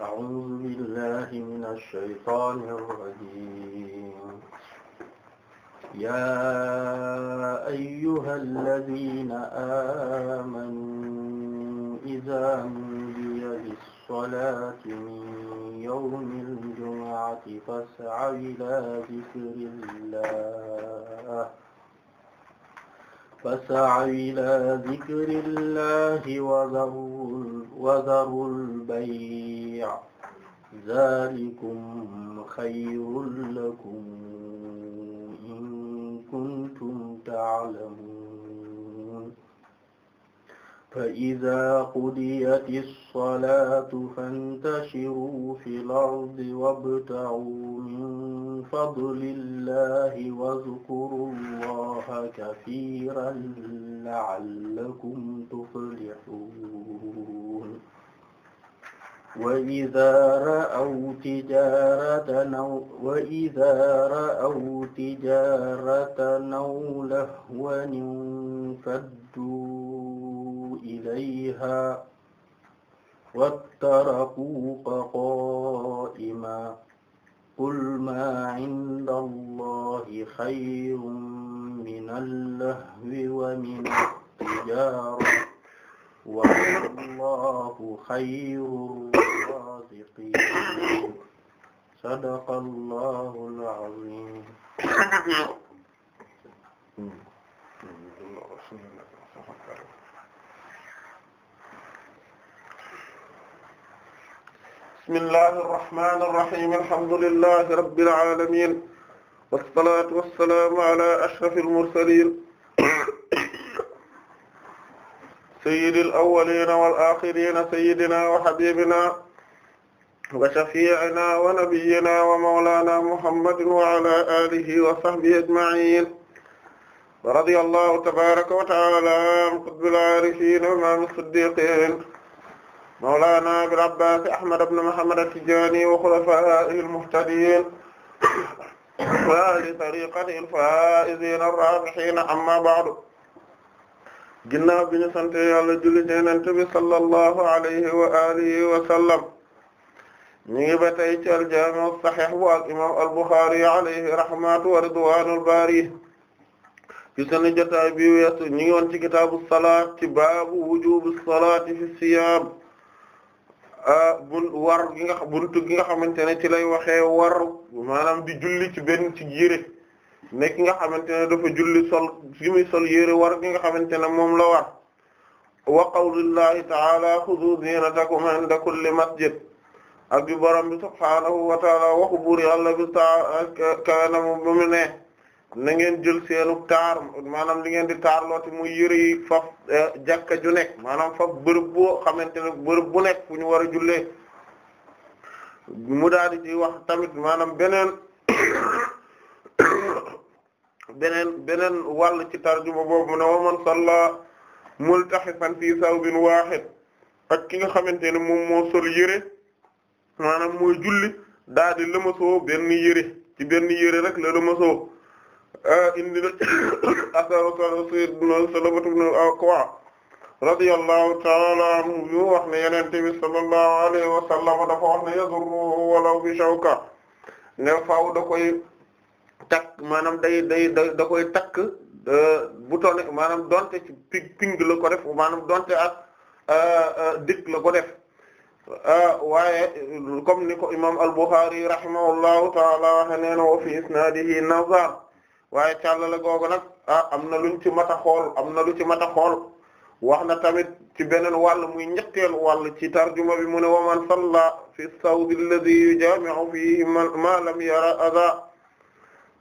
أعوذ بالله من الشيطان الرجيم يا أيها الذين آمنوا إذا نودي للصلاة من يوم الجمعة فاسعوا إلى ذكر الله فسعوا إلى ذكر الله وذروا البيع jamii'an zaalikum xayrun lakum in kuntum ta'lamuun فإذا قضيت الصلاة فانتشروا في الأرض وابتغوا من فضل الله واذكروا الله كثيرا لعلكم تفلحون وإذا رأوا تجارة أو وإذا رأوا تجارة أو لهوا انفضوا إليها واتركوك قائما قل ما عند الله خير من اللهو ومن التجارة والله خير tawfiiqi sadaqallahu al-aziim bismillahi irrahmani irrahim alhamdulillahi rabbil aalamiin wassalaatu wassalaamu alaa ashrafil mursaliin sayyidil awwaliina wal aaxiriina sayyidinaa wa habiibinaa وشفيعنا ونبينا ومولانا محمد وعلى آله وصحبه أجمعين رضي الله تبارك وتعالى عن قطب العارفين وإمام الصديقين مولانا أبي العباس أحمد بن محمد التجاني وخلفائه المهتدين وأهل طريقته الفائزين الرابحين أما بعد ginnaaw bi ñu sant Yàlla julli ci Yonent bi sallallahu alayhi wa alihi wa sallam ñu ngi ba tey ci al-Jaami' as-Sahih bu ak imam al-Bukhari alayhi rahmatu wa ridwanul baari ci sunu jotaay bi weesu ñu ngi woon ci kitaabu salaat ci baabu wujubu fi siyaam war gi nga buntu gi nga xamante ne ci lay waxee war maanaam di julli ci benn ci yére ki nga xamante ne dafa julli sol gi sol yére war ki nga xamante ne moom la war wa qawlullahi ta'ala xudu zinatakum inda kulli masjid ak yu borom bi subhaanahu wa taala waxu buur yàlla bi ta kawena moom ba mu ne na ngeen jël seenu taar maanaam li ngeen di taarlooti muy yëre yi faf eh, jàkka ju nekk maanaam faf bërëb boo xamante ne bërëb bu nekk fu ñu war a jullee mu daal di wax tamit maanaam beneen beneen beneen wàll ci tarjuma boobu mu ne wa man salla multaxifan fii sawbin waahid ak ki nga xamante ne moom moo sol maanaam mooy julli daa di lëmasoo benn yëre ci benn yére rek la lëmasoo ah, indi na asar sayyidina Salamatu ibn al-Akwa radiyallahu ta'ala anhu wax ne Yonent bi sallallahu alayhi wa dafa wax ne yazurruhu walaw bi shawka ne faaw da koy takk maanaam day day da koy takk euh, bu tone maanaam donte ping ping la ko def maanaam donte ak euh, euh, dikk la ko def Ah, waaye comme ni ko imam al-Bukhari rahimahullahu taala waxe nee na wa fi isnadihi nazar waaye càllale googu nag ah am na luñ ci mat a am na lu ci mat xool wax na tamit ci beneen wàll muy ñetteelu wàll ci tarjuma bi mu ne waman salla fi sawd alladhi yujami'u fihi ma lam yara adha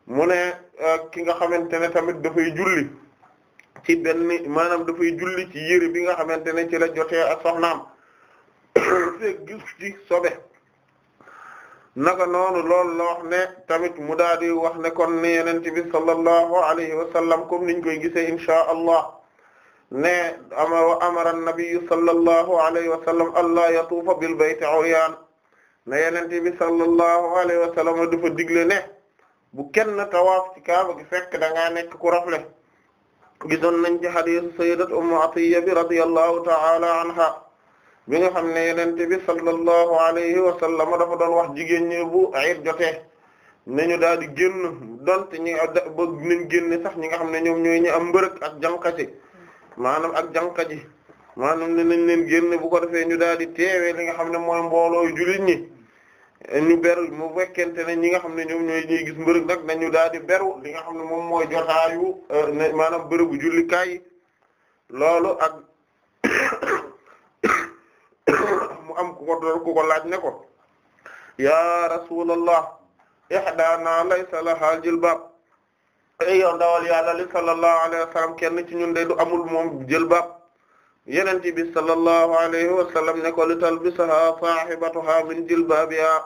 mu ne ah, ki nga xamante ne tamit dafay julli ci benn maanaam dafay julli ci yëre bi nga xamante ne ci la jotee ak soxnaam fekk gis ci sobe naka noonu loolu la ne tamit mu daal wax ne kon ne yenente bi sallallahu alayhi wa sallam niñ koy gisee inshaa allah ne ama wa amara nabiyu sallallahu alayhi wa sallam yatuufa bil bayti uryaan ne yenente bi alayhi wa sallam dafa digle ne bu kenn tawaaf ci kaaba gi fekk da nekk ku rafle gisoon nañ ci hadiisu sayyidat ummu atiyya radiyallahu ta'ala anha bi nga xam ne yenente bi sallallahu alayhi wa sallam dafa doon wax jigéen ñi bu ayit jotee nañu daal di génn donte ñi bëgg nañ génne sax ñi nga xam ne ñoom ñooy ñi am mbërëg ak jànqati maanaam ak jànqaji maanaam ne nañ leen génne bu ko defee ñu daal di teewee li nga xam ne mooy mboolooy jullit ñi ñu beru mu fekkente ne ñi nga xam ne ñoom ñooy ñuy gis mbërëg nag nañu daal di beru li nga xam ne moom mooy jotaayu euh, maanaam bërëbu jullikaay yi loolu ak am ku ko doon ku ko laaj ne ko ya rasulallah ihdaana laysa laha jilbaab ay yow ndawal yàlla li sallallahu alayhi wa kenn ci ñun de du amul moom jilbaab yonent bi sallallahu alayhi wa sallam ne ko li talbisaha saahibatuha min jilbaabiha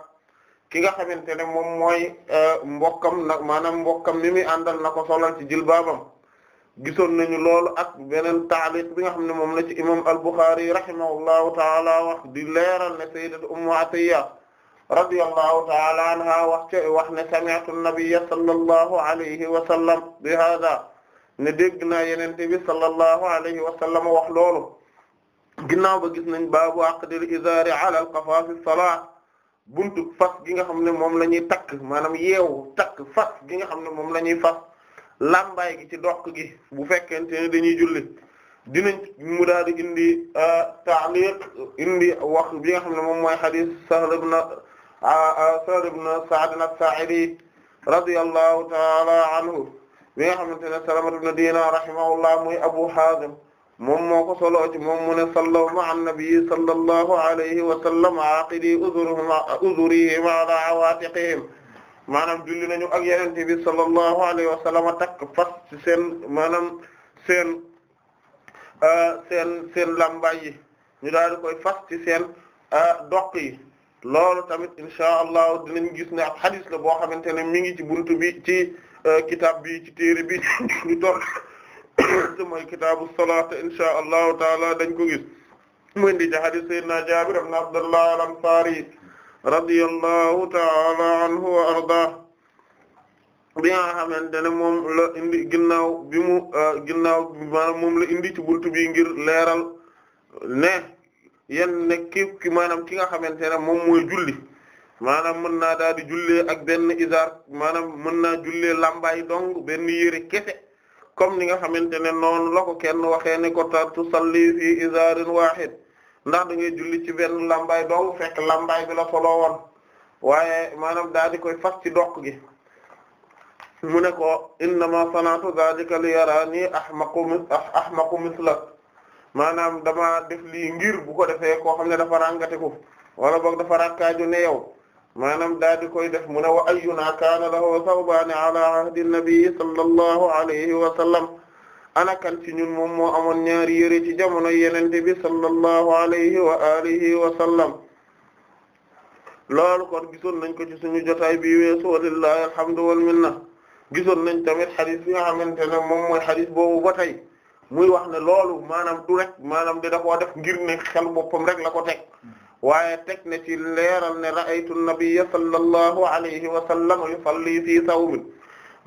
ki nga xamante ne moom mooy eh, mbokkam nag maanaam mbokkam mi muy àndal na ko solal ci jilbaabam gisoon nañu loolu ak beneen taaliq bi nga xam ne moom la ci imam al-Bukhari rahimahullahu taala wax di leeral ne sayyidatu Ummu Atiyya radiyallahu taala anha wax ci wax ne sami'tu an-nabiyya sallallahu alayhi wa sallam bi hada ne dégg naa yenente bi sallallahu alayhi wa sallam wax loolu ginnaaw ba gis nañ baabu aqdil izari ala al-qafa fi salat buntu fas gi nga xam ne moom la ñuy takk maanaam yeewu takk fas gi nga xam ne moom la ñuy fas làmbaay gi ci doq gi bu fekkente ne dañuy julli dina mu daal di indi euh, ta'liq indi wax bi nga xam ne moom mooy hadith Sahl ibn euh, euh, Sahl ibn Sa'd as-Sa'idi radiyallahu ta'ala anhu bi nga xamante ne Salama ibn Dinar rahimahullah muy Abu Hazim moom moo ko solo ci moom mu ne sallaw ma'a an-nabi sallallahu alayhi wa maanaam julli nañu ak yonent bi sallallahu alayhi wa sallam takk fas ci seen maanaam seen euh, seen seen làmbaay yi ñu daal di koy fas seen euh, doq yi loolu tamit insha allah dinañ gis ne ab hadis la boo xamante ne mi ngi ci buntu bi ci euh, kitab bi ci téere bi ñu toll te mooy kitaabu salaat insha allahu taala dañ ko gis di indi ci hadis sayyidina Jaabir ibn Abdullah al-Ansari radiyallahu ta'ala anhu wa ardaa bi nga xamante ne moom la indi ginnaaw bi mu euh, ginnaaw maanaam moom la indi ci buntu bi ngir leeral ne yan ne képp ki maanaam ki nga xamante ne moom mu julli maanaam mën naa daal di jullee ak benn isaar maanaam mën naa jullee lambay dong benn yére kese comme ni nga xamante ne noonu la ko kenn waxee ne ko ta tusalli fi isaarin wahid ndax da ngay julli ci benn lambaay dong fekk lambaay bi la soloo woon waaye maanaam daal di koy fas ci doq gi mu ne ko innama sanatu zalika li yarani ahmaqu ah, ahmaqu mislak maanaam dama def lii ngir bu ko defee koo xam ne dafa ràngateku wala boog dafa rakkaaju ne yow maanam daal di koy def mu ne wa ayyuna kaana lahu sawbaani ala ahdi nabi sallallahu alayhi wa anakan ci ñun moom moo amoon ñaari yére ci jamono yenente bi sallallahu alayhi wa alihi wa sallam loolu kon gisoon nañ ko ci suñu jotaay bi weesu walillahi alhamdu wal minna gisoon nañ tamit xadis bi nga xamante ne moom mooy xadis boobu ba tey muy wax ne loolu maanaam du rek maanaam di da def ngir ne xel boppam rek la ko teg waaye teg na ci leeral ne ra'aytu an-nabiyya sallallahu alayhi wa sallam yusalli fi sawmin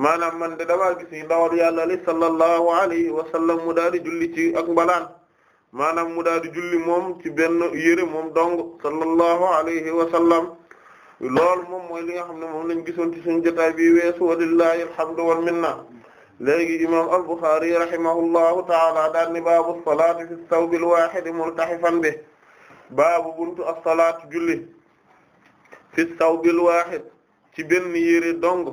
maanaam man de damaa gis yi ndawal yàlla li sallallahu alayhi wa sallam julli ci ak mbalaan maanaam mu daal di julli moom ci benn yére moom dong sallallahu alayhi moom mooy li nga xam ne moom lañ gisoon ci suñu jotaay bi weesu walillahi alhamdu wal minna léegi imam al-Bukhari rahimahullahu taala daan ni baabu salaati fi sawbil waahid multahifan bi baabu buntu as-salaat julli fi sawbil waahid ci benn yére dong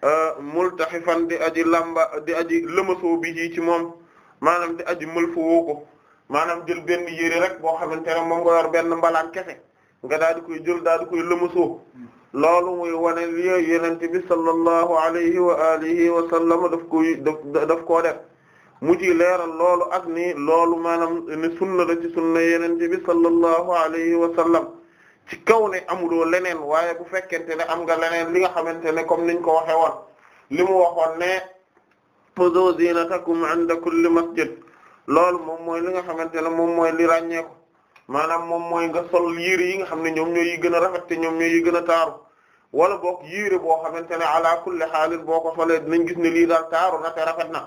Euh, multaxifan di aji lamba di aji lëmasoo bi ci moom maanaam di aji mëlfa woo ko maanaam jël benn yére rek boo xamante ne moom yor benn mbalaan kese nga daal di koy jël daal di koy lëmasoo loolu muy wane li yenente bi sallallahu alayhi wa alihi wa sallam daf koy daf koo def mu ci leeral loolu ak ni loolu maanaam ni sunna la ci sunna yenente bi sallallahu alayhi wa sallam ci kaw ne amuloo leneen waaye bu fekkente ne am nga leneen li nga xamante ne comme niñ ko waxe woon li mu waxoon ne xudu zinatakum inda kulli masjid loolu moom mooy li nga xamante ne moom mooy li ràññeeku maanaam moom mooy nga sol yére yi nga xam ne ñoom ñooy yi gën a rafet te ñoom ñooy yi gën a taaru wala boog yére boo xamante ne ala kulli xaalin boo ko solee dinañ gis ne lii daal taaru na te rafet na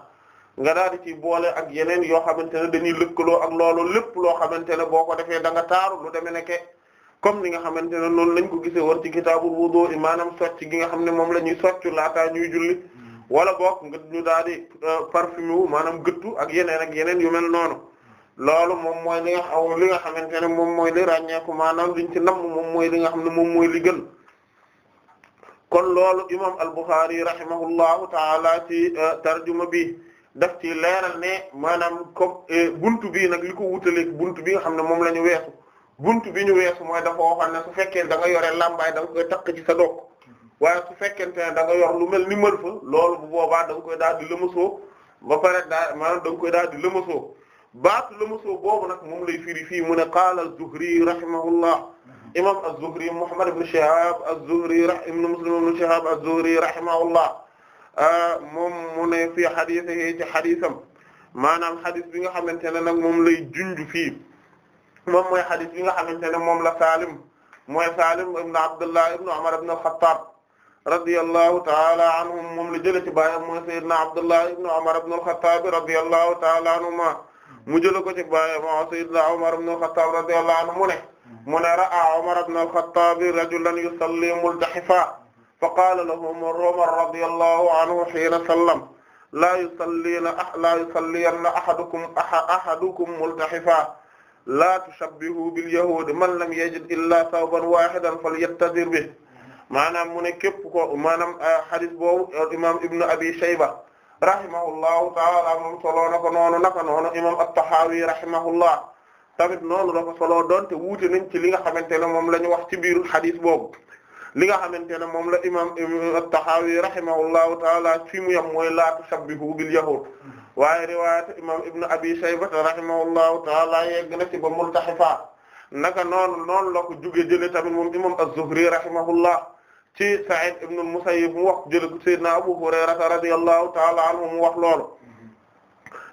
nga daal di ci boole ak yeneen yoo xamante ne dañuy lëkkaloo ak loolu lépp loo xamante ne boo ko defee da nga taaru lu demee ne comme ni nga xamante ne noonu lañ ko gisee woon ci kitaabul wudu maanaam socc gi nga xam ne moom la ñuy soccu laata ñuy julli wala boog nga ñu daal di euh, parfumé wu maanaam gëttu ak yeneen ak yeneen yu mel noonu loolu moom mooy li nga xaw li nga xamante ne moom mooy li ràññeeku maanaam liñ ci namm moom mooy li nga xam ne moom mooy li gën kon loolu imam al-Bukhari rahimahullahu taala ci euh, tarjuma bi daf ci leeral ne maanaam comme euh, buntu bii nag li ko wutaleeg buntu bi nga xam ne moom la ñu weesu buntu bi ñu weesu mooy dafa waxoon ne su fekkee da yore làmbaay da nga koy taq ci sa dokk waaye su fekkente ne da nga yor lu mel ni mën fa loolu bu boobaa da nga koy daal di lëmasoo ba pare daa maanaam da nga koy daal di lëmasoo baatu lëmasoo boobu nag moom lay firi fii mu ne qaala az-Zuhri rahimahullah imam az-Zuhri Muhammad ibn Shihab az-Zuhri ibn Muslim ibn Shihab az-Zuhri rahimahullah ah, moom mu ne fii xadiis yi ci xadiisam maanaam xadiis bi nga xamante ne nag moom lay junj fii moom mooy xadis bi nga xamante ne moom la Salim mooy Salim ibn Abdullah ibn Umar ibn al-Khattab radiyallahu ta'ala anhum moom la jëlee ci baayam mooy Sayyidina Abdullah ibn Umar ibn al-Khattab radiyallahu ta'ala anhuma mu jëlee ko ci baayam mooy Sayyidina Umar ibn al-Khattab radiyallahu anhu mu ne mu ne ra'a Umar ibn al-Khattab rajulan yusalli multahifa fa qala lahu Umar radiyallahu anhu hina sallam la yusalli la yusalliyanna ahadukum ahadukum multahifa laa tushabbihu bil yahudi man lam yajid illa sawban wahidan falyattadir bi maanaam mu ne képp ko maanaam hadith ah, boobu imam ibnu abi shayba rahimahullahu taala moom soloo na ko noonu naka noonu imam at-tahawi rahimahullah tamit noonu la ko soloo doonte wuute nañ ci li nga xamante ne moom la ñu wax ci biir hadith boobu li nga xamante ne moom la imam at-tahawi rahimahullahu taala fi mu yam mooy laa tushabbihu bil yahud waaye riwaayat imam ibnu abi shayba rahimahullahu taala yegg na ci ba multahifa naka noonu noonu la ko jóge jële tamit moom imam az-zuhri rahimahullah ci sa'id ibn al-musayyib mu wax jële ko sayyidina abu hurayrata radiyallahu taala anhu mu wax loolu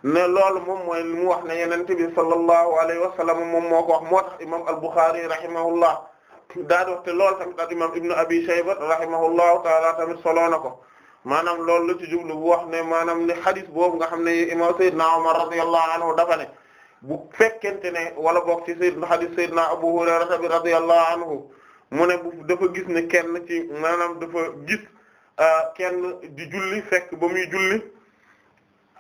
ne loolu moom mooy li mu wax ne yenente bi sallallahu alayhi wa sallam moom moo ko wax moo tax imam al-bukhari rahimahullah daa di wax te loolu tamit ak imam ibnu abi shayba rahimahullahu tamit soloo na ko maanaam loolu la ci jublu bu wax ne maanaam ne hadith boobu nga xam ne imam Seydina Umar radiyallahu anhu dafa ne bu fekkente ne wala boog ci Seydina hadith Seydina Abu Hurayra bi radiyallahu anhu mu ne bu dafa gis ne kenn ci maanaam dafa gis ah, kenn di julli fekk ba muy julli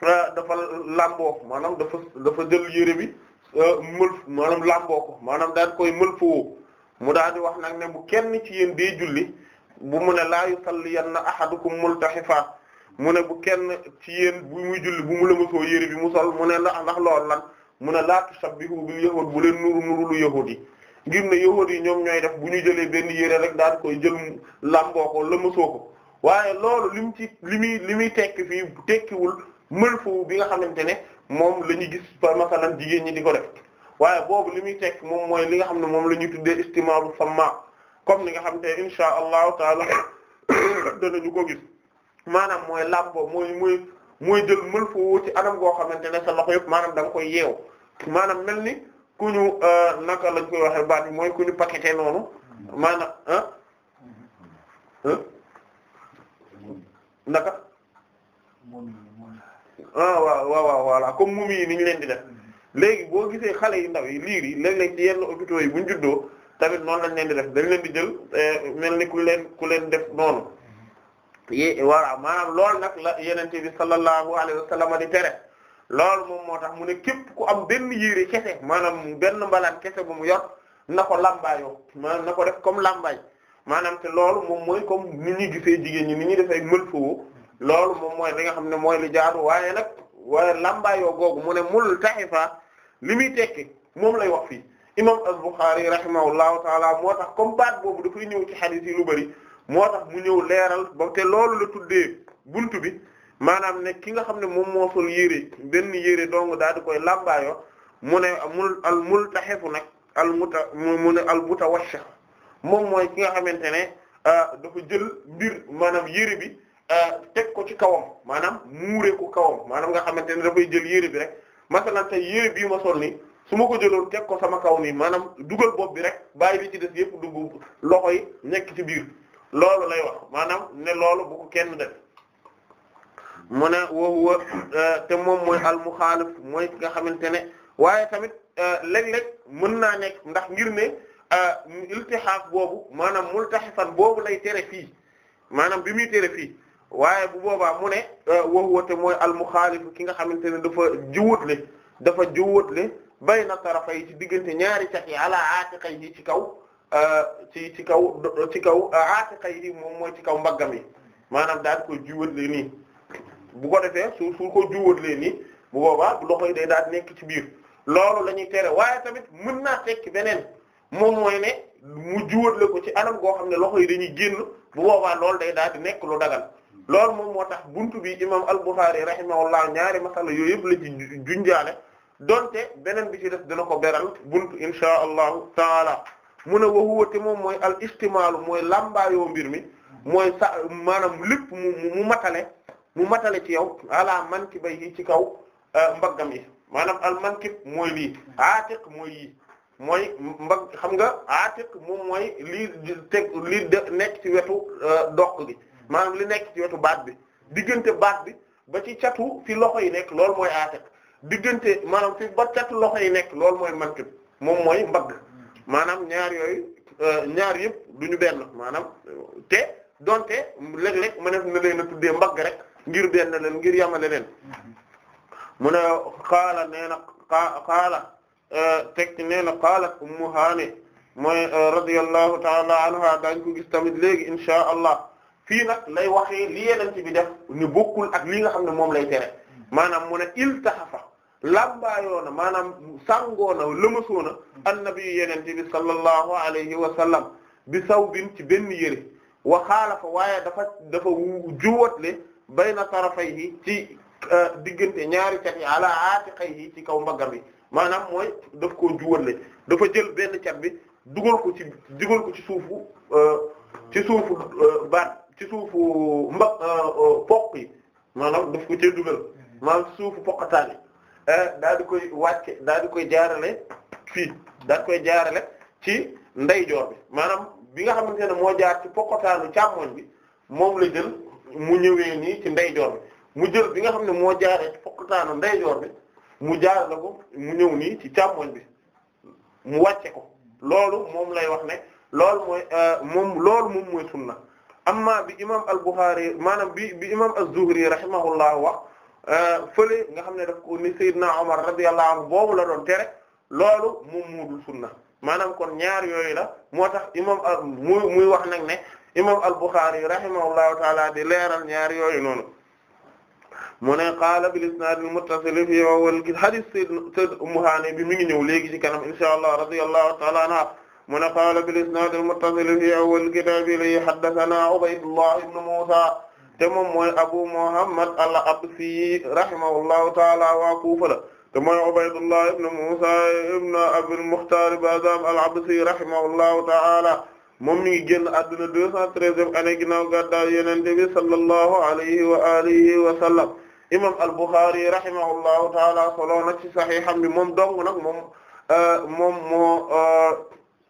ah, dafa lamboo maanaam dafa dafa jël yére bi ah, mël maanaam lamboo ko maanaam daal koy mël foo mu daal di wax nag ne bu kenn ci yéen dee julli bu mu ne laa yusalliyanna ahadukum multahifa mu ne bu kenn ci yéen bu muy julli bu mu lëmasoo yére bi mu sol mu ne la ndax lool lan mu ne laa tushabbihu bil yahud bu leen nuru nuru lu yahud yi ngir ne yi ñoom ñooy def bu ñu jëlee benn yére rek daan koy jël lamboo ko lëmasoo ko waaye loolu li ci li muy li muy tekki fii tekkiwul mël foofu bi nga xamante ne moom la ñu gis par masalan jigéen ñi ko def waaye boobu li muy tekk moom mooy li nga xam ne moom la ñuy tuddee istimaalu samma comme ni nga xam te insha allahu taala danañu ko gis maanaam mooy làmbo mooy mooy mooy jël mël foofu ci anam goo xamante ne sa loxo yëpp maanaam danga koy yeew maanaam mel ni ku ñu euh, naka lañ koy waxee baat bi mooy ku ñu paqueté noonu maanaam ah naka ah waaw waaw comme moom yi ni ñu leen di def léegi boo gisee xale yu ndaw yi liir yi léeg-léeg ci yenn hôpitaux yi buñ juddoo tamit noonu lañ leen di def dañ leen di jël eh, mel ni ku leen ku leen def noonu yi voilà maanaam loolu nag la yenente bi sallallahu alayhi wa sallam di tere loolu moom moo tax mu ne képp ku am benn yére kese maanaam benn mbalaan kese bu mu yor na ko lambaayoo maanaam na ko def comme lambaay maanaam te loolu moom mooy comme ni ñuy gisee jigéen ñi ni ñuy defee mël foofu loolu moom mooy li nga xam ne mooy li jaadu waaye nag waaye lambaayoo googu mu ne mul taxifa li muy tekki moom lay wax imam al-Bukhari rahimahullahu taala moo tax comme baat boobu dafay ñëw ci xadis yi lu bari moo tax mu ñëw leeral ba te loolu la tuddee bunt bi maanaam ne ki nga xam ne moom moo sol yére benn yére dong daal di koy làmbaayoo mu ne mul al multaxifu nag al muta mu ne al mutawashih moom mooy ki nga xamante ne euh, dafa jël mbir maanaam yére bi euh, teg ko ci kawam maanaam muure ko kawam maanaam nga xamante ne dafay jël yére bi rek masalan tey yére bii ma sol nii su ma ko jëloon teg ko sama kaw nii maanaam dugal bopp bi rek bàyyi li ci des yëpp dugg loxo yi nekk ci biir loolu lay wax maanaam ne loolu bu kenn def mu ne woowu euh, te moom mooy al muxaalif mooy ki nga xamante ne waaye tamit euh, léeg mën naa nekk ndax ngir ne euh, iltihaaf boobu maanaam multaxifan boobu lay tere fii maanaam bi muy tere fii waaye bu boobaa mu ne woowu te mooy al muxaalif ki nga xamante ne dafa jiwut le dafa jiwut le na bayna yi ci diggante ñaari cat yi ala aatiqayhi ci kaw euh, ci ci kaw ci kaw euh, aatiqayhi moom mooy ci kaw mbaggam yi maanaam daal koy juwatlee nii bu ko defee su su ko juwatlee nii bu boobaa loxo yi day daal nekk ci biir loolu la ñuy tere waaye tamit mën naa tekki beneen moom mooy ne mu juwatle ko ci anam goo xam ne loxo yi dañuy génn bu boobaa loolu day daal di nekk lu dagal loolu moom moo tax buntu bi imam al-Bukhari rahimahullah ñaari masala yooyu yëpp la ci jaale donte beneen bi ci def dina ko beral buntu insha allahu taala mu ne waxuwate moom mooy al istimaalu mooy làmbaayoo mbir mi mooy sa maanaam lépp mu mu matale mu matale ci yow ala mankibay yi ci kaw euh, mbaggam yi maanaam al mankib mooy lii aatiq mooy yi mooy mbag xam nga aatiq moom mooy lii teg lii nekk ci wetu euh, doq gi maanaam li nekk ci wetu baat bi diggante baat bi ba ci catu fi loxo yi nekk loolu mooy aatiq diggante maanaam fi barkat loxo yi nekk loolu mooy mank moom mooy mbagg maanaam ñaar yooyu euh, ñaar yëpp du ñu benn maanaam te donte léeg-léeg ma ne na leen a tuddee mbagg rek ngir benn leen ngir yamale leen mu ne xaala nee na xaala euh, teg nee na xaalat ummu haani mooy euh, radiyallahu ta'ala anha daañ ko gis tamit léegi insha allah fii nag lay waxee li yeneen ci bi def ni bokkul ak li nga xam ne moom lay tere maanaam mu ne iltahafa làmbaayoo na maanaam sàngoo na lëmasoo na annabi yenente bi sallallahu alayhi wa sallam bi sawbin ci benn yëre waxaala xaalafa waaye dafa dafa juwatle bayna tarafayhi ci euh, diggante ñaari cat yi ala ci kaw mbaggam yi maanaam mooy daf koo le dafa jël benn cat bi dugal ko ci dugal ko ci suufu euh, ci suufu euh, baat ci suufu mbag poq yi maanaam daf ko cee dugal mm-hmm. maanaam suufu poqataani Eh, daal di koy wàcce daal di koy jaarale fii daal di koy jaarale ci ndeyjoor bi maanaam bi nga xamante ne moo jaar ci pokotaanu càmmoñ bi moom la jël mu ñëwee nii ci ndeyjoor bi mu jël bi nga xam ne moo jaaree ci pokotaanu ndeyjoor bi mu jaarale ko mu ñëw nii ci càmmoñ bi mu wàcce ko loolu moom lay wax ne lool mooy eh, moom loolu moom mooy sunna amma bi imam al-Bukhari maanaam bi bi imam az-Zuhri rahimahullah wax Euh, fële nga xam ne daf ko ni Seydina Omar radiyallahu anhu boobu la doon tere loolu moom moo dul sunna maanaam kon ñaar yooyu la moo tax imam euh, muy muy wax nag ne imam al-Bukhari rahimahullahu taala di leeral ñaar yooyu noonu mu ne qaala bil isnaad al muttasil fi awwal hadith Sayyid Ummu Haani bi mi ngi ñëw léegi ci kanam inshaa Allah radiyallahu taala anha mu ne qaala bil isnaad al muttasil fi awwal kitaab li haddathanaa Ubaydullah ibn Muusaa te moom mooy Abu Muhammad al-Absi rahimahullahu taala waa Kufa la te mooy Ubaydullah ibn Musa ibn Abil Mukhtar Bazam al-Absi rahimahullahu taala moom mi ngi génn adduna deux cent treizième année ginnaaw gàddaay Yonent bi sallallahu alayhi wa alihi wa sallam imam al-Bukhari rahimahullahu taala solo na ci saxiixam moom dong nag moom euh,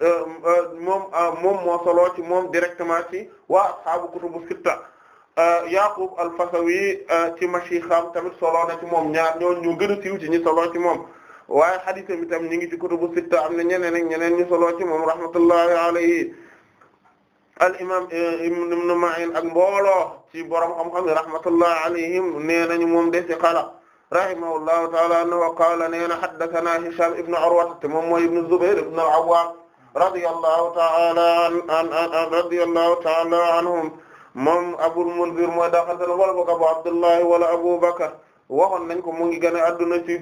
euh, euh, moom moo solo ci moom directement ci waa ashaabu kutubu sitta Euh, Yaqub al-Fasawi euh, ci mashayikhaam tamit solo na ci moom ñaar ñoo ñu gën a siiw ci ñi solo ci moom waaye hadith bi tam ñu ngi ci kutubu sitta am na ñeneen ak ñeneen ñu solo ci moom rahmatullahi alayhi al imam euh, Ibn Ma'in ak mbooloo ci borom xam-xam yi rahmatullahi alayhim nee nañu moom de si xala rahimahullahu ta'ala annahu qaala nee na haddathana Hisham ibn Urwa te moom mooy ibn Zubayr ibn al-Awwam radiyallahu ta'ala an radiyallahu ta'ala anhum moom Abul Munzir mooy daxantal wala boog Abu Abdullahi wala Abu Bakr waxoon nañ ko mu ngi gën a adduna ci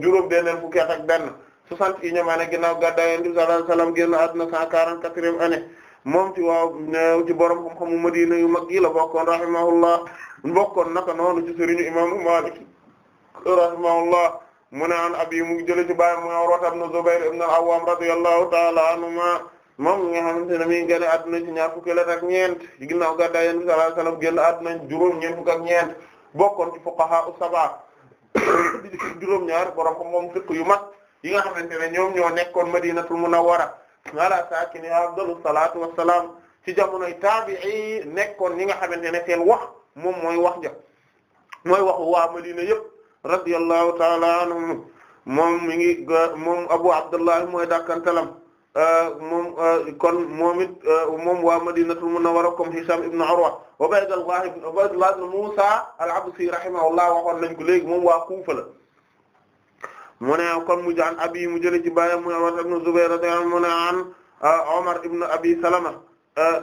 juróom benn fukki at ak benn soixante et unième année ginnaaw gàddaay Yonent bi sallallahu alayhi wasallam génn adduna cent quarante-quatrième année moom ci waaw ci borom xam-xamu Madina yu mag yi la bokkoon rahimahullah bokkoon naka noonu ci sëriñu imaamu Maalik rahimahullah mu ne an abi mu jële ci baay mu Urwa ibn Zubayr ibn al-Awwam radiyallahu ta'ala anhuma moom mi nga xamante ne ci ñaar fukki at ak ñeent ginnaaw gàddaay Yonent bi sallallahu alayhi wasallam génn adduna juróom ñeent fukk ak ñeent bokkoon ci fuqaha as-sab'a di juróom-ñaar borom ko moom dëkk yu mag yi nga xamante ne ñoom ñoo nekkoon Madinatul Munawwara ala saakini afdalu salaatu wassalaam ci jamonoy taabi'i nekkoon ñi nga xamante ne seen wax moom mooy wax ja mooy waxu waa Madina yëpp radiyallahu ta'ala anhum moom mi ngi moom Abu Abdullah mooy dàkkantalam Euh, moom euh, kon moom it euh, moom waa Madinatul Munawwara comme Hisham ibn Urwa Ubaydullah ibn Ubaydullah ibn Musa al-Absi rahimahullah waxoon nañ ko léegi moom waa Kufa la mu ne kon mu jaan abi mu jëlee ci bàyyam mu Urwa ibn Zubayr radiyallahu anhu mu ne an Omar ibn Abi Salama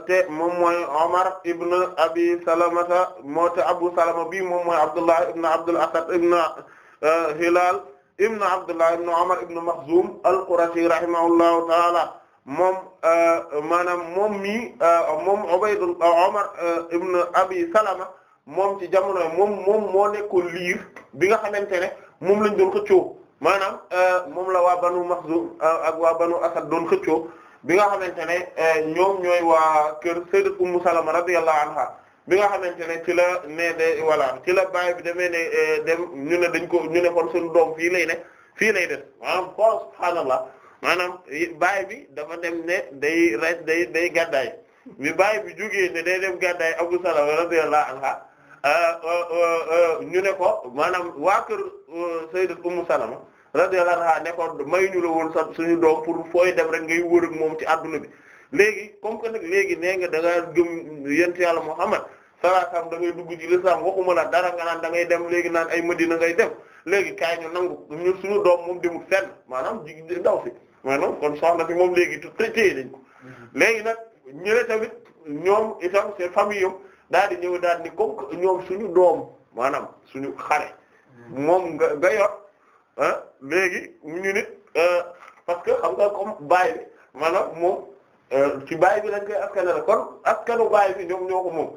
te moom mooy Omar ibn Abi Salamata moo te Abu Salama bii moom mooy Abdullah ibn Abdul Asad ibn Hilal ibnu abdullah ibnu umar ibnu makhzum al-qurashi rahimahullahu taala moom euh, maanaam moom mi euh, moom ubaydul euh, umar ibnu abi salama moom ci jamono moom moom moo nekkoon liir bi nga xamante ne moom lañ doon xëccoo maanaam moom la waa banu makhzum ak waa banu asad doon xëccoo bi nga xamante ne ñoom ñooy waa kër sayyidat ummu salama radiyallahu anha bi nga xamante ne ci la ne de voilà ci la baay bi demee ne eh, dem ñu ne dañ ko ñu ne kon suñu doom fii lay ne fii lay dem maanaam xool subhaanallah maanaam baay bi dafa dem ne day rey day day gàddaay bi bi jógee day dem gàddaay Abu Salama radiyallahu anha eh, eh, ñu ne ko maanaam waa kër sayyidat Ummu Salama radiyallahu anha ne ko mayuñu la woon sax suñu doom pour fooy dem rek ngay wër ak moom ci adduna bi léegi comme que nag léegi nee nga da ngaa gëm yàlla Muhammad sallallahu alayhi wasallam da ngay dugg ci lislaam waxuma la dara nga naan da dem léegi naan ay Madina ngay dem léegi kaay ñu nangu ñun suñu doom moom demul fenn maanaam jigéen ndaw si maanaam kon soxna si moom léegi tu traité dañ ko mm-hmm. léegi nag tamit ñoom itam seen daal di ñëw daal di comme que suñu doom maanaam suñu xare mm-hmm. moom nga nga yor ah léegi ñu euh, parce que xam nga comme baay bi maanaam moom Euh, ci baay bi lañ koy askanale kon askanu baay bi ñoom ñoo ko moom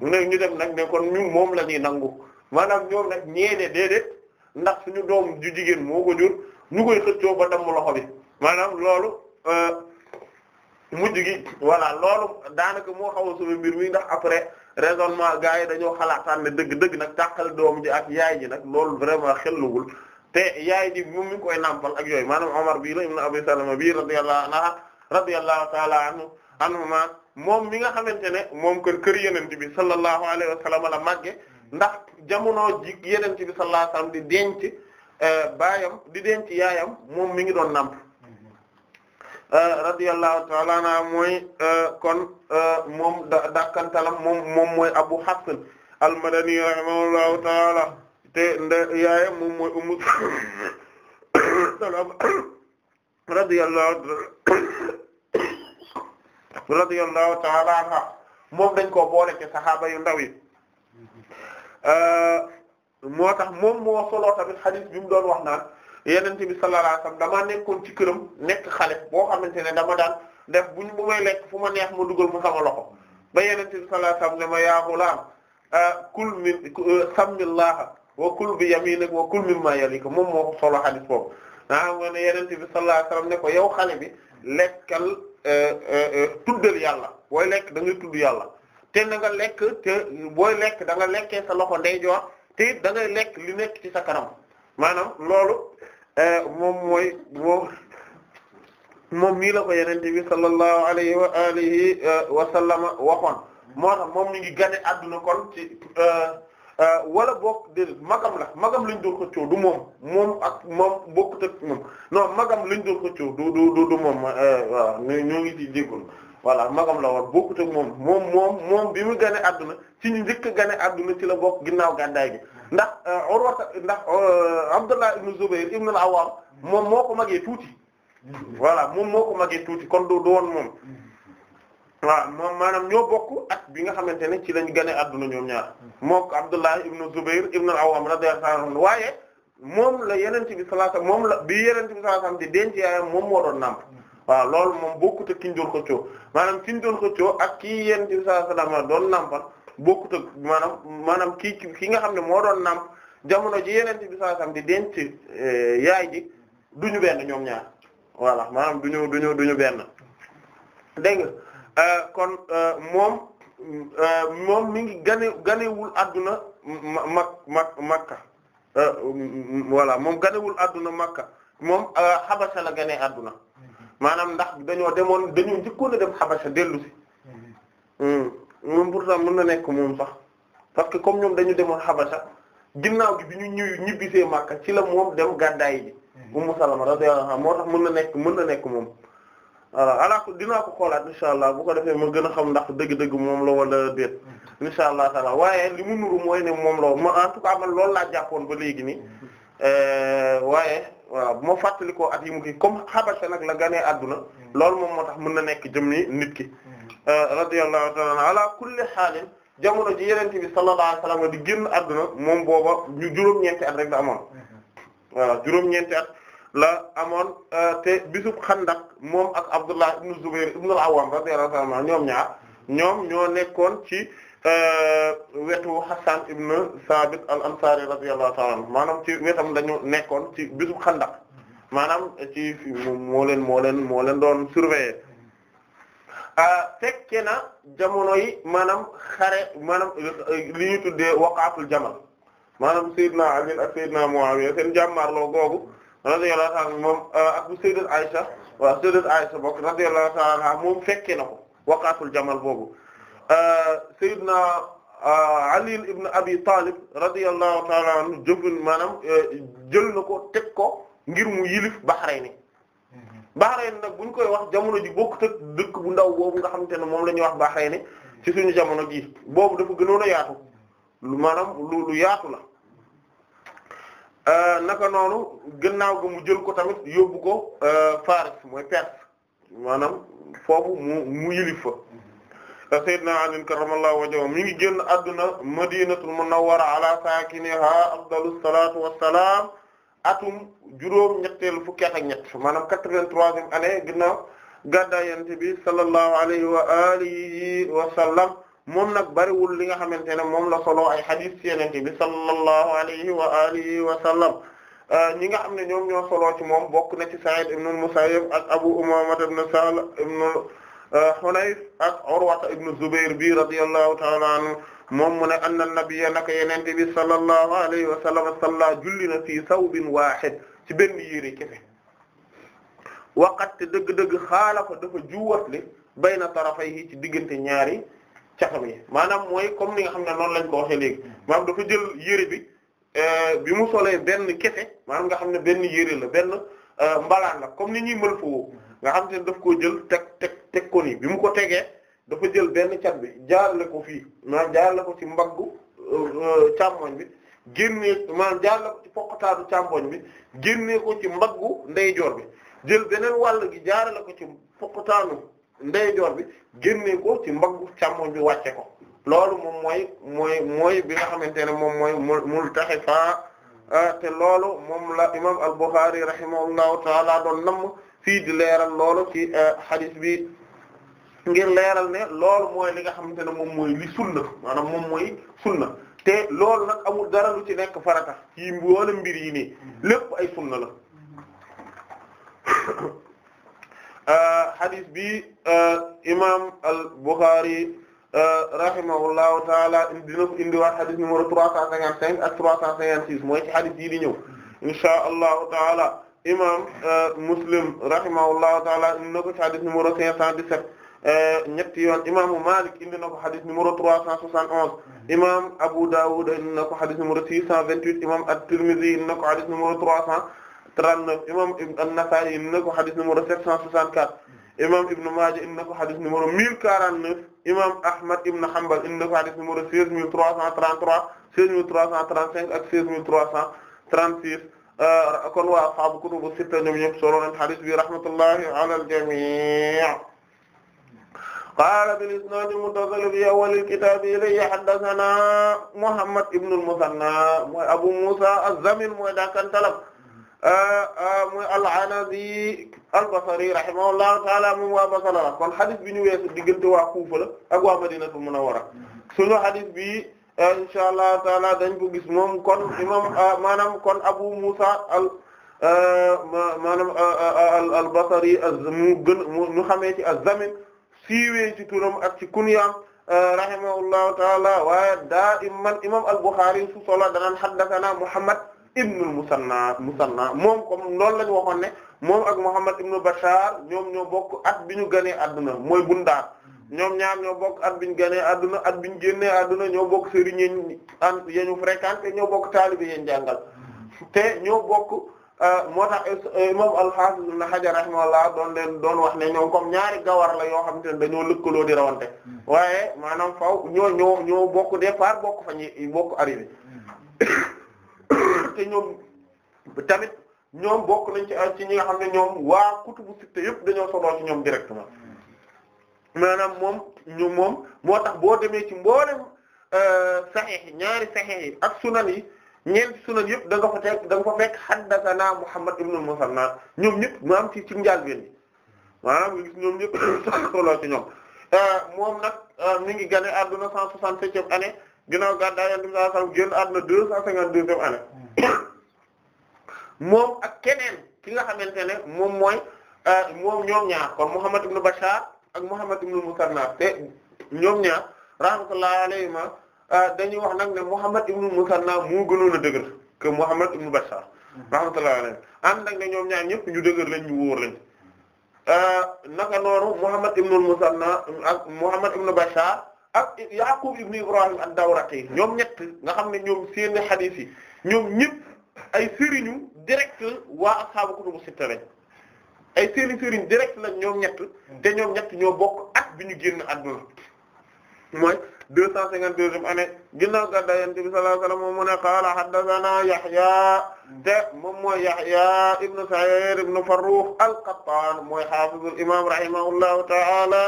mm-hmm. ne ñu dem nag ne kon ñun moom la ñuy nangu maanaam ñoom nag ñeene déedéet ndax suñu doom ju jigéen moo ko jur ñu koy xëccoo ba damm loxo maanaam loolu euh, mujj gi voilà loolu daanaka moo xaw a mbir mi ndax après raisonnement a yi dañoo xalaataan ne dëgg-dëgg nag tàqal doom ji ak yaay ji nag loolu vraiment xel xelluwul te yaay ji moom mi ngi koy nàmpal ak yooy maanaam Omar bii la ibn Abi Salama bii radiyallahu taala anhu moom mi nga xamante ne moom kër kër yenente bi sallallahu alayhi wa sallam la màgge ndax jamono ji yenente bi sallallahu alayhi di denc eh, baayam di denc yaayam moom mi ngi doon nàmp eh, radiyallahu taala anha mooy eh, kon moom da dakkantalam moom moom mooy abu hasan al-madani rahimahullahu taala te yaayam moom mooy ummu radiyallahu radiyallahu ta'ala anha moom dañ koo boole ci saxaaba yu ndaw yi euh, moo tax moom moo soloo tamit xadis bi doon wax naan yeneen bi sallallahu alayhi wasallam damaa nekkoon ci këram nekk xale boo xamante ne dama daan def buñ bu may lekk fu ma neex ma dugal mu sama loxo ba yenente bi sallallahu alayhi ma yaa ghulaam euh, kul min euh, sammillaha wa kul bi yaminik wa kul mimma yalika moom moo solo xadis boobu ah ma ne yenente bi sallallahu ne ko yow xale bi lekkal euh, euh, euh, tuddal yàlla booy lekk da ngay tudd yàlla te na nga lekk te booy lekk da nga lekkee sa loxo ndeyjoor te it da ngay lekk li nekk ci sa kanam maanaam loolu moom mooy moom moom nii la ko yenente bi sallallahu alayhi wa alihi wa sallama waxoon moo tax moom mi ngi gane adduna kon ci Euh, wala bokk de magam la magam lañ doon xëccoo du moom moom ak moom bokkut ak moom non magam lañ doon xëccoo du du moom waaw euh, ñoo ngi ci jéggul magam la woon bokkut ak moom moom moom bi mu ganee adduna ci ñu njëkk ganee adduna ci la bokk ginnaaw gàddaay gi ndax euh, Urwa ndax Abdullah ibn Zubayr ibn al-Awwam moom moo ko magee tuuti voilà moom moo ko magee tuuti kon du du woon moom waaw moom maanaam ñoo bokk at bi nga xamante ne ci lañ gane adduna ñoom ñaar mook Abdullah ibn Zubair ibn al-Awwam radiyallahu anhu waaye moom la yenente bi sallallahu alayhi wasallam moom la bi yenente bi sallallahu di denc yaayam moom moo doon nàmp waaw loolu moom bokkut ak ki ñu doon xëccoo maanaam ki ñu doon xëccoo ak kii yenente bi sallallahu alayhi wasallam doon nàmpal bokkut ak maanaam maanaam kii ki nga xam ne moo doon nàmp jamono ji yenente bi sallallahu di denc eh, yaay ji duñu benn ñoom ñaar voilà maanaam duñu duñu duñu benn dégg nga Euh, kon euh, moom euh, moom mi ngi gane ganewul adduna mak mak makka voilà moom ganewul àdduna makka moom xabasa la gane àdduna mhm. maanaam ndax dañoo demoon dañoo njëkkoon a dem xabasa dellusi si mhm. hmm. moom pourtant mën na nekk moom sax parce que comme ñoom dañu demoon xabasa ginnaaw gi bi ñu ñëw ñibbisee makka ci la moom dem gàddaay ji mhm. Ummu Salama radiyallahu anha moo tax mën na nekk mën na nekk moom voilà euh, alaa ko dinaa ko xoolaat insha allah bu ko defee ma gën a xam ndax dëgg-dëgg moom la wala déet mm-hmm. insha allah taala waaye li mu nuru mooy ne moom la ma en tout cas man loolu laa jàppoon ba léegi nii mm-hmm. euh, waaye waaw bu ma fàttali ko at yi mu kii comme xabasa nag la ganee adduna mm-hmm. loolu moom moo tax mën na nekk jëm ni nit ki euh, radiyallahu taala an kulli xaalin jamono ji yenente bi sallallahu alayhi di génn adduna moom booba juróom-ñeenti at rek da amoon waaw la amoon euh, te bisub xandak moom ak Abdullah ibn Zubayr ibn al-Awwam radiyallahu anhu ñoom ñaar ñoom ñoo nekkoon ci euh, wetu Hassan ibn Sabit al-Ansari radiyallahu ta'ala anhu maanaam ci wetam dañu nekkoon ci bisub xandak maanaam ci moo leen moo doon surveiller euh, fekke na jamono yi maanaam xare maanaam li ñu tuddee waqaatul jamal maanaam Seydina Ali ak Seydina Muawiya seen jàmmaarloo googu radiyallahu ta'ala moom euh, ak bu sayyidat Aisha waaw sayyidat Aisha bokk radiyallahu ta'ala anha moom fekke na ko waqaatul jamal boobu euh, sayyidna euh, Ali ibn Abi Talib radiyallahu a anhu jëfin maanaam jël na ko teg ko ngir mu yilif Bahrayn Bahrayn nag bu ñu koy wax jamono ji bokk tëg dëkk bu ndaw boobu nga xamante ne moom la ñuy wax Bahrayn ci suñu jamono ji boobu dafa gënoon a yaatu lu maanaam lu lu Euh, naka noonu gannaaw ga mu jël ko tamit yóbbu ko euh, Faris mooy Perse maanaam foofu mu mu yilif fa euh, sayyidna Ali karramallahu wajhahu mi ngi génn adduna madinatul munawwara saakiniha afdalus salaatu wassalaam atum juróom ñetteelu fukki at ak ñett maanaam quatre-vingt-troisième année gannaaw gàddaay Yonent bi sallallahu alayhi wa moom nag bariwul li nga xamante ne moom la solo ay xadis ci Yonent bi sallallahu alayhi wa alihi wa sallam euh, ñi nga xam ne ñoom ñoo solo ci moom bokk na ci Sa'id ibn al-Musayyib ak Abu Umama ibn Sahl ibn euh, Hunayf ak Urwa ibn Zubayr bi radiyallahu ta'ala anhu moom mu ne anna naka Yonent bi sallallahu alayhi wa sallam salla julli na fi sawbin wahid ci benn yére kese waqat dëgg-dëgg xaalafa dafa juwat li bayna catam yi maanaam mooy comme ni nga xam ne noonu lañ ko waxee léegi maanaam dafa jël yére bi euh, bi mu solee benn kese maanaam nga xam ne benn yére la benn euh, mbalaan la comme ni ñuy mël foo nga xam ne daf koo jël teg teg teg ko nii bi mu ko tegee dafa jël benn cat bi jaarale ko fii maanaam jaarale ko ci mbaggu euh, càmmoñ bi génnee maanaam jaarale ko ci poqataanu càmmoñ bi génnee ko ci mbaggu ndeyjoor bi jël beneen wàll gi jaarale ko ci poqataanu ndeyjoor bi génne ko ci mbaggu càmmoñ bi wàcce ko loolu moom mooy mooy mooy bi nga xamante ne moom mooy multaxifa ah, te loolu moom la imam al-Bukhari rahimahullahu taala doon nam fii di leeral loolu ci eh, hadith bi ngir leeral ne loolu mooy li nga xamante ne moom mooy li sunna maanaam moom mooy sunna te loolu nag amul dara lu ci nekk farata ci wala mbir yi nii mm-hmm. lépp ay sunna la mm-hmm. Euh, hadis bi euh, imam al-Bukhari euh, rahimahullahu taala dina ko indiwaat hadis numéro 355 ak 356 mooy ci hadis yi di ñëw inshaa allahu taala imam Muslim rahimahullahu taala indi na ko ci hadis numéro 517 ñetti yoon imaamu Malik indi na ko hadis numéro 371 imam Abu Dawud indi na ko hadis numéro 628 imam At-Tirmidhi indi na ko hadis numéro 300 39 imam an-Nasa'i indi na ko xadis numéro 764 imam Ibn Maaja indi na ko xadis numéro 1049 imam Ahmad ibn Hanbal indi na ko xadis numéro 16333 16335 ak 16336 euh, kon waa ashaabu kutubu sitta ñoom ñëpp solo nañ hadith bi rahmatullahi ala al-jamii' qaala bil-isnaad al-muttasil fi awwal al-kitaab ilayhi haddathanaa Muhammad ibn al-Muthanna mooy Abu Muusa az-Zamin mooy daakan talab muy al-Anazi al-Basri rahimahullahu ta'ala moom waa Basra la kon hadith bi ñu weesu diggante waa Kufa la ak waa Madinatul Munawwara suñu hadith bi euh, insha allah taala dañ ko gis moom kon imam euh, maanaam kon Abu Musa al euh, maanaam al-Basri mu gën ñu xamee ci az-Zamin siiwee ci turam ak ci kunyaam rahimahullahu ta'ala waaye daa iman imam al-Bukhari su solo danaan haddathana Muhammad ibnul Musanna Musanna moom comme loolu la ñu waxoon ne moom ak Muhammad ibnu Bashar ñoom ñoo bokk at bi ñu gënee adduna mooy bundaar ñoom ñaar ñoo bokk at bi ñu gënee adduna at bi ñu génnee adduna ñoo bokk sëriñ yañ an yañu fréquenté ñoo bokk taalibe yañ jàngal te ñoo bokk euh, moo tax euh, imam na hafiz ibn Hajar rahimahullah doon leen doon wax ne ñoom comme ñaari gawar la yoo xamante ne dañoo lëkkaloo di rawante waaye maanaam faw ñoo ñoo ñoo bokk départ bokk fa ñi bokk arrivé te ñoom tamit ñoom bokk nañ ci ci ñi nga xam ne ñoom waa kutubu sitta yëpp dañoo solo ci ñoom directement maanaam moom ñu moom moo tax boo demee ci mboolem euh, saxiix ñaari saxiix yi ak sunan yi ñeenti sunan yëpp da nga fa fekk da nga fa fekk haddathana Muhammad ibn al-Musanna ñoom ñëpp maanaam ci ci njàlbéen bi maanaam ñoom ñëpp solo ci ñoom euh, moom nag euh, mi ngi gane adduna 167e année. ginnaaw gàddaay Yonent bi sallallahu alayhi wasallam génn àdduna deux cent cinquante-deuxième année moom ak keneen ki nga xamante ne moom mooy euh, moom ñoom ñaar kon Muhammad ibn Bashar ak Muhammad ibn Musanna te ñoom ñaar rahmatullahi alayhima euh, dañuy wax nag ne Muhammad ibn Musanna moo gënoon a dëgër que Muhammad ibn Bashar rahmatullahi alayhi am nag ne ñoom ñaar ñëpp ñu dëgër lañ ñu wóor lañ euh, naka noonu Muhammad ibn Musanna ak Muhammad ibn Bashar ak Yaqub ibn Ibrahim ad-Dawraqi ñoom ñett nga xam ne ñoom seeni xadiis yi ñoom ñëpp ay sëriñu direct waa ashaabu kutubu sitta lañ ay seeni sëriñ direct lañ ñoom ñett te ñoom ñett ñoo bokk at bi ñu génn àdduna mooy deux cent cinquante-deuxième année ginnaaw moom mu ne qaala haddathana Yahya te moom mooy Yahya ibn Sa'id ibn Farrukh al-Qattan mooy haafizul imaam rahimahullahu ta'ala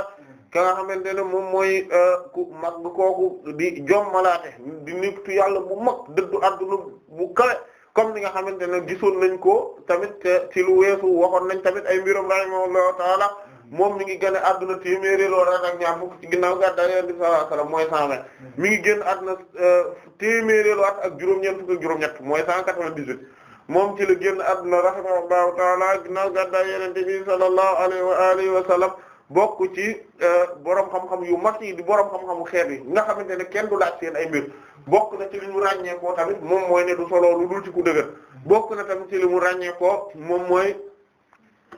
ka nga xamante ne moom mooy euh, ku mag kooku di jommalaate di nitu yàlla bu mag dëddu adduna bu kawe comme ni nga xamante ne gisoon nañ ko tamit ci lu weesu waxoon nañ tamit ay mbiram rahimahullahu taala moom mi ngi génn adduna téeméeri loolu ak ñaar ginnaaw gàddaay Yonent mooy cent mi ngi génn adduna euh, téeméeri at ak juróom-ñeent fukk juróom-ñett mooy cent quatre-vingt-dix-huit moom ci la génn adduna rahimahullahu taala ginnaaw gàddaay Yonent bi sallallahu alayhi wa alihi wa sallam bokk ci euh, borom xam-xam yu mag yi di borom xam-xamu xeet yi nga xamante ne kenn du laaj seen ay mbir bokk na ci li mu ràññee koo tamit moom mooy ne du solo lu dul ci ku dëgër bokk na tamit ci li mu ràññee moom mooy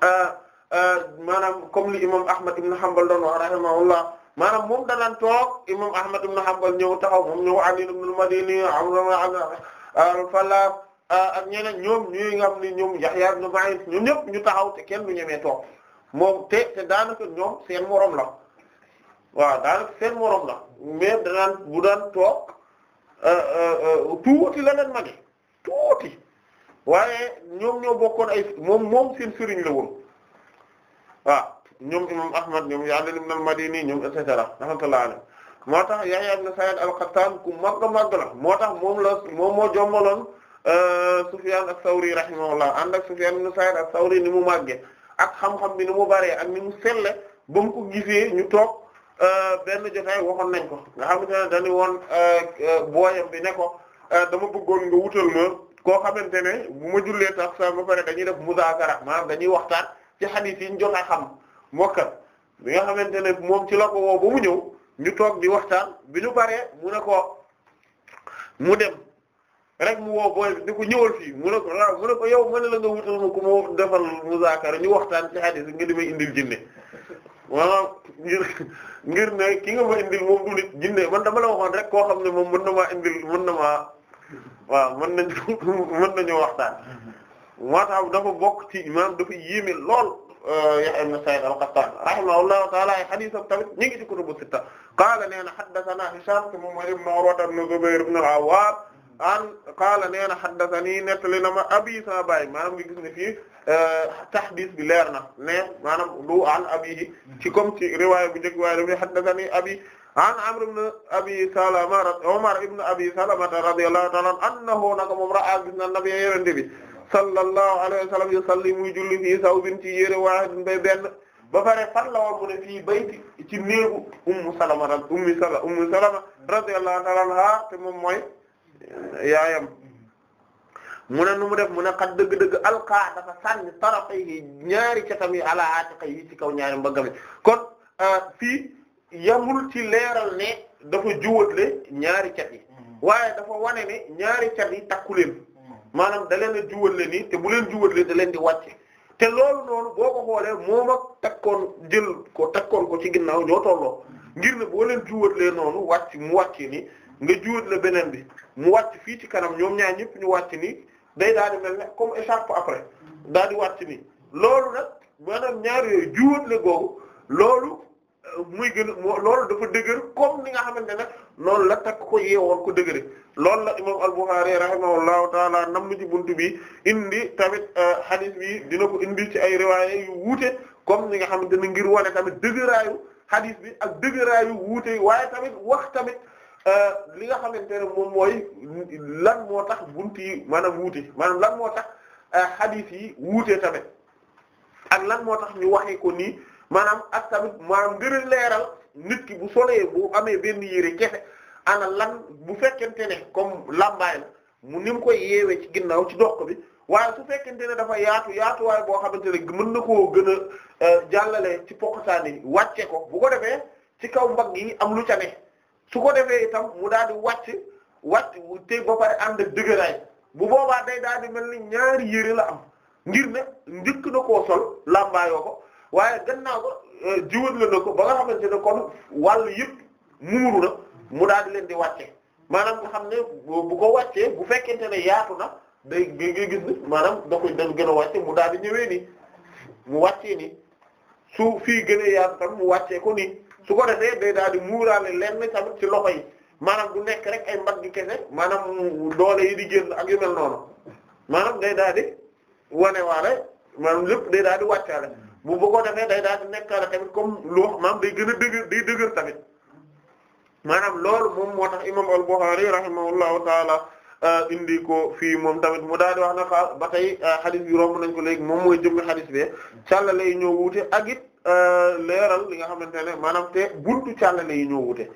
euh, euh, maanaam comme li imam Ahmad ibn Hanbal doon wax rahimahullah maanaam moom danaan toog imam Ahmad ibn Hanbal ñëw taxaw moom ñëw Ali ibn al-Madini al-Falla ak ñeneen ñoom ñuy nga xam ni ñoom Yahya ibn Ma'in ñoom ñëpp ñu taxaw te kenn du ñemee toog moom te te daanaka ñoom seen morom la waaw daanaka seen morom la mais danaan bu daan toog euh, euh, euh, tuuti la leen mage tuuti waaye ñoom ñoo bokkoon ay moom moom seen sëriñ la woon waaw ñoom imam ahmad ñoom Ya'la ibn al-Madini ñoom et cetera rahmatullahi alayhi moo tax Yahya ibn Sa'id al-Qattan ku màgg màgg la moo tax moom la moom moo jommaloon Sufyan as-Sawri rahimahullah ànd ak Sufyan ibn Sa'id as-Sawri ni mu màgge ak xam-xam bi ni mu bëree ak ni mu selle ba mu ko gisee ñu toog euh, benn jotaay waxoon nañ ko nga xam xamante ne dañu woon euh, booyam bi ne ko euh, dama bëggoon nga wutal ma koo xamante ne bu ma jullee tax sa ba pare dañuy def muzaakara ma dañuy waxtaan ci hadith yi ñu jot a xam mokkal bi nga xamante ne moom ci la ko woo ba mu ñëw ñu toog di waxtaan bi ñu bëree mu ne ko mu dem. rek mu woo booy di ko ñëwal fii mu ne ko la mu ne ko yow ma ne la nga wutal ma ku ma wax defal muzaakara ñu waxtaan ci hadith nga di may indil jinne maanaam ngir ngir ne ki nga ma indil moom du nit dama la waxoon rek xam ne moom mën na maa indil mën na maa waaw mën nañu mën nañu waxtaan moo tax dafa bokk ci imam dafa yéeme lool euh, Yahya ibn Sa'id al-Qattan rahimahullahu ta'ala ay haditham tamit ñu ngi ci kutubu sitta qaala nee na haddathana Hisham moom mooy ibn Urwa ibn Zubayr ibn an qaala nee na haddathanii nettali na ma abi sama baay maanaam nga gis ne fii eh, tahdis bi leer na ne maanaam du an abihi ci comme ci riwaaya bu njëkk waaye dafay haddathanii abi an Amr ibn Abi Salama Umar ibn Abi Salama radiyallahu ta'ala annahu naka moom ra'a gis na nabiyya yerante bi sallallahu alayhi wa sallam yusalli muy julli fii sawbin ci yére waahidin bay benn ba pare fan la woon mu ne fii bayti ci néegu Ummu Salama Ummu Salama radiyallahu ta'ala anha te moom mooy yaayam mu ne nu mu def mu ne xat dëgg-dëgg alqaa dafa sànni tarafayhi ñaari catam yi ala aatiqa yi ci kaw ñaari mbaggam yi kon euh, fii yamul ci leeral ne dafa juwatle ñaari cat yi mm-hmm. waaye dafa wane ne ñaari cat yi takku leen mm-hmm. maanaam da leen a juwatle nii te bu leen juwatle da leen di wàcce te loolu noonu boo ko xoolee moom ak takkoon jël ko takkoon ko ci ginnaaw ñoo tolloo mm-hmm. ngir ne boo leen juwatlee noonu wàcc mu wàcce ni nga juwat la beneen bi mu wàcc fii ci kanam ñoom ñaar ñëpp ñu wàcc nii day daal di mel ne daal di wàcc nii loolu nag maanaam ñaar yooyu juwat googu loolu euh, muy gën a loolu dafa dëgër comme ni nga xamante ne noonu la takk ko yeewoon ko dëgëre loolu la imam al-Bukhari rahimahullahu taala nam ci buntu bi indi tamit euh, hadith bi dina ko indi ci ay riwaaya yu wuute comme ni nga xamante ne ngir wane tamit dëgëraayu hadith bi ak dëgëraayu wuute waaye tamit wax tamit Euh, li nga xamante ne moom mooy lan moo tax bunt yi maanaam wuute maanaam lan moo tax hadith euh, yi wuute tamit ak lan moo tax ñu waxee ko nii maanaam ak tamit maanaam gën leeral nit ki bu solee bu amee benn yére kese ana lan bu fekkente ne comme lambaay mu ni mu koy yeewee ci ginnaaw ci doq bi waaye su fekkente ne dafa yaatu yaatuwaay boo xamante ne mën na koo gën a euh, jàllale ci poqataan yi wàcce ko bu ko defee ci kaw mbagg yi am lu ca su ko defee itam mu daal di wàcc wàcc te ba pare ànd ak dëgëraay bu boobaa day daal di mel ni ñaari yére la am ngir ne njëkk na ko sol làmbaayoo ko waaye gannaaw ko euh, jiwat la na ko ba nga xamante ne kon wàll yëpp muuru na mu daal di leen di wàcce maanaam nga xam ne bu ko wàccee bu fekkente ne yaatu na day ngay gis ni maanaam da koy dal gën a wàcce mu daal di ñëwee nii mu wàccee nii su fii gën a yaatu tam mu wàccee ko nii su ko defee day daal di muuraale lenn tamit ci loxo yi maanaam du nekk rek ay mbagg kese maanaam doole yi di génn ak yu mel noonu maanaam day daal di wanewaale maanaam lépp day daal di wàccaale bu bu ko defee day daal di nekkaale tamit comme lu maam maanaam day gën a dëgër day dëgër tamit maanaam loolu moom moo tax imam al-Bukhari rahimahullahu taala euh, indi ko fii moom tamit mu daal di wax na xaal ba tey hadith euh, bi romb nañ ko léegi moom mooy jëmmi hadith bi sàllale yi ñoo wuute ak it Euh, leeral li nga xamante ne maanaam te buntu càllale yi ñoo wute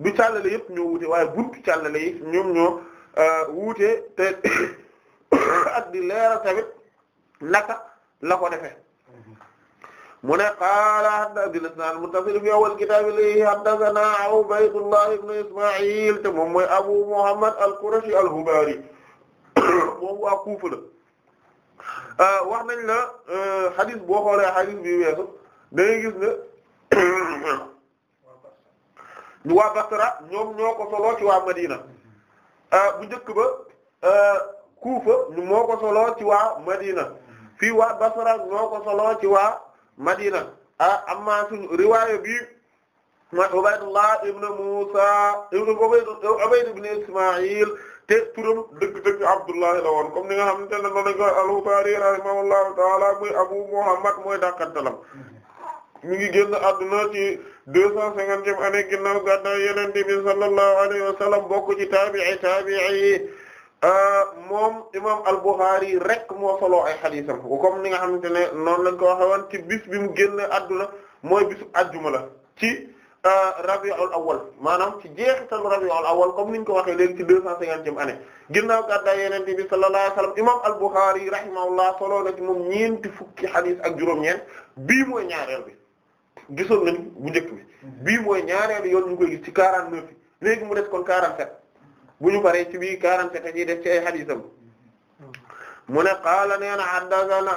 du càllale yëpp ñoo wute waaye càllale yi ñoom ñoo euh, wuute te ak di leeral tamit naka la ko mu ne qaala hadda bil isnad muttasil fi awwal kitab li haddathana Ubaydullah ibn Isma'il te moom mooy Abu Muhammad al-Qurashi al-Hubari moom waa Kufa la euh, wax nañ la hadith boo xoolee hadith bi weesu da ngay gis ne waa Basra ñoom ñoo ko soloo ci waa Madina euh, bu njëkk ba euh, Kufa moo ko soloo ci waa Madina fii waa Basra ñoo ko soloo ci waa Madina ah amma suñu riwaaya bi mooy Ubaydullah ibn Musa ibn ibn Isma'il te turam dëgg-dëgg Abdullahi la woon ni nga xamante ne noonu lañ koy al-Bukhari rahimahullahu ta'ala muy Abu Muhammad mooy dàqantalam mi ngi génn adduna ci deux cent cinquantième année ginnaaw gàddaay Yonent bi sallallahu alayhi wa sallam bokk ci taabi'i taabi'i yi euh, moom imam al-Bukhari rek moo solo ay xadiisam comme ni nga xamante ne noonu lañ ko waxee woon ci bis bi mu génn adduna mooy bisu ajjuma la ci euh, rabiul awal maanaam ci jeexitalu rabiul awal comme niñ ko waxee léegi ci deux cent cinquantième année ginnaaw gàddaay Yonent bi sallallahu alayhi wa sallam imam al-Bukhari rahimahullah solo na ci moom ñeenti fukki xadiis ak juróom-ñeent bii mooy ñaareel bi gisoon nañ bu njëkk bi bii mooy ñaareelu yoon ñu koy gis ci quarante neuf bi léegi mu des kon quarante sept bu ñu paree ci bii quarante sept dañuy def ci ay xadiisam mu ne qaala nee na haddathana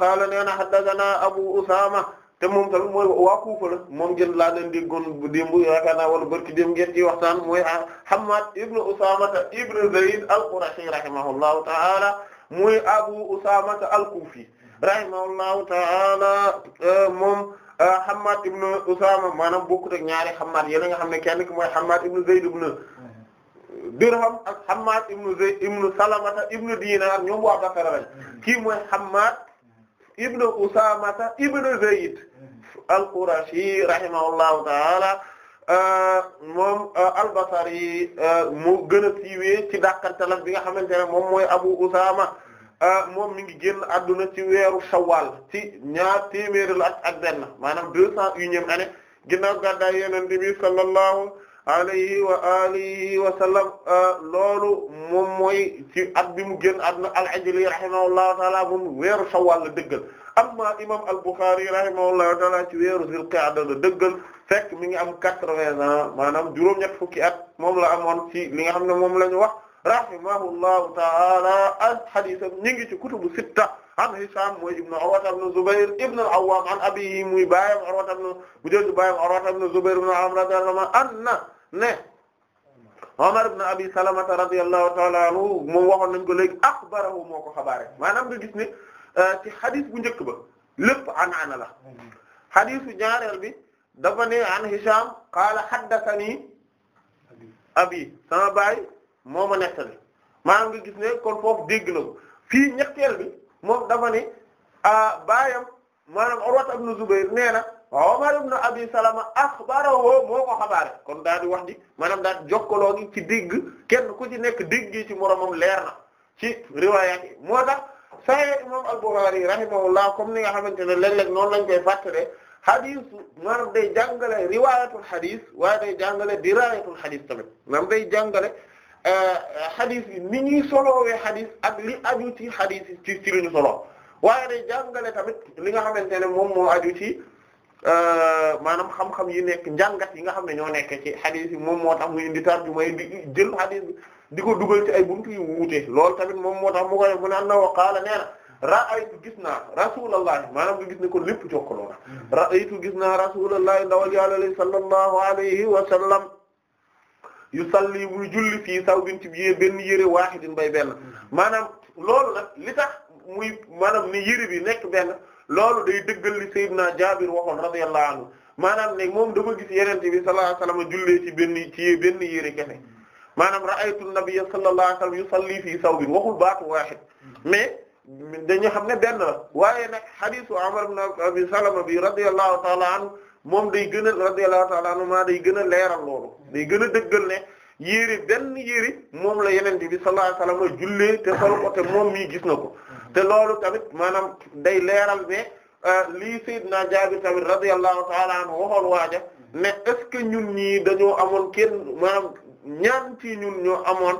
qaala nee na haddathana abu usama te moom tamit mooy waa Kufa la moom gën laa leen déggoon démb yaakaar naa wala barki démb ngeen ci waxtaan mooy Hammad ibn Usama ibn Zayd al-Qurashi rahimahullahu ta'ala muy Abu Usama al-Kufi rahimahullahu ta'ala moom Hammad ibn Usama maanaam bokkut ak ñaari Hammad yéen nga xam ne kenn ki mooy Hammad ibn Zayd ibn Dirham ak Hammad ibn Zayd Salamata ibn Dinar ñoom waa Basra lañ mooy Hammad ibn Usamata ibn Zayd al-Qurashi rahimahullahu ta'ala moom al-Basri mu gën a siiwee ci dàkkantalam bi nga xamante ne moom mooy Abu Usama Ah, moom mi ngi génn adduna ci weeru shawwal ci ñaar téeméeri at ak benn maanaam deux cent unième année ginnaaw gàddaay yonent bi sallallahu alayhi wa alihi wa sallam ah, loolu moom mooy ci at bi mu génn adduna al-Ajli rahimahullahu taala moom weeru shawwal la am amma imam al-Bukhari rahimahullahu taala ci weeru Zulqa'da la dëggal fekk mi ngi am quatre-vingts ans maanaam juróom-ñett fukki at moom la amoon ci li nga xam ne moom la ñu wax rahimahullahu ta'ala as hadisam ñi ngi ci kutubu sitta an Hisham mooy ibnu Urwata ibnu Zubair ibnu al-Awwam an abihi muy baayam Urwata ibnu bu jël baayam Urwata ibnu Zubair ibnu Awwam radiyallahu anhu anna ne Umar ibn Abi Salama radiyallahu ta'ala anhu moom waxoon nañ ko léegi axbarahu moo ko xabaare maanaam nga gis ne euh, ci hadis bu njëkk ba lépp an ana la hadisu ñaareel bi dafa ne an Hisham qaala haddathani abi sama baay moo ma nettali maanaam nga gis ne kon foofu dégg na ko fii ñetteel bi moom dafa ne ah baayam maanaam Urwa ibn Zubayr nee na wa Umar ibn Abi Salama akhbarahu moo ko xabaare kon daal di wax di maanaam daal di jokkaloo gi ci dégg kenn ku ci nekk dégg ci moromam leer ci riwaayaat yi moo tax Sahih imam Al-Bukhârî rahimahullah comme ni nga xamante ne léeg-léeg noonu lañ koy fàttalee hadith maanaam day jàngale riwaayatul hadith waa day jàngale diraayatul hadith tamit maanaam day jàngale xadis euh, yi ni ñuy soloowee xadis ak li aju ci xadis yi ci ci li ñu solo waaye de jàngale tamit li nga xamante ne moom moo aju ci euh, maanaam xam-xam yi nekk njàngat yi nga xam ne ñoo nekk ci xadis yi moom moo tax muy indi tarjuma yi di jël xadis bi di ko dugal ci ay buntu yu wuute lool tamit moom moo tax mu koy mu ne am na waqaala nee na ra'aytu gis naa rasulallahi maanaam nga gis ne ko lépp jokkaloo mm. ra'aytu gis naa rasulallahi ndawal yàlla sallallahu alayhi wa yu salli muy julli fii sawbin ci biir benn yére waahidin bay benn maanaam loolu na li tax muy maanaam ni yére bi nekk benn loolu day dëggal li Seydina Jaabir waxoon radiyallahu anhu maanaam ne moom dafa gis yenente bi sallallahu alayhi wasallam jullee ci benn ci benn yére kese maanaam ra'aytu an-nabiyya sallallahu alayhi wasallam yusalli fii sawbin waxul baatu waahid mais dañu xam ne benn la waaye na hadiisu Umar ibn Abi Salama bi radiyallahu ta'ala anhu moom day gën a radiyallahu ta'ala anhu maa day gën a leeral loolu day gën a dëggal ne yére benn yére moom la yenente bi sallallahu alayhi wasallam jullee te sol gis na ko te tamit maanaam day leeral ne euh, lii sayyidina Jaabir tamit radiyallahu ta'ala anhu waaja ne est-ce ñun ñii dañoo amoon kenn maanaam ñaan ci ñun ñoo amoon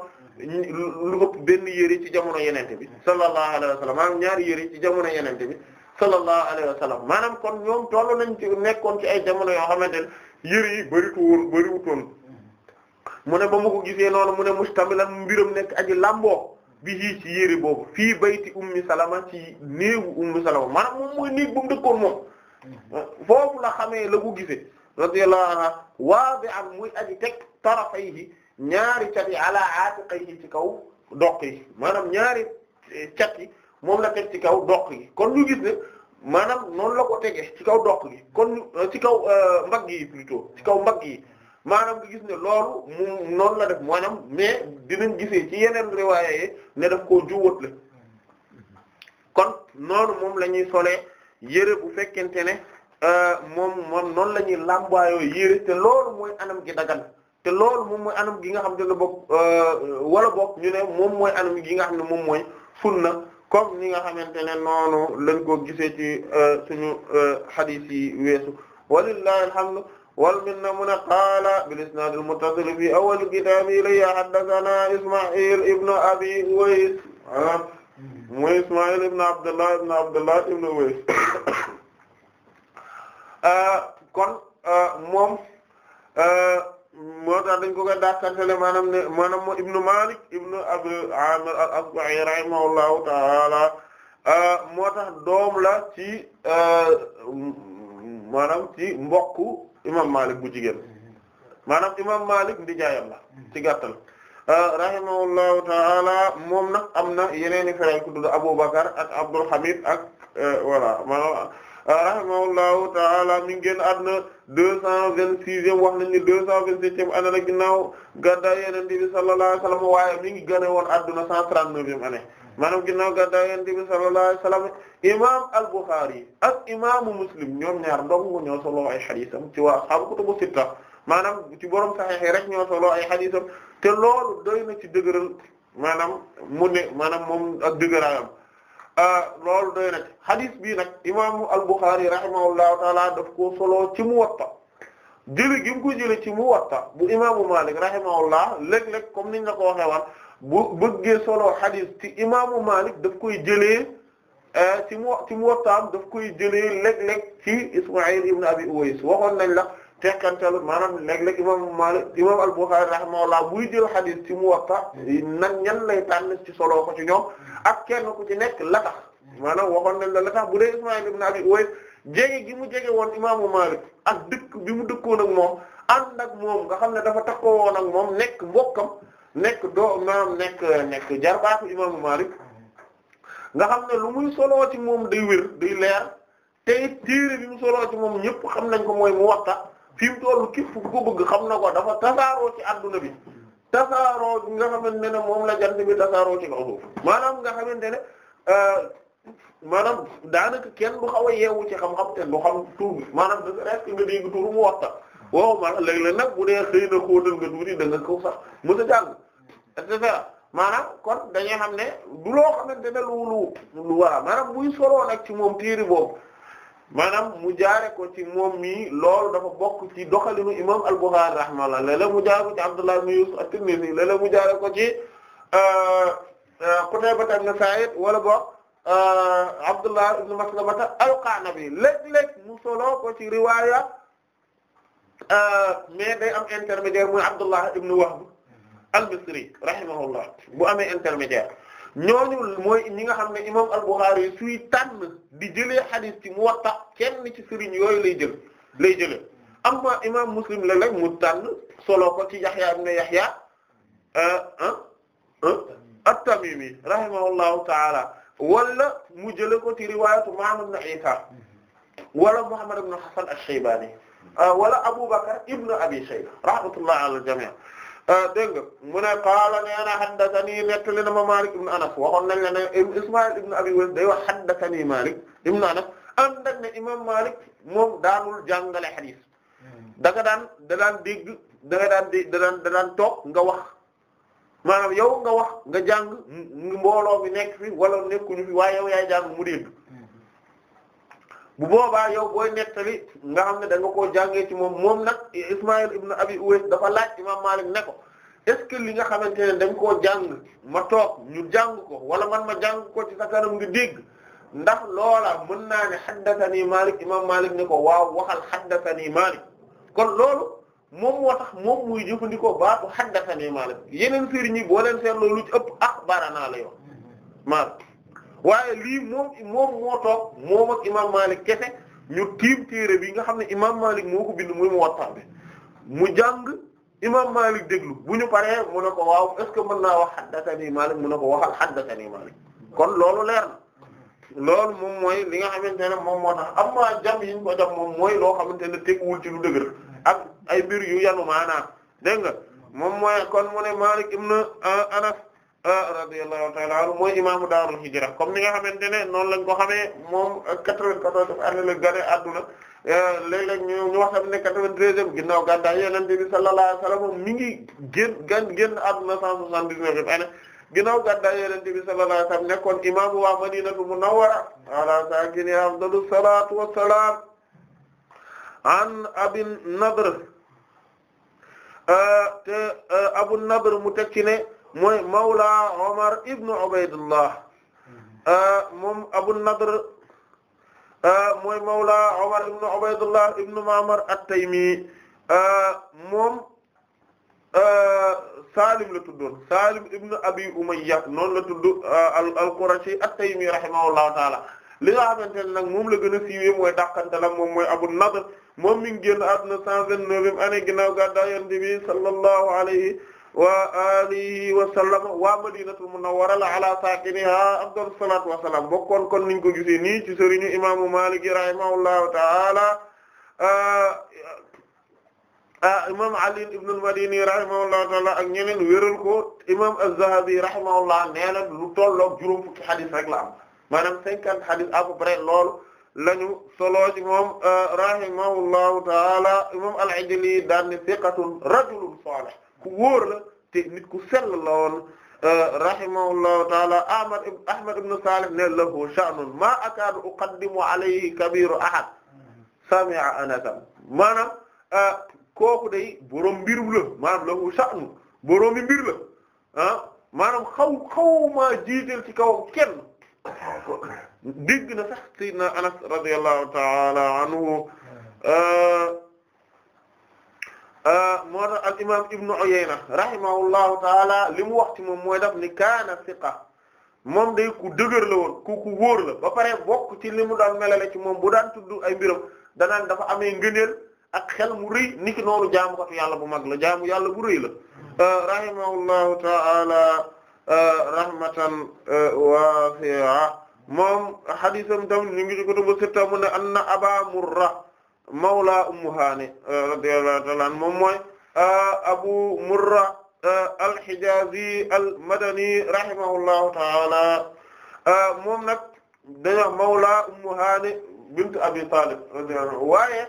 lu ëpp benn yére ci jamono yenente bi sallallahu alayhi wasallam maanaam ñaari yére ci jamono yenente bi sallallahu alayhi wa sallam maanaam kon ñoom tollu nañ ci nekkoon ci ay jamono yoo xamante ne yëre yi bëri ko woon bëriwutoon ba mu ko gisee noonu mu ne mustamilan mbiram nekk aji lamboo bi ci yëre boobu fii bayti ummi salama ci néegu ummi salama maanaam moom mooy néeg bu mu dëkkoon moom foofu la xamee la ko gisee radiyallahu anha waadi'an muy aji teg tarafayhi ñaari cati ala aatiqayhi ci kaw doq yi maanaam ñaari eh, cati moom la teg ci kaw doq gi kon ñu gis ne maanaam noonu la ko tegee ci kaw doq gi kon euh, ci kaw euh, mbagg yi plutôt ci kaw mbagg yi maanaam nga gis ne loolu mu noonu la def maanaam mais dinañ gisee ci yeneen riwaaya yi ne def koo juwóot la kon noonu moom la ñuy solee yére bu fekkente ne euh, moom moom noonu la ñuy làmbaayoo yére te loolu mooy anam gi dagan te loolu moom mooy anam gi nga xam ne la bokk wala bokk ñu ne moom mooy anam gi nga xam ne moom mooy sunna comme ni nga xamante ne noonu lañ ko gisee ci euh, suñu hadith euh, yi weesu walillahi alhamdu wal minna mun qaala bil isnaad al muttasil fi awwal kitaab ilayya haddathana isma'il ibn abi uways mooy isma'il ibn abdullah ibn abdullah ibn uways euh, kon moom moo tax dañ ko koy dàqanteel maanaam ne maanaam moo ibnu Malik ibnu Abi Amir al-Asbahi rahimahullahu ta'ala moo tax doom la ci maanaam ci mbokku imam Malik bu jigéen maanaam la ci gàttal rahimahullahu ta'ala moom nag am na yeneeni frère ku tudd Abubakar ak Abdul Hamid ak e, voilà rahimahullahu ta'ala mi ngi génn àdduna deux cent vingt-sixième wax nañu deux cent vingt-septième année la ginnaaw gàddaay Yonent bi sallallahu alayhi wa waaye mi ngi gane woon àdduna cent trente-neuvième année maanaam ginnaaw gàddaay Yonent bi sallallahu alayhi wa sallam imam al-Bukhari ak imaamu Muslim ñoom ñaar ndong ñoo solo ay xadiisam ci waa ashaabu kutubu sitta maanaam ci borom saxiix rek ñoo solo ay xadiisam te loolu doy na ci dëgëral maanaam mu ne maanaam moom ak dëgëraayam Ah, loolu doy na ci hadith bii nag imaamu al-Bukhari rahimahullahu taala daf koo solo ci Muwatta jëli gi mu ko jëlee ci Muwatta bu imaamu Malik rahimahullah léeg-léeg comme niñ la ko waxee woon bu bëggee solo hadith ci imaamu Malik daf koy jëlee eh, ci mu ci Muwatta daf koy jëlee léeg-léeg ci Isma'il ibn Abi Uways waxoon nañ la. tekkantal maanaam léeg-léeg imam Maalik imam Al-Bukhârî rahimahullah buy jël xadis ci Muwatta nan ñan lay tànn ci solo ko ci ñoom ak kenn ku ci nekk la tax maanaam waxoon nañ la la tax bu dee Ismaïl ibn Abi Uways jege gi mu jege woon imaamu Maalik ak dëkk bi mu dëkkoon ak moom ànd ak moom nga xam ne dafa takkoo woon ak moom nekk mbokkam nekk doo maanaam nekk nekk jarbaatu imaamu Maalik nga lu muy soloo ci moom day wér day leer te it téere bi mu soloo ci moom ñëpp xam nañ ko mooy mu Muwatta fi mu toll képp ku ko bëgg xam na ko dafa tasaaroo ci adduna bi tasaaroo nga xamante ne moom la jant bi tasaaroo ci kaw suuf maanaam nga xamante ne euh, maanaam daanaka kenn du xaw yeewu ci xam-xam te du xam tur bi maanaam da nga rek nga dégg turu mu waxtaan wow maanaam léeg-léeg nag bu dee xëy na xóotal nga tuuti da nga ko sax mos a jàng et cetera kon dañuy xam ne du loo xam ne lu lu lu wara maanaam buy soroo nag ci moom téeri boobu. maanaam mu jaare ko ci moom mii loolu dafa bokk ci doxalinu imam al-Bukhari rahimahullah léeg-léeg mu jaare ko ci Abdullah ibn Yusuf at-Tinnisi léeg-léeg mu jaare ko ci euh, euh, Qutayba ibn Sa'id wala boog euh, Abdullah ibn Maslamata al-Qanabi léeg-léeg mu solo ko ci riwaaya mais day am intermédiaire muy Abdullah ibn Wahb al-Misri rahimahullah bu amee intermédiaire ñooñu mooy ñi nga xam ne imam al-Bukhari suy tànn di jëlee xadis ci Muwatta kenn ci sëriñ yooyu lay jël lay jëlee amma imam Muslim la rek mu tànn solo ko ci Yahya ibn Yahya euh, at-Tamimi rahimahullahu ta'ala wala mu jële ko ci riwaayatu Ma'mar ibn Isa wala Muhammad ibn Hasan ash-Shaybani euh, wala Abu Bakr ibn Abi Shayba rahmatullah ala al-jami' Euh, dégg nga mu ne qaala nee na haddathanii nettali na ma waxoon nañ la ne Ismaïl ibn Abi Wais day wax haddathanii Maalik ibn Anas ànd ak ne imam Maalik moom daanul jàngale hadith hmm. da daan da daan dégg da nga daan da daan toog nga wax maanaam yow nga wax nga jàng mbooloo mi nekk fi wala ñu fi waaye yow yaay jàng mu dégg hmm. bu boobaa yow booy nettali nga xam ne da nga koo jàngee ci moom moom nag Ismaïl ibn Abi Uways dafa laaj Imam Malik ne ko est-ce li nga xamante ne dañ koo jàng ma toog ñu jàng ko wala man ma jàng ko ci sa ngi nga dégg ndax loola mën naa ne haddathani Malik Imam Malik ne ko waaw waxal haddathani Malik kon loolu moom moo tax moom muy jëfandikoo baatu haddathani Malik yeneen sëriñ yi boo leen seetloo lu ci ëpp akhbarana la yoon Malik waaye lii moom moom moo toog moom ak imam Malik kese ñu tiim téere bi nga xam ne imam Malik moo ko bind muy mu Muwatta bi mu jàng imam Malik déglu bu ñu paree mu ne ko waaw est-ce que mën naa wax haddathani Malik mu ne ko wax waxal haddathani Malik kon loolu leer lool moom mooy li nga xamante ne moom moo tax am na jam yi ñu ko jam moom mooy loo xamante ne teguwul ci lu dëgër ak ay mbir yu yanu maanaam dégg nga moom mooy kon mu ne Malik ibn euh, Anas radiyallahu ta'ala anhu mooy imaamu daarul hijra comme ni nga xamante ne noonu lañ ko xamee moom 94 année la gane adduna léeg-léeg ñu wax tamit ne 93e ginnaaw gàddaay Yonent bi sallallahu alayhi wasallam mi ngi génn gan génn adduna 179e année ginnaaw gàddaay Yonent bi sallallahu alayhi wasallam nekkoon imaamu waa Madinatu Munawwara ala saakinihaa afdalu salaatu wassalaam an Abi Nadr te Abu Nadr mu teg mooy mawla Omar ibn Ubaydullah hmm. euh, moom Abu Nadr euh, mooy mawla Omar ibn Ubaydullah Ma'mar at-Taymi euh, moom Salim la tuddoon Salim ibn Abi Umayya noonu la tudd al-Qurashi at-Taymi rahimahullahu ta'ala li nga xamante ne nag moom la gën a siiwee mooy dàqante la moom mooy Abu Nadr moom mi ngi génn àdduna 129 ane ginnaaw gàddaay Yonent bi sallallahu alayhi wa alihi wa sallam waa madinatul ala saakiniha afdalu salaatu wa salaam kon niñ ko gisee nii ci sëriñu imaamu Maalik rahimahullahu ta'ala ah, ah, imaam Ali ibn al ak ñeneen wéral ko imaam az-Zahabi rahimahullah nee na lu tolloog juróom fukki xadis rek am maanaam cinquante xadis à peu près loolu lañu soloo ci ah, rahimahullahu ta'ala imaam al-Ijli daan ne thiqatun rajulun ku wóor la te nit ku sell la woon euh, rahimahullahu taala Ahmad Ahmad ibn Salih ne lahu sha'nun ma akaadu uqaddimu alayhi kabiru ahad sami'a anatam maanaam euh, kooku day borom mbirum la maanaam lahu sha'nu borom bi mbir la ah maanaam xaw xawmaa jiital ci kawam kenn dégg na sax sayyidina Anas radiyallahu taala anhu euh, Euh, moo tax al imam ibnu Uyayna rahimahullahu taala li mu wax ci moom mooy daf ni kaana siqa moom day ku dëgër la woon ku ku wóor la ba pare bokk ci li mu daan melale ci moom bu daan tudd ay mbiram danaan dafa amee ngëneel ak xel mu rëy niki noonu jaamu ko yàlla bu mag la jaamu yàlla bu rëy la euh, rahimahullahu taala euh, rahmatan wasi'a moom hadisam tam ñu ngi ci kutubu sitta mu ne anna aba murra mawla Ummu Haani euh, radiyallahu ta'ala anha moom mooy euh, Abu Murra euh, al-Hijazi al-Madani rahimahullahu ta'ala moom nag dañu wax mawla Ummu Haani bint Abi Talib radiyallahu anha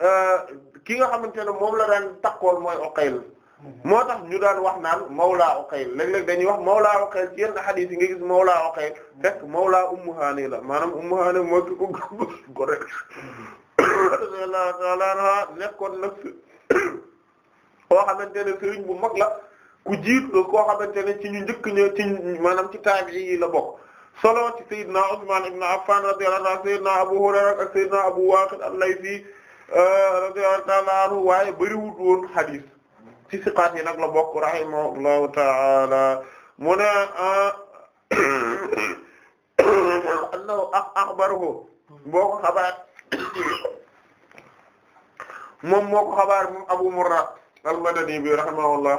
waaye ki nga xamante ne moom la daan takkoon mooy Uqayl moo tax ñu daan wax naan mawla Uqayl léeg-léeg dañuy wax mawla Uqayl ci yenn hadith yi nga gis mawla Uqayl fekk mawla Ummu Haani la maanaam Ummu Haani moo ki ko gàmb ko rek radiyallahu ta'ala anha nekkoon nag koo bu mag la ku jiit koo xamante ne ci ñu njëkk ñëw ci maanaam solo ci Seydina Usman ibn Abu Hurayra ak Seydina Abu Waqid al euh, bariwut woon hadith ci siqaat yi nag la bokk rahimahullahu ta'ala mu ne euh, annahu akhbarahu boo ko xabaat moom moo ko xabaar moom Abu Murra al-Madani bi rahimahullah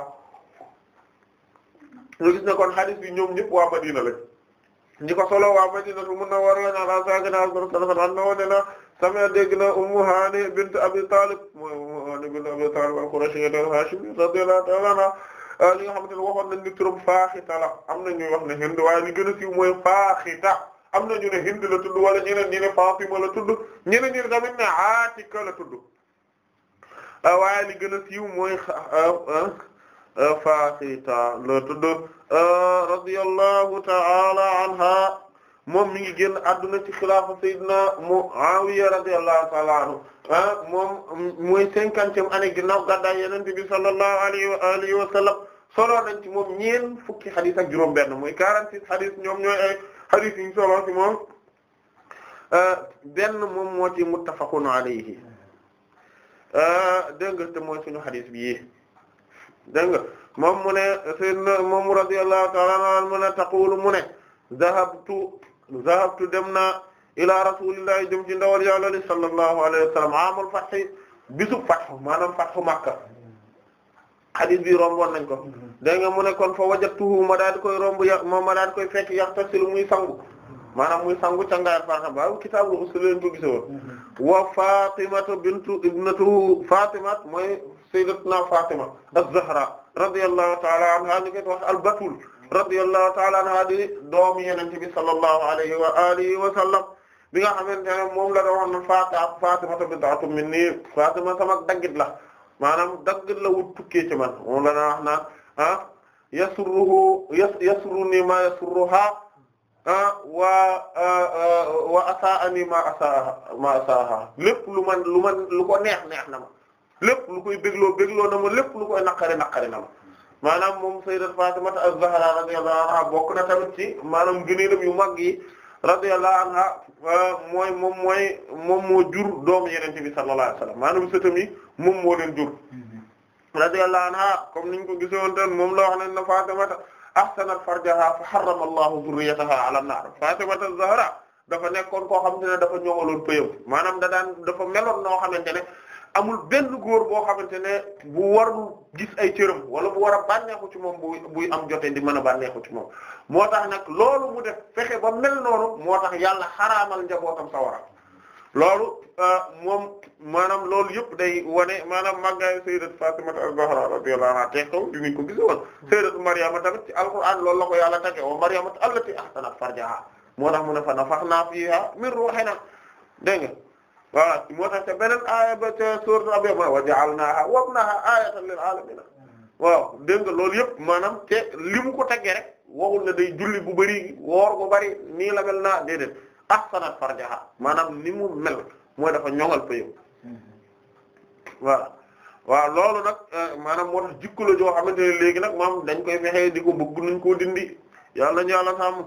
ñu gis ne kon hadith bi ñoom ñëpp waa Madina la ñi ko solo waa Madinatu Munawwara la ala saakinihaa na wone na sama dégg na Ummu Haani bint Abi Talib mooy Haani bint Abi Talib al-Qurashiyya al-Hashimiyya radiyallahu ta'ala anha li nga xamante ne waxoon nañ ni turam Faaxita la am na ñuy wax ne Hind waaye li gën a siiw mooy Faaxita am na ñu ne Hind la tudd wala ñeneen ñi ne Faatima la tudd la tudd Euh, waaye li gën a siiw mooy euh, euh, Faasita la tudd ta'ala anha moom mi ngi génn adduna ci xilaafa Seydina Muawiya radiyallahu ta'ala anhu ah, moom mooy cinquantième année ginnaaw gàddaay Yonent bi solo nañ ci moom ñeen fukki xadis ak juróom-benn mooy 46 xadis ñoom ñooy ay xadis yu moom benn moom moo ci muttafaqun Ah, dégg nga te mooy suñu xadis bi dégg nga moom mu ne sayyidna moom radiyallahu ta'ala anhu mu ne taqulu mu ne zahabtu zahabtu dem naa ila rasulillahi jëm ci ndawal yàlla li sallallahu alayhi wa sallam amul fathi bisu fathu maanaam fathu makka xadis bi romboon nañ ko mm-hmm. dégg nga mu ne kon fa wajatuhu ma daal di koy romb ya moom ma daal di koy fekk yaxtasilu muy sangu maanaam muy sangu cangaayal faaxam baabu kitaabul ghusl leen ko gisoon mhm. wa fatimatu bintu ibnatu fatimat mooy sayyidatuna fatima az-zahra radiyallahu ta'ala anha ni ko wax al-batul radiyallahu ta'ala anha di doomi yenente bi sallallahu alayhi wa alihi wa sallam bi nga xamante ne moom la da waxoon na fata fatimatu bid'atun minni fatima sama daggit la maanaam daggit la wut tukkee ci man moom la na wax naan ah yasurruhu yas yasurruni ma yasurruha Ah, wa ah, ah, wa asaani ma ma asaaha lépp lu man lu man lu ko neex neex na ma lépp lu koy bégloo bégloo na ma lépp lu koy naqari naqari na ma maanaam moom sayyidat Fatima az-Zahra radiyallahu anha bokk na tamit ci maanaam gëneelam yu mag yi radiyallahu anha mooy moom mooy moom moo jur doomu yenente bi sallallahu alayhi wasallam maanaam sëtam yi moom moo leen jur mm-hmm. radiyallahu anha comme niñ ko gisoon tan moom la wax ne na Fatima ahsanat farjaha fa harrama Allahu dhurriyyataha ala nar Fatimata Zahra dafa nekkoon koo xamante ne dafa ñoŋaloon pëyam maanaam da daan dafa meloon noo xamante ne amul benn góor boo xamante ne bu warul gis ay cëram wala bu war a bànneexu ci moom bu buy am jotee di mën a bànneexu ci moom moo tax nag loolu mu def fexe ba mel noonu moo tax yàlla xaraamal njabootam sawara loolu euh, moom maanaam loolu yëpp day wane maanaam màggaayu sayyidat Fatima az-Zahra radiyallahu anha te xaw di ñu ko gis woon hmm. sayyidat Maryama tamit ci alquran loolu la ko yàlla tagge wa Maryama allati ahsanat farjaha moo tax mu ne fa nafakhna fiha min ruhina dégg nga voilà moo tax te wa ja'alnaha hmm. nga loolu yëpp maanaam te li mu ko tagge rek waxul ne bu bëri woor bu bëri nii la mel naa déedéet ahsanat maanaam ni mu mooy dafa ñoŋal fa voilà waaw loolu nag eh, maanaam moo tax jikko la joo xamante ne léegi nag moom dañ koy bug di ko bëgg nuñ koo dindi yàlla ñu yàlla sàmm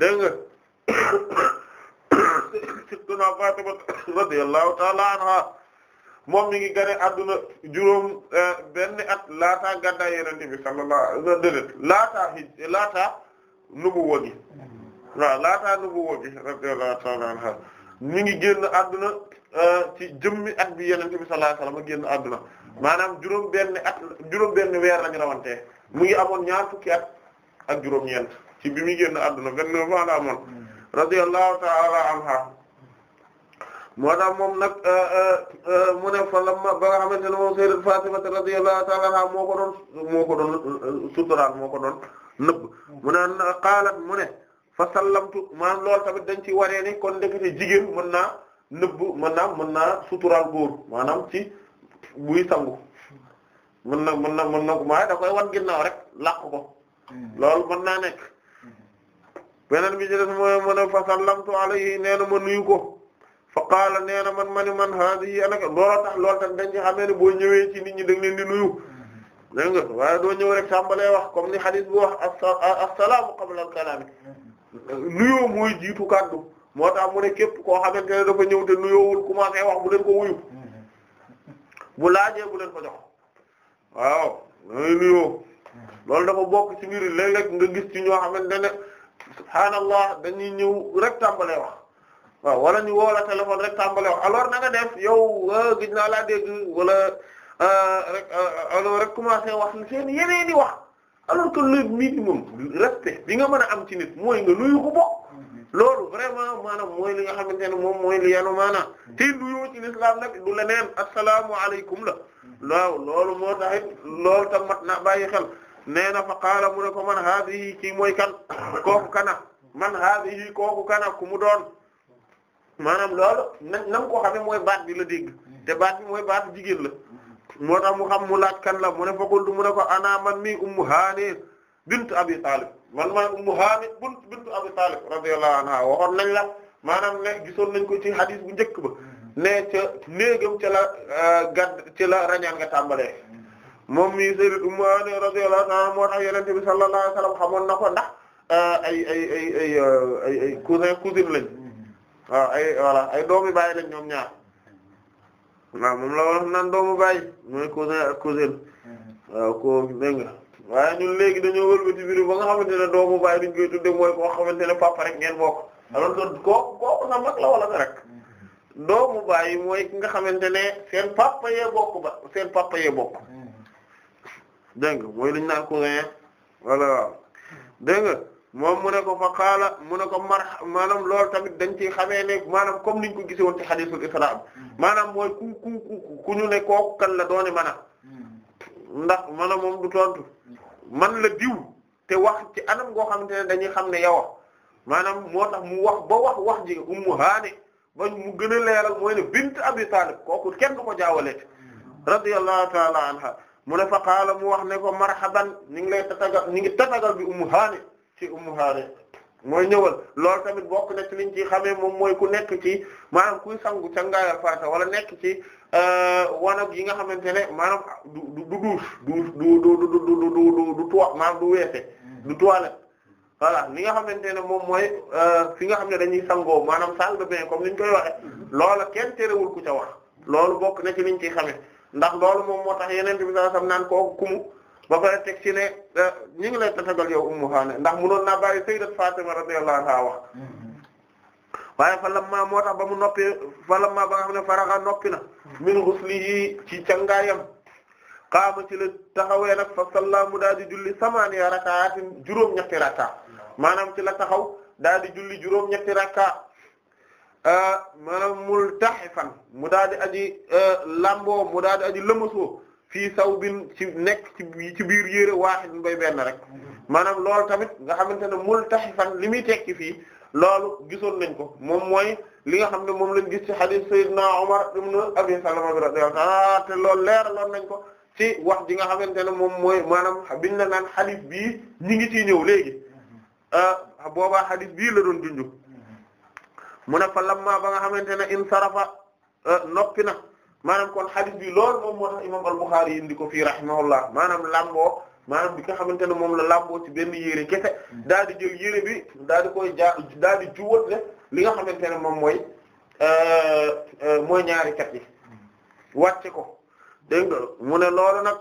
dégg nga sittuna Fatima radiyallahu ta'ala anha moom mi ngi gane adduna juróom eh, benn at laata gaddaa yenente bi sallallahu alayhi wa laata laata nubuwa gi mm-hmm. waaw laata nubuwa gi radiyallahu ta'ala anha mi ngi génn adduna Euh, ci jëmmi at bi Yonent bi sallallahu alayhi wasallam génn àdduna maanaam juróom benn at juróom benn weer lañu rawante mu ngi amoon ñaar fukki at ak juróom-ñeent ci bi muy génn àdduna vingt-neuf ans la amoon radiyallahu ta'ala anha moo moom nag euh, euh, mu ne fa lamma xamante ne moo ko doon moo ko doon suturaal moo ko doon nëbb mu ne qaalat mu ne fa sallamtu maanaam tamit dañ ci waree ni kon ndekete jigéen mën naa nëbb mën naa mën naa suturaal góor maanaam ci buy sangu mën na mën na mën na waaye da koy wan ginnaaw rek làq ko hmm. lool mën naa nekk hmm. beneen bi ci des mooy mën a fa sallamtu alayhi nee na ma nuyu ko fa qaala nee na man mani man haadihi anaka looloo tax loolu tax dañ ci xamee ne boo ñëwee ci nit ñi da leen di nuyu hmm. dégg nga waaye doo ñëw rek tàmbalee wax kom ni hadith bu wax assalaamu qabla al kalaam nuyoo mooy jiitu kàddu moo tax mu ne képp koo xamante ne dafa ñëw te nuyoowul commencé wax bu leen ko wuyu mm-hmm. bu laajee bu leen ko jox waaw dangay nuyoo mm-hmm. loolu dafa bokk ci biir léeg-léeg nga gis ci ñoo xamante ne subhaanallah dañuy ñëw rek tàmbalee wax waaw ñu woo la téléphone rek tàmbalee wax alors na nga def yow ah, gis naa laa dégg wala ah, rek ah, alors rek commencé wax seen yeneen di wax alors que le minimum respect bi nga mën a am ci nit mooy nga nuyu ko bokk mm-hmm. loolu vraiment maana mooy li nga xamante ne moom mooy li yanu maanaam hmm. te nuyoo ci lislaam nag du leneen assalaamu alaykum la waaw loolu moo taxit loolu tam mat na bàyyi xel nee na fa qaala mu ne ko man haadihi kii mooy kan kooku kana man haadihi kooku kana ku mu doon maanaam loolu na na nga ko xamee mooy baat bi la dégg hmm. te baat bi mooy baat jigéen la moo tax mu xam mu laaj kan la mu ne faqultu mu ne ko ana man mi ummu haani bint abi talib man maay ummu haamid bint bintu abi talib radiyallahu anha waxoon nañ la maanaam ne gisoon nañ ko ci hadith bu njëkk ba ne ca néegam ca la euh, gadd ci la rañaan nga tàmbalee moom mi sayyidat ummu haamid radiyallahu anha moo tax yonent bi sallallahu alayhi wasallam xamoon na ko ndax euh, ay ay ay ay euh, cousin lañ waaw ay doomi baay lañ ñoom ñaar moom la wax naan doomu baay mooy cousin ak cousine mm-hmm. waaw ko waaye ñun léegi dañoo wëlbati biir ba nga xamante ne doomu baay duñ koy tudde mooy koo xamante ne papa ngeen bokk alors que kooku kooku sa mag la mooy ki nga xamante ne seen papa yee bokk ba seen papa yee bokk dégg nga mooy li ñu naan cousin voilà dégg nga moom mu ne ko fa xaala mu ne ko mar maanaam lool tamit dañ ci xamee ne maanaam comme niñ ko gisee woon ci hadiisul Isra mm. maanaam mooy ku ku ku ku ñu kan la doone mën a ndax man moom du tontu man la diw te wax ci anam goo xamante ne dañuy xam ne yow maanaam moo tax mu wax boo wax wax ji ummu haani ba mu gën a leeral mooy ne bint abi talib kooku kenn du ko jaawaleete radiyallahu taala anha mu ne fa qaala mu wax ne ko marhaban ñu ngi lay tatagal ngi tatagal bi umu haani ki ummu haani mooy ñëwal loolu tamit bokk na ci liñ ci xamee moom mooy ku nekk ci maanaam kuy sangu ca ngaayal farata wala nekk ci Euh, wanag yi nga xamante ne maanaam du du du douche du du du du du du du toit maanaam du weese du toilette voilà li nga xamante ne moom mooy euh, fi nga xam ne dañuy sangoo maanaam salle de bain comme ni ñu koy waxe loola kenn terewul ku ca wax loolu bokk na ci liñ ciy xamee ndax loolu moom moo tax yeneen bi sa sam naan kooku kumu ba pare teg ci ne euh, ñu ngi lay tatagal yow ummu haane ndax munoon naa bàyyi sayyidat Fatima radiyallahu anha wax mm-hmm. waaye fa lamma moo tax ba mu noppi fa lamma ba nga xam ne faraxa noppi na min ghuslihi ci cangaayam qaama ci la taxawee nag fa salla mu daal di julli samaaniya rakaatin juróom ñetti rakka maanaam ci la taxaw daal di julli juróom ñetti rakka euh, maanaam multahifan mu daal di aji euh, lamboo mu daal di aji lëmasoo fii sawbin ci nekk ci biir yére waaxid bay benn rek mm-hmm. maanaam loolu tamit nga xamante ne multahifan li muy tekki fii loolu gisoon nañ ko moom mooy li nga xam ne moom lañ gis ci hadith Seydina Omar ibn Abi Salama a ah, te loolu leeraloon nañ ko ci wax ji nga xamante ne moom mooy maanaam biñ la naan hadith bii ñi ngi ciy ñëw léegi ah, boobaa hadith bii la doon junju mu ne fa lamma ba nga xamante ne in sarafa ah, noppi na maanaam kon hadith bi loolu moom moo tax imam al-Bukhari indi ko fii rahimahullah maanaam lamboo maanaam bi nga xamante ne moom la làmboo ci benn yére kese daal di jël yére bi daal di koy jaa daal di juwat le li nga xamante ne moom mooy euh, euh, mooy ñaari kat yi wàcce ko dégg nga mu ne lool nag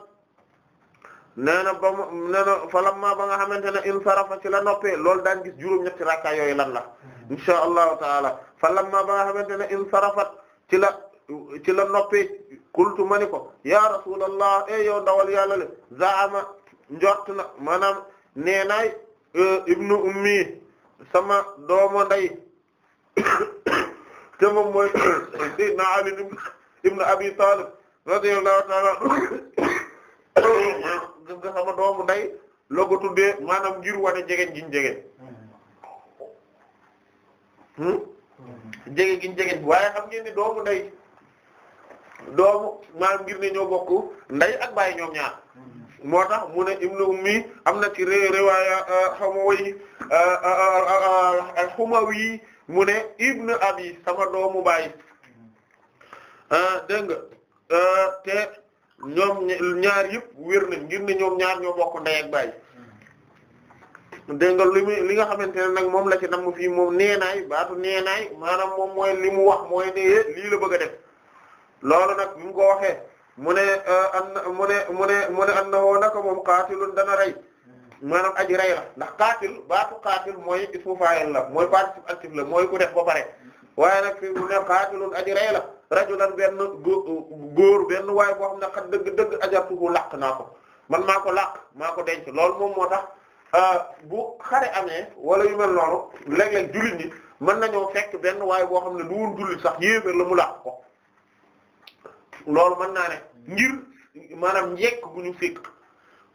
nee na ba mu nee na falamma ba nga xamante ne insarafa ci la noppee loolu daan gis juróom-ñetti rakka yooyu lan la insha allahu taala falamma ba nga xamante ne insarafat ci la ci la noppee kultu ma ni ko ya rasulallah e yow ndawal yàlla le zaama njort na maanaam nee naay euh, ibnu ummi sama doomu ndey te moom mooy sayyidina Ali ibnu Abi sama doomu ndey la ko tuddee maanaam ngir wane jegeen giñ jegeen hmm? jege jege waaye xam ngeen ni doomu ndey doomu maanaam ngir ne ñoo bokk ndey ak bàyyi ñoom ñaar moo tax mu ne ibnu mii am na ci ré riwaaya euh, xamawi xumawi euh, euh, mu ne ibnu abi sama doomu baay dégg nga te ñoom ñaar yëpp wér nañ ngir ne ñoom ñaar ñoo bokk ndey ak baay dégg li muy li nga xamante ne nag moom la ci nam fii moom neenaay baatu neenaay maanaam moom mooy li mu wax mooy ne lii la bëgg a def loolu nag bi mu ko waxee mu ne euh, an mu ne mu ne mu ne annahu naka moom qaatilun dana rey maanaam aj rey la ndax qaatil baatu qaatil mooy ismu fa'il la mooy participe actif la mooy ku def ba pare waaye nag fi mu ne qaatilun aji rey la rajulan benn góor benn waaye boo xam ne xat dëgg-dëgg ajartuhu làq naa ko man maa ko làq maa ko denc loolu moom moo tax euh, bu xare amee wala yu mel noonu léeg-léeg jullit ñi mën nañoo fekk benn waaye boo xam ne lu wul jullit sax yéeféer la mu làq ko loolu mën naa ne ngir maanaam njekk bu ñu fekk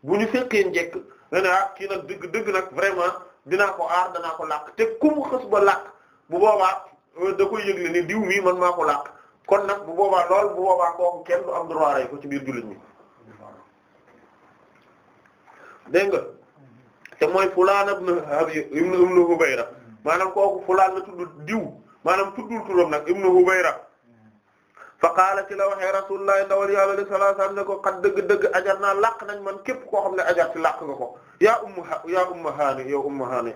bu ñu fekkee njekk ne ah, kii nag dëgg dëgg nag vraiment dinaa ko aar danaa ko làkk te ku mu ba làkk bu boobaa euh, da koy yëgle ni diw mii man maa ko làq kon nag bu boobaa lool bu boobaa kooku kenn du am droit rey ko ci biir jullit ñi dégg nga te mooy fulaan ibn ibn Hubayra maanaam kooku fulaan la tudd diw maanaam tuddul turam nag ibn Hubayra fa qaala ci la waxee rasulullah ndawal yàlla sallallahu alayhi wasallam ne ko xat dëgg-dëgg ajar naa làq nañ man képp koo xam ne ajar ci làq nga ko yaa ummu yaa ummu haani yow ummu haani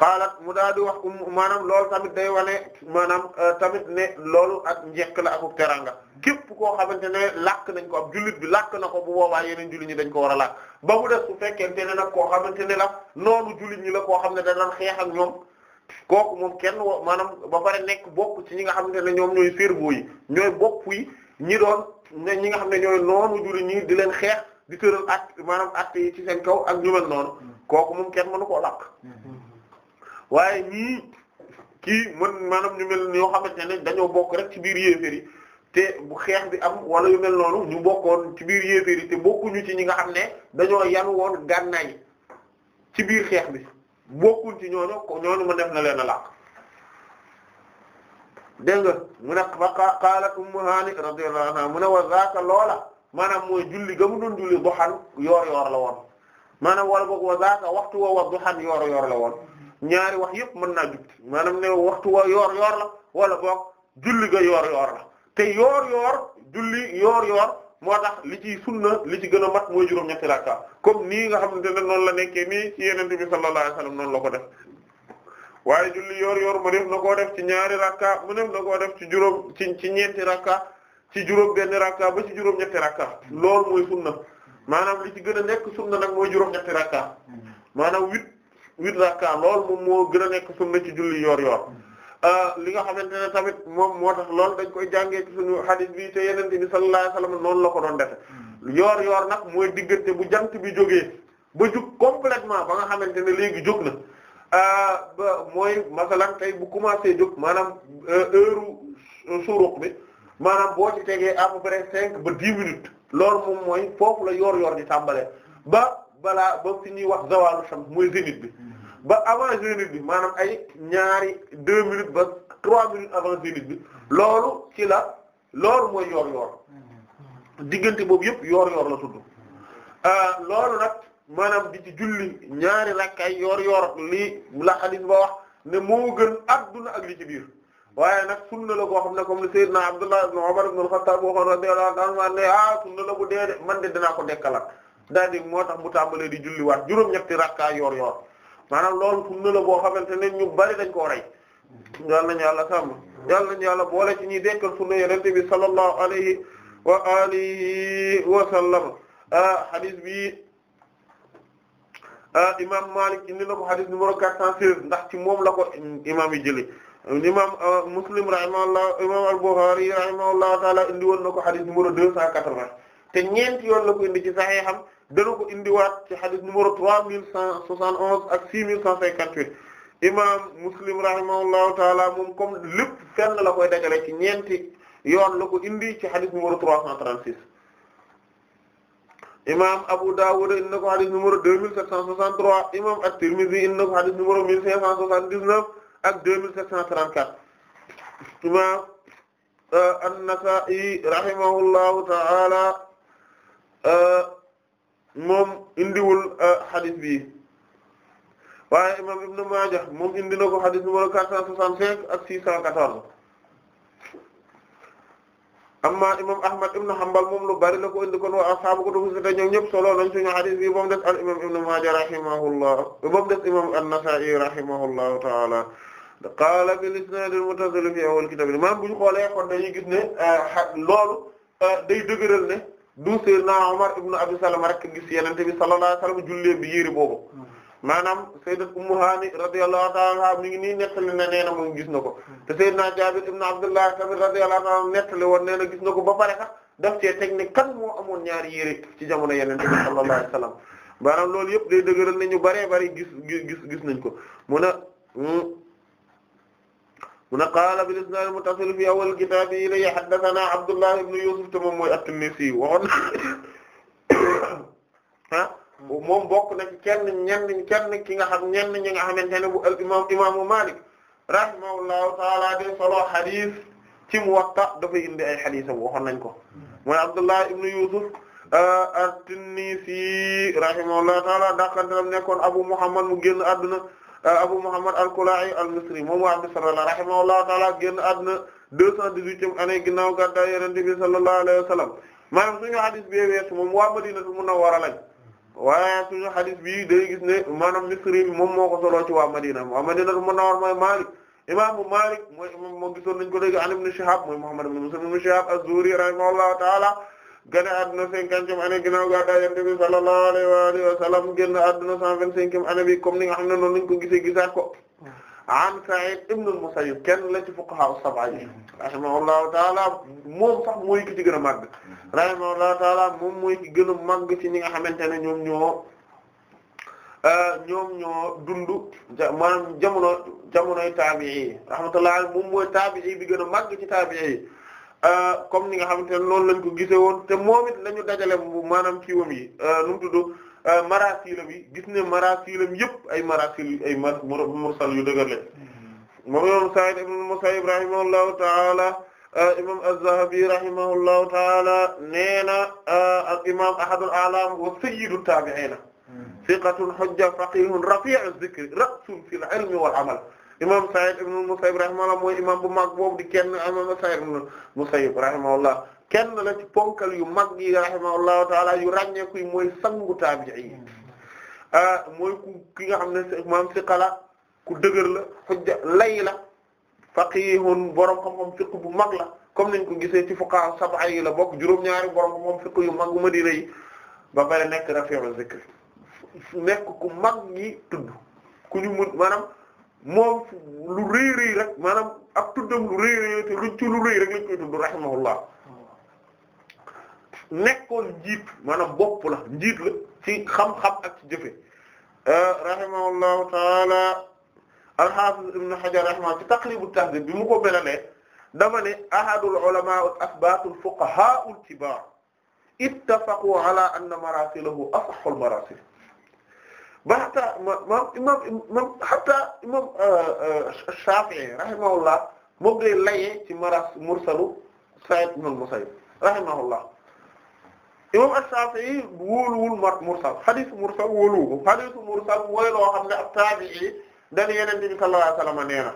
qaalat mu daal di wax ummu maanaam loolu tamit day wane maanaam euh, tamit ne loolu ak njekk la akuk teranga képp koo xamante ne lakk nañ ko ab julit bi làq na ko bu boobaa yeneen jullit ñi dañ ko war a làq ba mu def su fekkente ne nag koo xamante ne la noonu jullit ñi la koo xam ne da daan xeex ak ñoom kooku moom kenn wo maanaam ba pare nekk bokk ci ñi nga xamante ne ñoom ñooy cerveau yi ñooy bopp yi ñi doon ñi nga xam ne ñooy noonu julli ñi di leen xeex di tëral at maanaam at yi ci seen kaw ak ñu mel noonu kooku moom kenn mënu koo làq waaye ñii kii mën maanaam ñu mel ñoo xamante ne dañoo bokk rek ci biir yéeféer yi te bu xeex bi am wala yu mel noonu ñu bokkoon ci biir yéeféer yi te bokkuñu ci ñi nga xam ne dañoo yanu woon gànnaay ci biir xeex bi bokkul ci ñooñu ma def na leen a làq dégg nga mu ne fa qaalat ummu haani radiyallahu anha mu wa zaaka loola maanaam mooy julli ga mu doon julli duhan yoor yoor la woon maanaam wala boog wa zaaka waxtu wa wa duhan yoor yoor la woon ñaari wax yëpp mën naa jubti maanaam ne waxtu wa yoor yoor la wala boog julli ga yoor yoor la te yoor yoor julli yoor yoor moo tax li ci sunna li ci gën a mat mooy juróom-ñetti rakka comme nii nga xamante ne noonu la nekkee nii ci yeneen bi sallallahu alayhi wasallam noonu la ko def waaye julli yor yor mu def na koo def ci ñaari rakka mu def na koo def ci juróom ci ci ñeenti rakka ci juróom benn rakka ba ci juróom-ñetti rakka lool mooy sunna maanaam li ci gën a nekk sunna nag mooy juróom-ñetti rakka maanaam huit huit rakka loolu moom moo gën a nekk sunna ci julli yor yor Euh, li nga xamante ne tamit moom moo tax loolu dañ koy jànge ci suñu hadith bi te yeneen bi sallallahu alayhi wasallam noonu la ko doon defe hmm. yoor yoor nag mooy diggante bu jant bi jógee ba jug complètement ba nga xamante ne léegi jóg na euh, mooy masalan tey bu commencé jóg maanaam euh, heure suruq bi maanaam boo ci tegee à peu cinq ba dix minutes loolu moom mooy foofu la yoor yoor di tàmbalee ba balaa ba fi ñuy wax zawalu shams mooy zénith bi hmm. ba avant zénith bi maanaam ay ñaari deux minutes ba trois minutes avant zénith bi loolu ci la loolu mooy yor-yor diggante boobu yëpp yor-yor la tudd euh, loolu nag maanaam di ci julli ñaari rakkay yoor yor li la xadis ba wax ne moo gën adduna ak li ci biir waaye nag sunna la boo xam ne comme le Seydina Abdullah ibn Umar ibn al-Khattab waxoon radiyallahu anhu ma ne ah sunna la bu dee de man de dinaa ko dekkalaat daal di moo tax mu tàmbalee di julliwaat juróom-ñetti rakkaay yor maanaam lool sunna la boo xamante ne ñu bari dañ koo rey yal nañu yàlla sàmm yal nañu yàlla boole ci ñuy dekkal sunna yonent bi sallallahu alayhi wa alihi wa sallam ah, hadith bi ah, imam Malik indi na ko hadith numéro 416 ndax ci moom la ko imam yi jëlee imam ah, Muslim rahimahullah imam al-Bukhari rahimahullah taala indi woon na ko hadith numéro 280 te ñeenti yoon la ko indi ci Sahiham dana ko indiwaat ci hadith numéro trois mille cent onze ak six mille cent cinquante huit imam Muslim rahimahullahu taala moom comme lépp fenn la koy ci ñeenti yoon la ko indi ci hadith numéro trois cent trente six imam Abu Dawud indi ko hadith numéro deux mille sept cent trois imam At-Tirmidhi indi ko hadith numéro mille cinq cent dix neuf ak deux mille cent trente quatre imam euh, An-Nasa'i rahimahullahu taala euh, moom indiwul hadith euh, bi waaye imam Ibn Maaja moom indi na ko hadith numéro 465 ak 614 amma imam Ahmad ibn Hanbal moom lu bari la ko indi kon wa ashaabu kutubu sitta ñoom ñëpp solo nañ suñu hadith bi moom des al imam Ibn Maaja rahimahullah moom des imam an-Nasaa'i rahimahullahu ta'ala qaala bil isnaad al-muttasil fi awwal kitaab maanaam bu ñu xoolee kon dañuy gis ne euh, loolu euh, day dëgëral ne. du Seydina Omar ibn Abi Salama rek gis Yonent bi sallallahu alayhi wa sallam jullee bi yére boobu maanaam Sayyidat Ummu Hani radiyallahu ta'ala anha mi ngi nii nettali na nee na moom gis na ko te Seydina Jaabir ibn Abdullah tamit radiyallahu ta'ala nettali woon nee na gis na ko ba pare sax daf cee teg ne kan moo amoon ñaar yére ci jamono Yonent bi sallallahu alayhi wa sallam maanaam loolu yëpp day dëgëral ne ñu bëree bëri gis gis gis nañ ko mu ne hmm, mu ne qaala bil isnaad muttasil fi awwal kitaab yi lay haddathanaa Abdullah ibn Yusuf te moom mooy at-Tinnisi waxoon ah moom bokk na ci kenn ñenn kenn ki nga xam ñenn ñi nga xamante ne bu al imaam imaamu Maalik rahimahullahu ta'ala de solo hadith ci Muwatta dafay indi ay haditham waxoon nañ ko mooy Abdullah ibn Yusuf ah, at-Tinnisi rahimahullahu ta'ala dàqantalam nekkoon Abu Muhammad mu génn àdduna Abu Muhammad al-Kala'i al-Misri moom waa Misra rahimahullahu ta'ala génn àdduna deux cent dix-huitième année ginnaaw gàddaay Yonent bi sallallahu alayhi wa sallam maanaam suñu hadith bi weesu moom moom moo ko soloo ci waa Madina waa Madinatul Munawwara mooy Malik imaamu Malik mooy gisoon nañ ko léegi an Ibn Shihab mooy Muhammad ibn Muslim ibn Shihab az ta'ala génn àdduna cinquantième année ginnaaw gàddaay Yonent bi sallallahu alayhi wa alihi wa sallam génn àdduna cent vingt-cinquième année bi comme ni a xam ne noonu lañ ko gisee gisaat ko an Sa'id ibn al-Musayyib kenn la ci fuqaha as-sab'a yi rahimahullahu taala moom sax mooy ki ci gën a màgg rahimahullahu taala moom mooy ki gën a màgg ci ñi nga xamante ne ñoom ñoo euh, ñoom ñoo dund maanaam jamono jamonoy taabi'i yi rahmatullahi moom mooy taabi'i bi gën a màgg ci taabi'i Euh, comme ni nga xamante ne noonu lañ ko gisee woon te moom it la ñu dajale maanaam kiiwam yi euh, nu mu tudd euh, maraasilam yi gis ne maraasilam yëpp ay maraasil ay mursal yu dëgër lañ mm-hmm. moom imam Sa'id ibn Musayyib rahimahullahu ta'ala imam Az-Zahabi rahimahullahu ta'ala nee na ak imam ahadul a'lam wa sayyidu tabi'ina mm-hmm. thiqatun hujja faqihun rafi'u dhikri ra'sun fil ilmi wal amal imam Sa'id ibn Musayyib rahimahullah mooy imam bu mag boobu di kenn imam Sa'id ibn Musayyib kenn la ci ponkal yu mag yi rahimahullahu taala yu ràññeeku yi mooy sangu taabi'i yi ah, mooy ku ki nga xam ne maam siqala ku dëgër la xujja lay la faqihun borom xam-xam bu mag la comme nañ ko gisee ci fuqaha sab'a yi la bokk juróom-ñaari borom xam-xam fiqh yu mag Madina yi ba pare nekk rafi'u zikr nekk ku mag yi tudd ku ñu mën maanaam moom lu rëy rëy rek maanaam ak tuddam lu rëy rëy te luñ ci lu rëy rek lañ koy tudd rahimahullah nekkoon njiit maanaam bopp la njiit la ci xam-xam ak ci jëfe euh, rahimahullahu taala al-Hafiz Ibn Hajar rahimahullah ci Taqrib at-Tahdhib bi mu ko melalee dama ne ahadul ulama al-athbat al-fuqaha al-kibar ittafaqu ala anna marasilahu asahhu al-marasil ba hatta maam imam mam hatta imam uh, uh, Shafi'i rahimahullah moom day layee ci maras mursalu Sa'id ibn al-Musayyib rahimahullah imam Shafi'i wóoluwul mar mursal hadith mursal wóoluwu ko hadith mursal mooy loo xam ne ab tabi'i dañ Yonent bi sallallahu alayhi wasallam nee na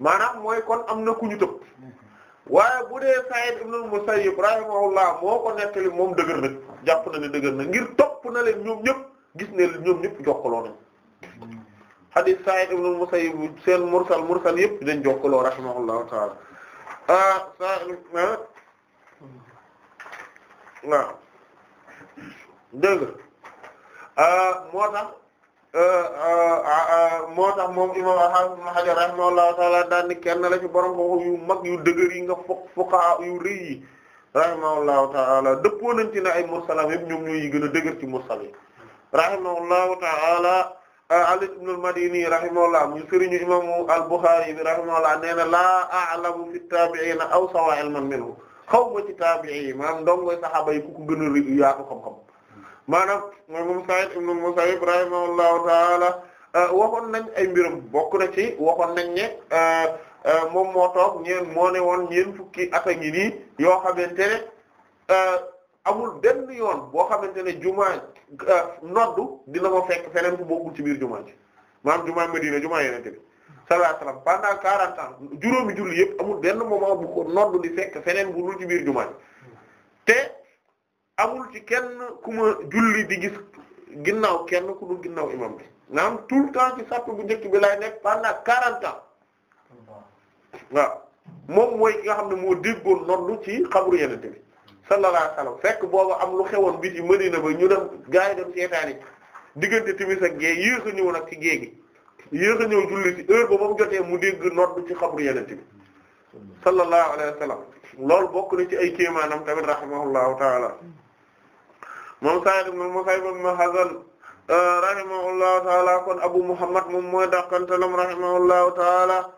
maanaam mooy kon am na ku ñu tëb waaye bu dee Sa'id ibn al-Musayyib rahimahullah moo ko nettali moom dëgër nag jàpp na ne dëgër nag ngir topp na leen ñoom ñëpp gis ne ñoom ñëpp jokkaloo nañ hadith Sa'id ibn al-Musayyib seen mursal mursal yëpp dañ jokkaloo rahimahullahu ta'ala ah Sa'id ah waaw dégg ah, moo tax ah, ah, moo tax moom imam al-Hafiz ibn Hajar rahimahullahu ta'ala kenn la ci borom ko yu mag yu dëgër yi nga fokk fuqaha yu rëy yi rahimahullahu ta'ala dëppoo nañ ci ay mursalam yëpp ñoom ñooy yi gën a dëgër ci mursal yi rahimahullahu ta'ala ah, Ali ibn al-Madini rahimahullah muy sëriñu imaamu al-Bukhari bi rahimahullah nee na laa a'lamu fi taabi'iina awsa'a ilman minhu xaw ma ci taabi'i yi ndongoy saxaaba yi ku ko gën a yaatu xam-xam maanaam moom Sa'id ibn al-Musayyib rahimahullahu ta'ala ah, waxoon nañ ay mbiram bokk na ci waxoon nañ ne ah, moom moo toog ñeen moo ne ñeen fukki at a ngi nii yoo xamante amul benn yoon boo xamante ne jumaa Euh, noddu dina ma fekk feneen ku bokkul ci biir jumaa ji maanaam jumaa Medina jumaa Yonent bi sallallahu alayhi wasallam pendant quarante ans juróomi julli yëpp amul benn moment bu ko noddu di fekk feneen bu dul ci biir jumaa ji te amul ci kenn ku ma julli di gis ginnaaw kenn ku dul ginnaaw imam bi maanaam tout le temps ci sàpp bu njëkk bi lay nekk pendant quarante ans waaw moom mooy nga xam ne moo déggoon noddu ci xabru Yonent bi sallallahu alayhi wasallam fekk boobu am lu xewoon biti Madina ba ñu dem gaa yi dem seetaani diggante timis ak géej yéex a ñëw nag ci géej gi yéex a julli ci heure ba mu jotee mu dégg nodd ci xabru yeneen bi sallallahu alayhi wasallam loolu bokk na ci ay kéemaanam tamit rahimahullahu taala moom Sa'id ibn Musayyib ibn Hazan euh, moom mooy dàqantalam rahimahullahu taala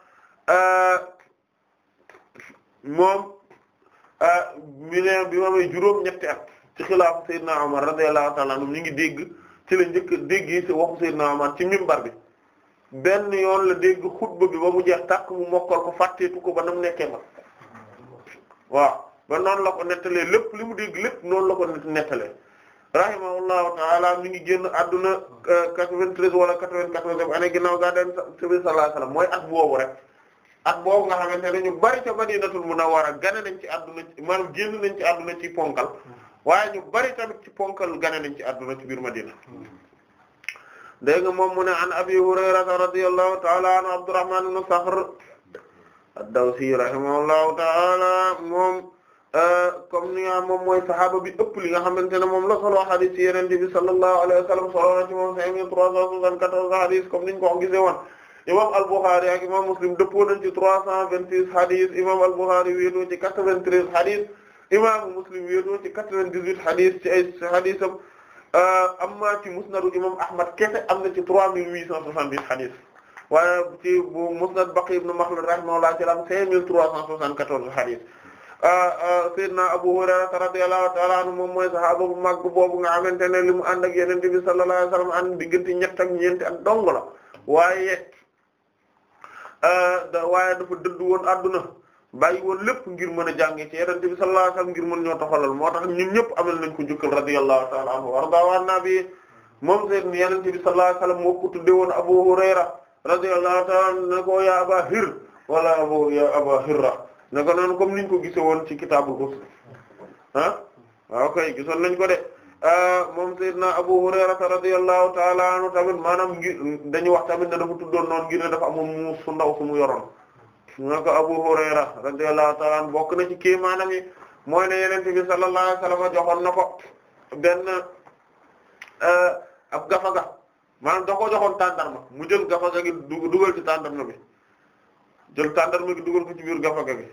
euh, moom. Ah, mi ne bi ma may juróom-ñetti at ci xilaafu Seydina Omar radiyallahu ta'ala anhu ñu ngi dégg ci la njëkk dégg ci waxu Seydina Omar ci mimbar bi benn yoon la dégg xutba bi ba mu jeex tàkk mu mokkal ko fàtteetu ko ba nam nekkee ma waaw ba noonu la ko nettalee lépp li mu dégg lépp noonu la ko nettalee rahimahullahu ta'ala mi ngi génn adduna 93 euh, wala 94 année ginnaaw gaa dem sallallahu alayhi wasallam mooy at boobu rek at boobu nga xamante ne ñu bari ca Madinatul Munawwara gane nañ ci àdduna maanaam génn nañ ci àdduna ci ponkal waaye ñu bari tamit ci ponkal gane nañ ci àdduna ci biir Madina dégg nga moom mu ne an Abi Hurayrata radiyallahu ta'ala anhu Abdurrahman ibn Sakhr ad-Dawsi rahimahullahu ta'ala moom euh, comme ni nga moom mooy sahaaba bi ëpp li nga xamante ne moom la solo hadis ci Yonent bi sallallahu alayhi wa sallam solo na ci moom cinq ko gisee woon imam al-Bukhari ak imam Muslim dëppoo nañ ci trois cent vingt-six hadith imam al-Bukhari wéetoo ci quatre-vingt-treize hadith imam Muslim wéetoo ci quatre-vingt-dix-huit hadith ci ay haditham euh, amma ci musnadu imam Ahmad kese am na ci trois mille huit cent soixante-dix hadith waaye ci bu musnad Baqi ibn Makhlad rahimahullah ci am cinq mille trois cent soixante-quatorze hadith euh, euh, Seydina Abu Hurayra radiyallahu ta'ala anhu moom mooy sahaaba bu mag boobu nga xamante ne li mu ànd ak Yonent bi sallallahu alayhi wasallam ànd diggante ñett ak ñeent ak dong la Euh, waaye dafa dëdd woon adduna bàyyi woon lépp ngir mën a jàngee ci yonent bi sallallahu alayhi ngir mën ñoo taxalal moo tax ñun ñëpp amal nañ ko njukkal radiyallahu ta'ala anhu warda waan naa bi moom seen yonent bi sallallahu alayhi wasallam moo ko tudde woon Abu Hurayra radiyallahu ta'ala anhu ko ya Aba Hir wala Abu ya ne ko noonu comme niñ ko gise woon ci kitaabul Ghusl ah waaw gisoon nañ ko de Euh, moom Seydina Abu Hurayrata radiyallahu ta'ala anhu tamit maanaam ngir dañuy wax tamit ne dafa tuddoon noonu ngir ne dafa amoon muus su ndaw su mu yoroon nga ko Abu Hurayra radiyallahu ta'ala anhu bokk na ci kii maanaam yi mooy ne Yonent bi sallallahu alayhi wasallam na ko benn euh, ab gafaga maanaam da koo joxoon tàndarma mu jël gafaga gi dugal ci tàndarma bi jël tàndarma gi dugal ko ci biir gafaga gi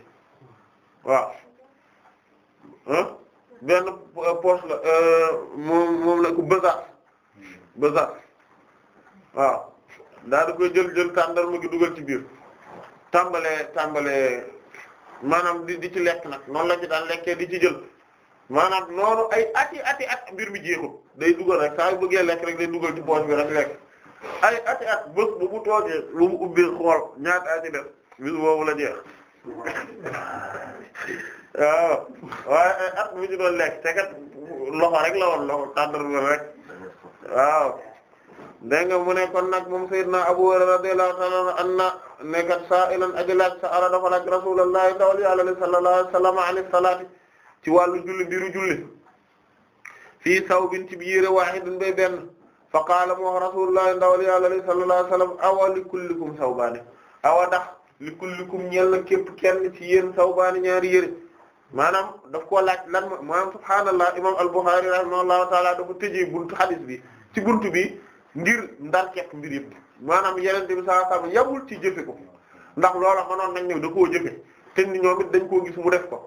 waaw ah benn poche la euh, moom la ko bësaat bësaat waaw daa koy jël jël tàndar mu ngi dugal ci biir tàmbale tàmbale maanaam di di ci lekk nag noonu la ci daan lekkee di ci jël maanaam noonu ay ati ati at mbir mi jeexul day dugal rek saa yu bëggee lekk rek day dugal ci poche bi rek lekk ay ati at bés bu mu toogee lu ubbi xool ñaata ati def bis boobu jeex waaw waaye at bu ñu doon lekk te kat loxo rek la woon loxo tàndarma rek waaw dégg nga mu ne kon nag moom Seydina Abu Hurayra radiyallahu ta'ala anhu anna nekkat sa'ilan aji laaj sa ara dafa laaj rasulullahi tawal yàlla li sallallahu alayhi ci wàllu julli biiru julli fii sawbin ci yére waahidin bay benn fa qaala moo rasulullahi ndawal yàlla li sallallahu alayhi awa li kullikum sawbaani awa ndax li kullikum ñaari yére maanaam daf koo laaj lan maanaam subhaanallah imam al-Bukhârî rahimahullahu taala dafa tëjee buntu hadith bi ci buntu bi ngir ndar kepp mbir yëpp maanaam yeneen bi sallallahu alayhi wasallam yamul ci jëfe ko ndax loola mënoon nañ ne da koo jëfe te ni ñoom dañ koo gis mu def ko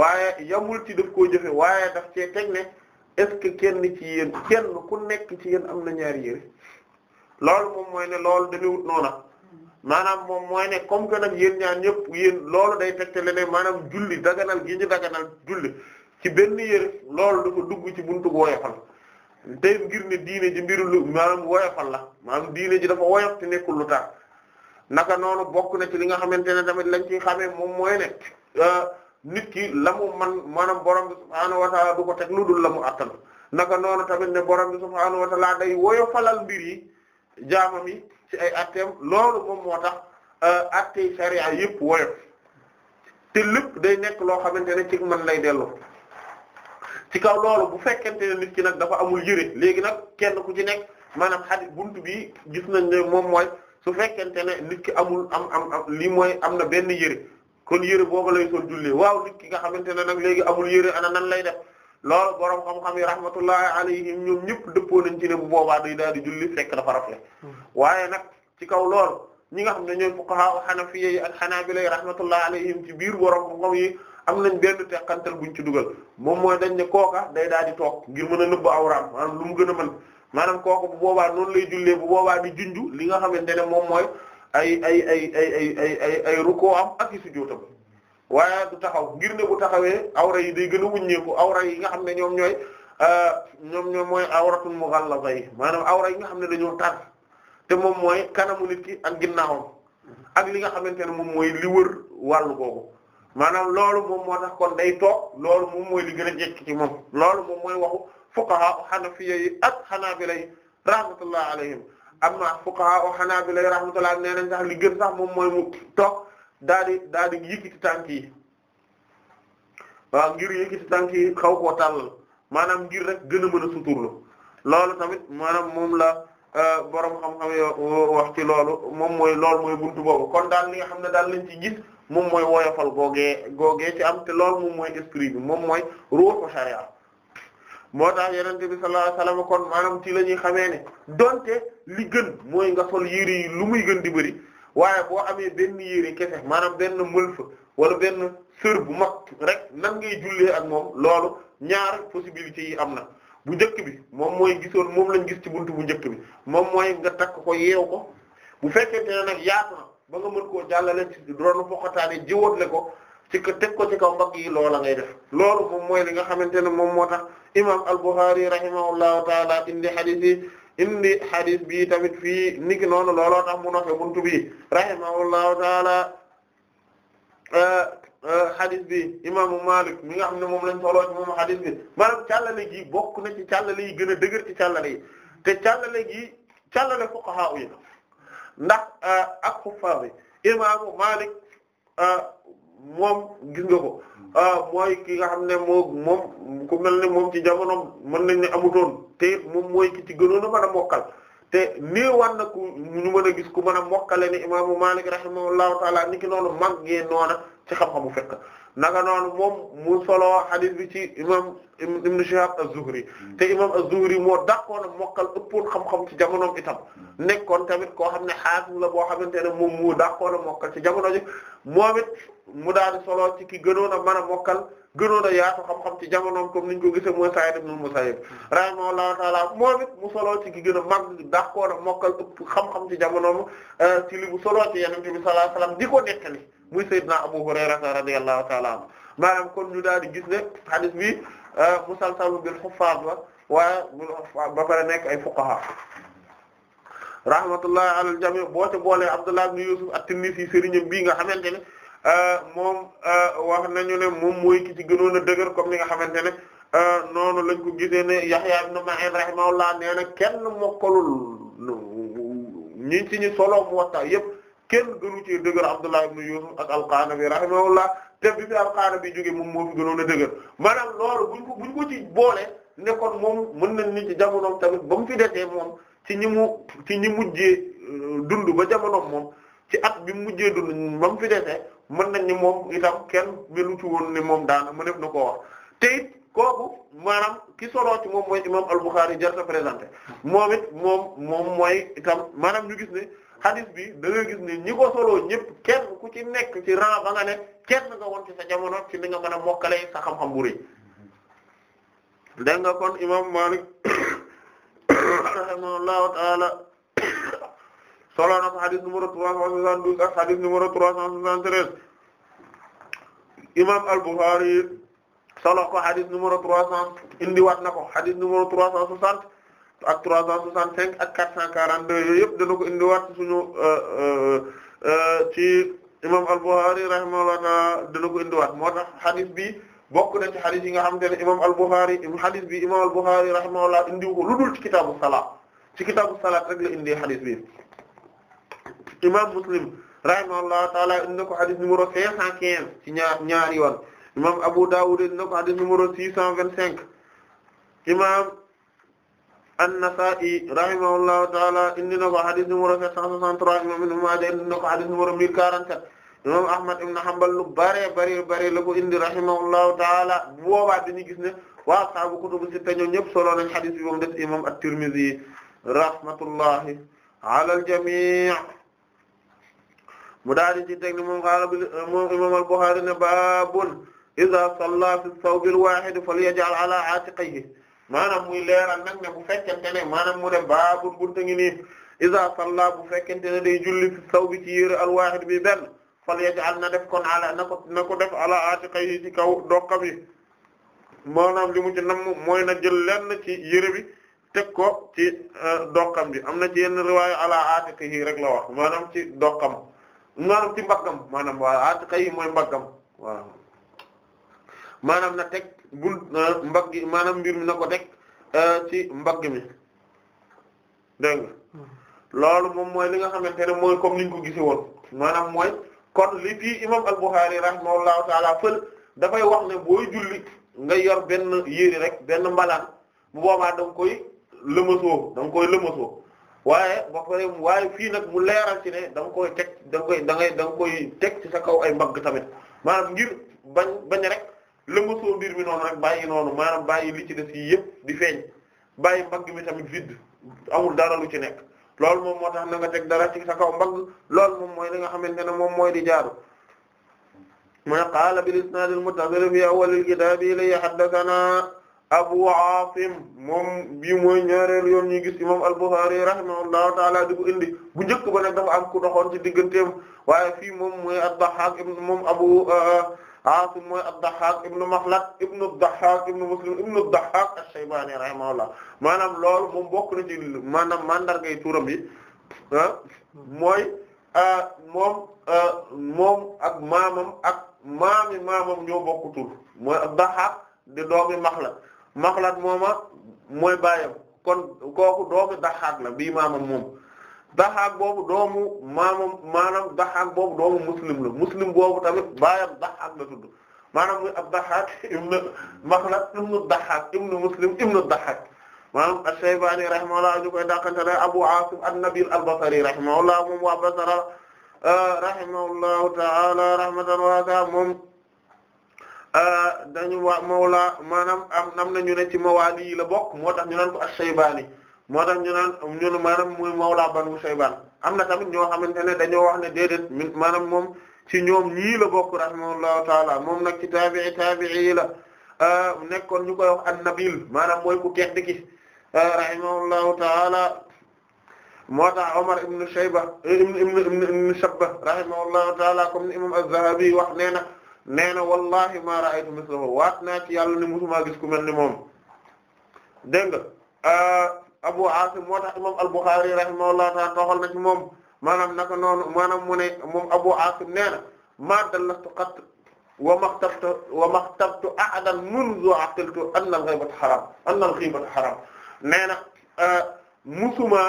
waaye yamul ci daf koo jëfe waaye daf cee teg ne est ce que kenn ci yéen kenn ku nekk ci yéen am na ñaar yére loolu moom mooy ne loolu demewut noona maanaam moom moyne ne comme que nag ñaan ñëpp yéen loolu day tegtale ne maanaam julli daganal gi ñu daganal julli ci benn yére loolu dafa dugg ci buntu woyofal te ngir ne diine ji mbiru lu maanaam woyofal la maanaam diine ji dafa woyof te nekkul lu tax naka noonu bokk na ci li nga xamante ne tamit lañ ci xamee moom mooy euh, nit ki lamu man maanaam borom bi subhaanahu wa taala du ko teg lu dul la mu attan naka noonu tamit ne borom bi subhaanahu wa taala day woyofalal mbir yi jaamam yi ci ay atteem loolu moom moo tax euh, attey sharia yëpp woyof te lépp day nekk loo xamante ne ci man lay dellu ci kaw loolu bu fekkente ne nit ki nag dafa amul yëre léegi nag kenn ku ci nekk maanaam xadis bunt bi gis nañ ne moom mooy su fekkente ne nit ki amul am am am lii mooy am na benn yëre kon yëre boobu lay sol julli waaw nit ki nga xamante ne nag léegi amul yëre ana nan lay def lool borom xam-xam yi rahmatullahi alayhim ñoom ñëpp dëppoo nañ ci ne bu boobaa day daal di julli fekk dafa rafet hmm. waaye nag ci kaw lool ñi nga xam ne ñooy fuqaha hanafiyya yi ak hanabila yi rahmatullahi alayhim ci biir borom xam-xam yi am nañ benn teqantal buñ ci dugal moom mooy dañ ne kooka day daal di toog ngir mën a nëbb awraam maanaam lu mu gën a mën maanaam kooku bu boobaa noonu lay jullee bu boobaa di junju li nga xamante ne moom mooy ay ay ay ay ay ay ay ay rukkoo am ak i sujjóotam waaye du taxaw ngir ne bu taxawee awra yi day gën a wuññeeku awra yi nga xam ne ñoom ñooy euh, ñoom ñoom mooy awratul mughallaza yi maanaam awra yi nga xam ne dañoo tar te moom mooy kanamu nit ki ak ginnaawam ak li nga xamante ne moom mooy li wër wàllu googu maanaam loolu moom moo tax kon day toog loolu moom mooy li gën a jekk ci moom loolu moom mooy waxu fuqaha hanafiyya yi ak hanabila yi rahmatullah alayhim amma fuqaha hanabila yi rahmatullah nee nañ sax li gën sax moom mooy mu toog daa di daa di yëkkati tànk yi waaw ngir yëkkati tànk yi xaw ko tàllal maanaam ngir rek gën a mën a suturlu loolu tamit maanaam moom la euh, borom xam-xam yo wax ci loolu moom mooy loolu mooy buntu boobu kon daal li nga xam ne daal lañ ci gis moom mooy woyofal googee googee ci am te loolu moom mooy esprit bi moom mooy ruuxu sharia moo tax yenente bi sallallahu alayhi wasallam kon maanaam ci la ñuy xamee ne donte li gën mooy nga sol yére yi lu muy gën di bëri waaye boo amee benn yére kese maanaam benn mëlfa wala benn sër bu mag rek nan ngay jullee ak moom loolu ñaar possibilités yi am na bu njëkk bi moom mooy gisoon moom lañ gis ci buntu bu njëkk bi moom mooy nga takk ko yeew ko bu fekkente ne nag yaatu na ba nga mën koo jàllale ci doon foqataane jiwootle ko ci teg ko ci kaw mbagg yi loola ngay def loolu moom mooy li nga xamante ne moom moo tax imam al-Bukhari rahimahullahu taala indi hadith yi indi hadith bi tamit fii niki noonu looloo tax mu noxe buntu bi rahimahullahu taala eh, eh, hadith bi imaamu Malik mi nga xam ne moom lañ solo ci bi maanaam càllale gi bokk na ci càllale yi gën a dëgër ci càllale yi te càllale gi càllale fuqaha yi ndax eh, ak xuffaar yi Malik moom gis nga ko hmm. ah, mooy kii nga xam ne moo moom ku mel ni moom ci jamonoom mën nañ ne amutoon te moom mooy ki ci gënoon a mën a mokkal te néewaan na ku ñu mën a gis ku mën a mokkale ne imaamu Maalik rahimahullahu taala ni ki noonu màggee noona ci xam-xamu fiqh naka noonu moom mu solo hadith bi ci imam Ibn Shihab az-Zuhri hmm. te imam az-Zuhri moo dàqoon a mokkal ëppoon xam-xam ci jamonoom itam hmm. nekkoon tamit koo xam ne xaatim la boo xamante ne moom mu dàqoon a mokkal ci jamono ji moom it mu daal di solo ci ki gënoon a mën a mokkal gënoon a yaatu xam-xam ci jamonoom comme niñ ko gisee mooy Sa'id ibn Musayyib hmm. rahimahullahu ta'ala moom it mu solo ci ki gën a mag dàqoon a mokkal ëpp xam-xam ci jamonoom euh, ci li mu solo ci Yonent bi sallallahu alayhi wasallam muy Seydina Abu Hurayra radiyallahu ta'ala anhu maanaam kon ñu daal di gis ne hadith bi mu euh, musalsalu bil huffaaz la waaye ba pare nekk ay fuqaha rahmatullahi alal jami' boo ci boolee Abdullah Yusuf at-Tinnisi sëriñam bii nga xamante ne euh, moom euh, wax nañu ne moom mooy ki ci gënoon a dëgër comme ni nga xamante ne noonu lañ ko gisee ne Yahya ibn Ma'in rahimahullah nee na kenn mokkalul ñi ci ñu solo Muwatta yëpp kenn gënu ci dëgër Abdullah ibn Yusuf ak al-Qanabi rahimahullah te bi fi al-Qanabi jóge moom moo fi gënoon a dëgër maanaam loolu buñ ko buñ ko ci boole ne kon moom mën nañ ni ci jamonoom tamit ba mu fi desee moom ci ñi mu ci ñi mujjee euh, dund ba jamonoom moom ci at bi mu mujjee dund ba mu fi desee mën nañ ni moom itam kenn melu ci woon ne moom daana ma def na koo wax te kooku maanaam ki soloo ci moom mooy imam al-Bukhari jar sa présenté moom it moom moom mooy itam maanaam ñu hadith bi da gis ne ñi ko soloo ñëpp kenn ku ci nekk ci ran nga ne kenn nga woon ci sa jamono ci li nga mën a mokkale sa xam-xam bu rëy dégg nga kon imam Malik taala soloo na ko hadith numéro trois cent soixante-douze ak hadith trois cent soixante-treize imam al-Bukhari solo ko hadith numéro trois cent indiwaat na ko hadith numéro trois cent soixante ak 365 ak 442 yooyu yëpp dana ko indiwaat suñu euh, euh, euh, ci imam al-Bukhari rahimahullah taala dana ko indiwaat moo tax hadith bi bokk na ci hadith yi nga xamante ne imam al-Bukhari hadith bi imam al-Bukhari rahimahullah indiwu ko lu dul ci kitaabu salaat ci kitaabu salaat rek la indi hadith bi imam Muslim rahimahullah taala indi ko hadith numéro 515 ci ñaar ñaari yoon imam Abu Dawud indi ko hadith numéro imam an-Nasa'i rahimahullahu ta'ala indi na ko hadith numéro 763 imam Ibn Maaja indi na ko hadith numéro 1047 imam Ahmad ibn Hanbal lu bare bare bare la ko indi rahimahullahu ta'ala boobaa dañuy gis ne waa ashaabu kutubu sitta ñoom ñëpp solo nañ hadith bi moom def imam at-Tirmidhi rahmatullahi ala al-jami' mu daal di ci teg ni moom xaala bi moom imam al-Bukhari ne baabun idha salla fi ath-thawb al-wahid falyaj'al ala 'atiqihi maanaam muy leeral nag ne bu fekkente ne maanaam mu dem baabu buntu ngi nii iza salla bu fekkente ne day julli fi saw bi ci yére alwaahid bi benn fal yaj'al na def kon ala na ko na ko def ala atiqayhi ci kaw doqam yi maanaam li mu ci nam mooy na jël lenn ci yére bi teg ko ci euh, doqam bi am na ci yenn riwaaya ala atiqayhi rek la wax maanaam ci doqam maanaam ci mbaggam maanaam waa atiqayhi mooy maanaam na teg bul ah, mbagg maanaam mbir mi na ko teg ah, ci mbagg mi dégg nga hmm. loolu moom mooy li nga xamante ne mooy comme niñ ko gise woon maanaam mooy kon li fii imam al-Bukhari rahimahullahu taala fël dafay wax ne booy julli nga yor benn yéri rek benn mbalaan bu boobaa koy lëmasoo da nga koy lëmasoo waaye ba pare waaye fii nag mu leeral ci ne da nga koy teg da koy da ngay da nga teg ci sa kaw ay mbagg tamit maanaam ngir bañ bañ rek lëmbasoo mbir mi noonu rek bàyyi noonu maanaam bàyyi li ci des yi yëpp di feeñ bàyyi mbagg mi tamit vide amul dara lu ci nekk loolu moom moo tax na nga teg dara ci sa kaw mbagg lool moom mooy li nga xamante ne moom mooy di jaaru mooy qaala bil isnaad al muttasil fi awwal al kitaab li haddathana Abu Aasim moom bii mooy ñaareel yoon ñu gis imam al-Bukhari rahimahullahu ta'ala di ko indi bu njëkk ba nag dafa am ku doxoon ci digganteem waaye fii moom mooy ad-Dahhaak moom Abu Aasim mooy ad-Dahhaak ibnu Makhlad ibnu ad-Dahhaak Muslim ibnu ad-Dahhaak ash-Shaybaani rahimahullah maanaam lool moom bokk na ci maanaam mandargay turam yi mooy moom moom ak maamam ak maami maamam ñoo bokk tur mooy ad-Dahhaak di doomi Makhlad Makhlad mooma mooy baayam kon kooku doomi Dahhaak la bii maamam moom Daxaak boobu doomu maamam maanaam Daxaak boobu doomu muslim la muslim boobu tamit baayam Daxaak la tudd maanaam muy ab Daxaak ibnu Maxlad ibnu Daxaak ibnu Muslim ibnu Daxaak maanaam Ash-Shaybani rahimahullah ñu koy dàqante ne Abu Asim an-Nabil al-Basri rahimahullah moom waa Basra euh, rahimahullahu ta'ala rahmatan waasi'a moom euh, dañu waa mawla nañu ne ci mawaali yi la bokk moo tax ñu naan ko ash moo tax ñu naan ñu ne maanaam muy mawla banu am na tamit ñoo xamante ne dañoo wax ne déedéet min maanaam moom ci ñoom ñii la bokk rahimahullahu taala moom nag ci taabi'i taabi'i la euh, nekkoon ñu koy wax an-nabil maanaam mooy ku tedd ki euh, rahimahullahu taala moo tax Omar ibn Shayba ibn ibn ibn Shabba taala comme ni imam az-Zahabi wax nee na nee na wallahi ma ra'aytu mislahu waat naa ci yàlla ne musuma gis ku mel ni moom dégg euh, Abu Asim moo tax imam al-Bukhari rahimahullahu ta'ala toxal na ci moom maanaam naka noonu maanaam mu ne moom Abu Asim nee na ma dallastu qat wa maxtabtu wa maxtabtu ahadan mundu aqiltu anna al-ghiibata haram anna al-ghiibata haram nee na euh, musuma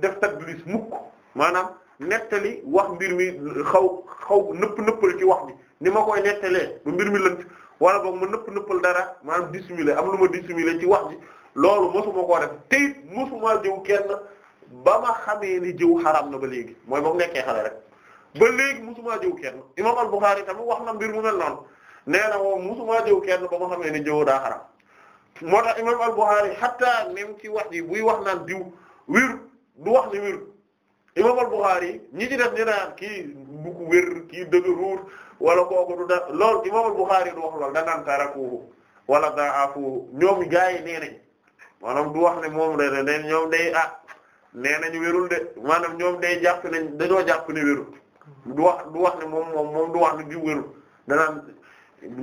def tadlis mukk maanaam nettali wax mbir mi xaw xaw nëpp nëppal ci wax bi ni ma koy nettalee ba mbir mi lënt wala boog ma nëpp nëppal dara maanaam dissimuler am lu ma dissimuler ci wax ji loolu mosuma koo def te it mosuma jëw kenn ba ma xamee ni jëw xaraam na ba léegi mooy ba mu nekkee xale rek ba léegi mosuma jëw kenn imam al-Bukhari tamit wax na mbir mu mel noonu nee na moom mosuma jëw kenn ba ma xamee ni jëw daa xaraam moo tax imam al-Bukhari hatta même ci wax ji buy wax naan diw wir du wax ni wir imam al-Bukhari ñi ci def ñu naan kii bu ko kii dëgg wala kooku du da loolu imam al-Bukhari du wax lool da naan tarakuhu wala da'afuhu ñoom yi nee nañ maanaam du wax ne moom day na neen ñoom day ah nee nañu wérul de maanaam ñoom day jàpp nañ dañoo jàpp ne wérul wax du wax ne moom moom moom du wax ne di wérul danaan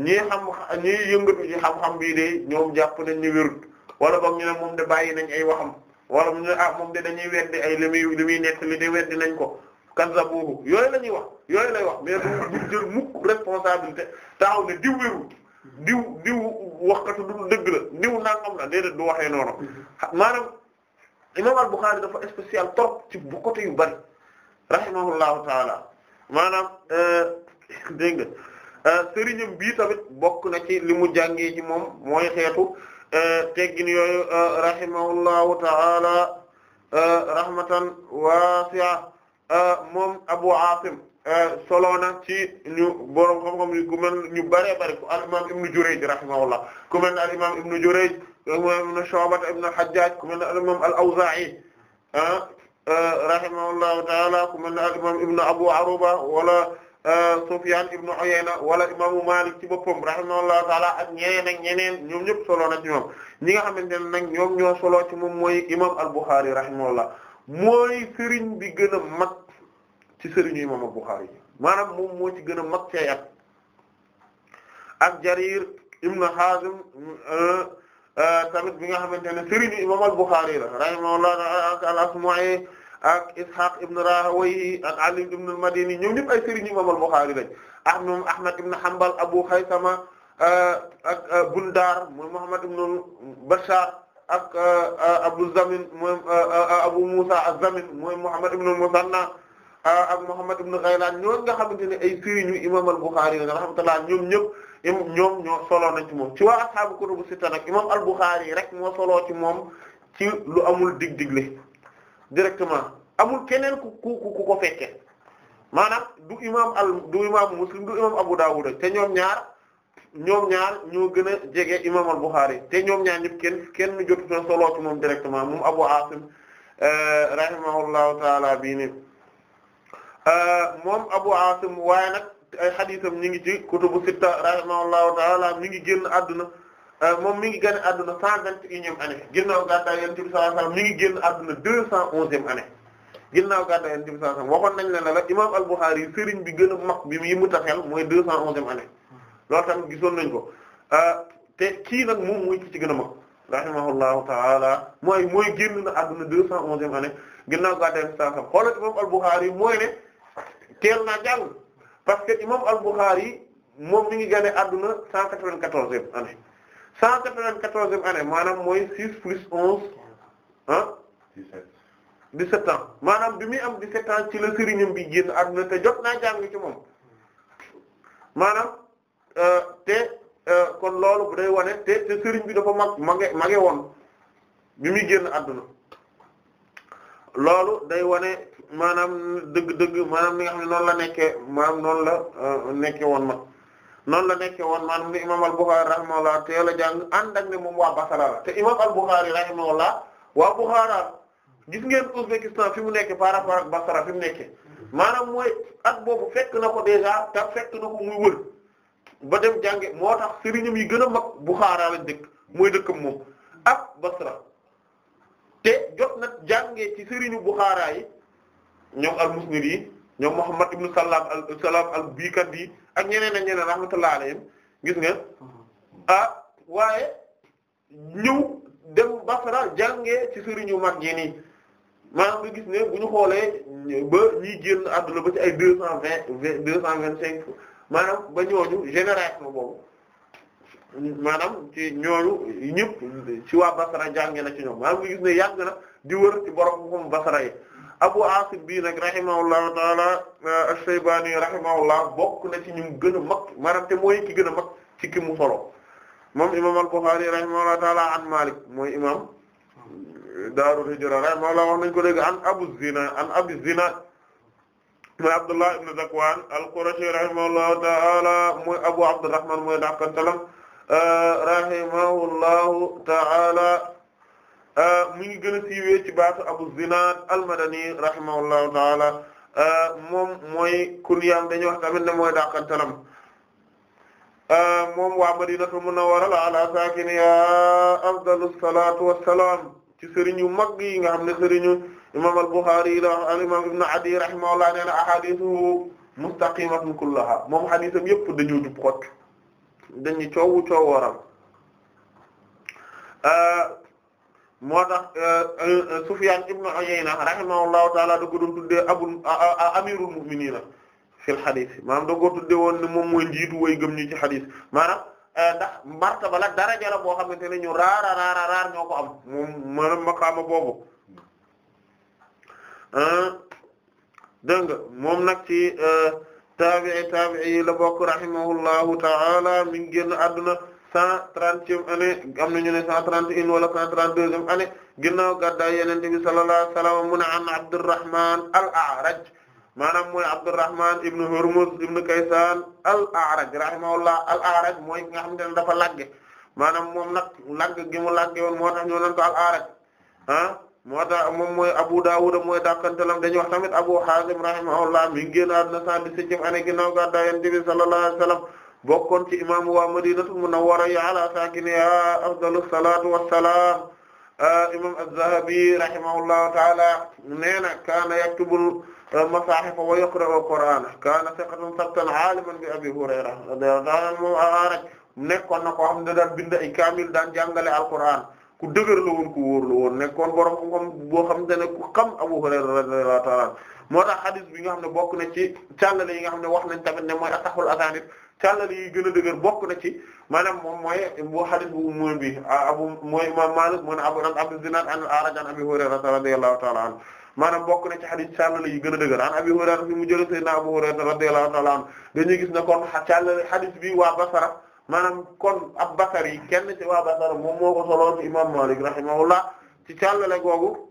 ñi xam ñi yëngatu ci xam bii de ñoom jàpp nañ ne wérul wala boog ñu ne moom de bàyyi nañ ay waxam wala ñu ne ah moom de dañuy weddi ay li muy li muy nekk li de weddi nañ ko kanzabuhu yooyu la ñuy wax yooyu lay wax mais du jël mukk responsabilité taxaw ne di wérul diw diw waxkatu du dëgg la diw nangam la déedéet du waxee noonu mm-hmm. maanaam imam al-Bukhari dafa spécial trop ci bu côté yu bari rahimahullahu taala maanaam euh, dégg nga euh, sëriñam bii tamit bokk na ci li mu jàngee ci moom mooy xeetu euh, teggin yooyu rahimahullahu taala rahmatan wasi'a moom Abu Asim Euh, solo na ci ñu borom xam-xam yi ku mel ñu bëree bëri ku al imam ibnu Jurayj rahimahullah ku mel ne al imam ibnu Jurayj imam ibnu Shu'ba ibnu al-Hajjaj ku mel ne al imam al-Awzaa'i ah, euh, rahimahullahu ta'ala ku mel ne al imam ibnu Abu Aruba wala euh, Sufyan ibnu Uyayna wala imaamu Malik ci boppam rahimahullahu ta'ala ak ñeneen ak ñeneen ñoom ñëpp solo na ci ñoom ñi nga xamante ne nag ñoom ñoo solo ci moom mooy imam al-Bukhari rahimahullah mooy sëriñ bi gën a ci sëriñu imam Al-Bukhârî yi moom moo ci gën a mag ci at ak Jarir ibn Hazm euh, euh, tamit bi nga xamante ne sëriñu imam Al-Bukhârî la rahimahullah ak al-Asma'i ak Ishaq ibn Rahawayh ak Ali ibn al-Madini ñoom ñëpp ay sëriñu imam Al-Bukhârî lañ ak ibn Hanbal Abu Khaythama euh, ak Bundar mooy Muhammad ibn Bashar ak Abu Zamin mooy Abu Musa az-Zamin mooy Muhammad ibn al-Musanna ak Muhammad ibn Ghaylan ñooñu nga xamante ne ay sëriñu imam al-Bukhari nga rahmatullah ñoom ñëpp ñoom ñoo solo nañ ci moom ci waa ashaabu kutubu sitta nag imam al-Bukhari rek moo solo ci moom ci lu amul dig-digle directement amul keneen ku ku ku ko fekke maanaam du imam al du imam Muslim du imam Abu Dawud te ñoom ñaar ñoom ñaar ñoo gën a jege imam al-Bukhari te ñoom ñaar ñëpp kenn kenn jotuta solo ci moom directement moom Abu Asim eh, rahimahullahu taala bii ni Euh, moom Abu Asim waaye nag ay xadiisam ñu ngi ci kutubu sitta rahimahullahu ta'ala mi ngi génn adduna euh, moom mi ngi génn adduna cent vingt et unième année ginnaaw mi ngi génn àdduna deux cent onzième e année ginnaaw gàddaay Yonent bi waxoon nañ la la imaam al-Bukhari sëriñ bi gën a mag bi yi mu taxel mooy deux cent onzième e année loolu tamit gisoon nañ ko euh, te kii nag moom mooy ki ci gën a mag rahimahullahu ta'ala mooy mooy génn na adduna deux cent onzième e année ginnaaw gàddaay Yonent bi sallallahu alayhi wasallam xoolal imaam al-Bukhari mooy ne teel naa jàng parce que imam al-Bukhari moom mi ngi gane adduna cent quatre-vingt-quatorzième année cent quatre-vingt-quatorzième année maanaam mooy six plus onze ah dix-sept ans maanaam bi muy am dix-sept ans ci la sëriñam bi génn adduna te jot naa jàng ci moom maanaam euh, te euh, kon loolu bu day wane te te sëriñ bi dafa mag mage mage woon bi muy génn adduna loolu day wane maanaam dëgg-dëgg maanaam li nga xam ne noonu la nekkee maanaam noonu la euh, nekke woon ma noonu la nekke woon maanaam ni imam al-Bukhari rahimahullah teel a jàng ànd ak ne moom waa Basra la te imam al-Bukhari rahimahullah waa Bukhara gis ngeen Ouzbékistan fi mu nekke par rapport ak Basra fi mu nekke maanaam mooy at boobu fekk na ko déjà te fekk na ko muy wër ba dem jànge moo tax sëriñam yi gën a mag Bukhara lañ dëkk mooy dëkkam moom ak Basra te jot na jàngee ci sëriñu Bukhara yi ñoom al-Musnid yi ñoom Muhammad ibn Salam al Salam al ak ñeneen ak ñeneen rahmatullahi alayhim gis nga mhm. ah waaye ñëw dem Basra jàngee ci sëriñu mag yi nii maanaam gis ne bu ñu xoolee ba ñiy génn àdduna ba ci ay deux cent vingt deux maanaam ba ñooñu génération boobu maanaam ci ñooñu ñëpp ci waa Basra jànge na ci ñoom maanaam nga gis ne yàgg na di wër ci borom xam Basra yi Abu Asim bii nag rahimahullahu taala euh, ash-Shaybani rahimahullah bokk na ci ñu gën a mag maanaam te mooy ki gën a mag ci ki mu solo moom imam al-Bukhari rahimahullahu taala an Malik mooy imam Daarul Hijra rahimahullah wax nañu ko dégg an Abu Zina an Abi Zina mooy Abdullah ibn Zakwan al-Qurashi rahimahullahu taala mooy Abu Abdurrahman mooy dakantalam euh, rahimahullahu taala Euh, mu ngi gën a siiwee ci baatu Abu Zinad al-Madani rahimahullahu taala euh, moom mooy kunyaam dañuy wax tamit ne mooy dàqantalam euh, moom waa Madinatul Munawwara la ala saakiniha afdalus salaatu wassalaam ci sëriñ yu mag yi nga xam ne sëriñu imam al-Bukhari yi la wax al Ibn Adi rahimahullah nee na ahadithu mustaqimatun kullaha moom hadisam yëpp dañu jub xott dañu coowu moo tax euh, euh, euh, Sufyan ibn Uyayna rahimahullahu taala da ko doon abul amirul mu'minina fil xadis maanaam da ko tuddee moom mooy njiitu way gëm ñi ci xadis maanaam ndax martaba la daraja la boo xamante ne raara raara raar ñoo ko am moom maanaam maqaama boobu dégg nga moom nag ci taabi'i la bokk rahimahullahu taala mi ngi génn àdduna 130e année am nañu ne 131 wala 132e année ginnaaw gàddaay Yonent bi sallallahu alayhi wa sallam mu ne an Abdurrahman al-A'raj maanaam mooy Abdurrahman ibn Hurmuz ibn Kaysan al-A'raj rahimahullah al-A'raj mooy nga xam ne dafa lagge maanaam moom nag lagg gi mu lagge woon moo tax ñu naan ko al-A'raj ah moo tax moom mooy Abu Dawud mooy dàqantalam dañuy wax tamit Abu Hazim rahimahullah mi ngi génn àdduna 117e année ginnaaw gàddaay Yonent bi sallallahu alayhi wa sallam bokkoon ci imaamu waa madinatul munawwara ya ala saakiniha afdalu salaatu wassalaam ah, imam az-Zahabi rahimahullahu taala nee na kaana yaktubul ah, masaahifa wa yaqra'ul qur'aana kaana thiqatan sabtan aaliman bi abi hurayra radiyallahu anhu moom nekkoon na koo xam ne daan bind ay kaamil daan jàngale alqur'aan ku dëgër la woon ku wóor la woon nekkoon borom xam-xam boo xam te ne ku xam abu hurayra radiyallahu taala moo tax hadith bi nga xam ne bokk na ci càllale yi nga xam ne wax nañ tamit ne mooy asahul asaanid càllal yi gën a dëgër bokk na ci maanaam moom mooy bu hadith bu umum bi abu mooy imam Malik mu ne abu an Abdu Zinaad an al-A'raj an Abi Hurayra radiyallahu maanaam bokk na ci hadith càllal yi gën a dëgër an Abi Hurayra fi mu jëlee sayyidina Abu Hurayra radiyallahu ta'ala anhu dañuy gis ne kon càllal hadith bi waa Basra maanaam kon ab Basri yi kenn ci waa Basra moom moo ko solo ci imam Malik rahimahullah ci càllale googu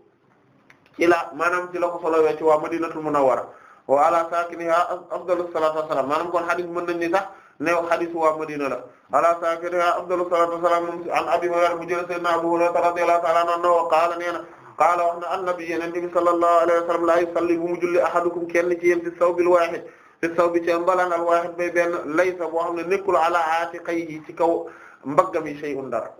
ila maanaam ci la ko solo ci waa Madinatul wara wa ala sakiniha afdalu salatu wassalam maanaam kon hadith mën nañ ni sax new hadith waa Madina la ala sakiniha afdalu salatu wassalam moom an abi Hurayra mu jël sayyidina Abu Hurayra radiyallahu ta'ala anhu wa qaala nee na qaala wax na annabi yenen bi sallallahu alayhi wa sallam la yusalli bu mu julli ahadukum kenn ci yéen fi sawbil wahid fi sawbi ci mbalaan al wahid bay benn laysa boo xam ne nekkul ala aatiqihi ci kaw mbaggam yi shay'un dara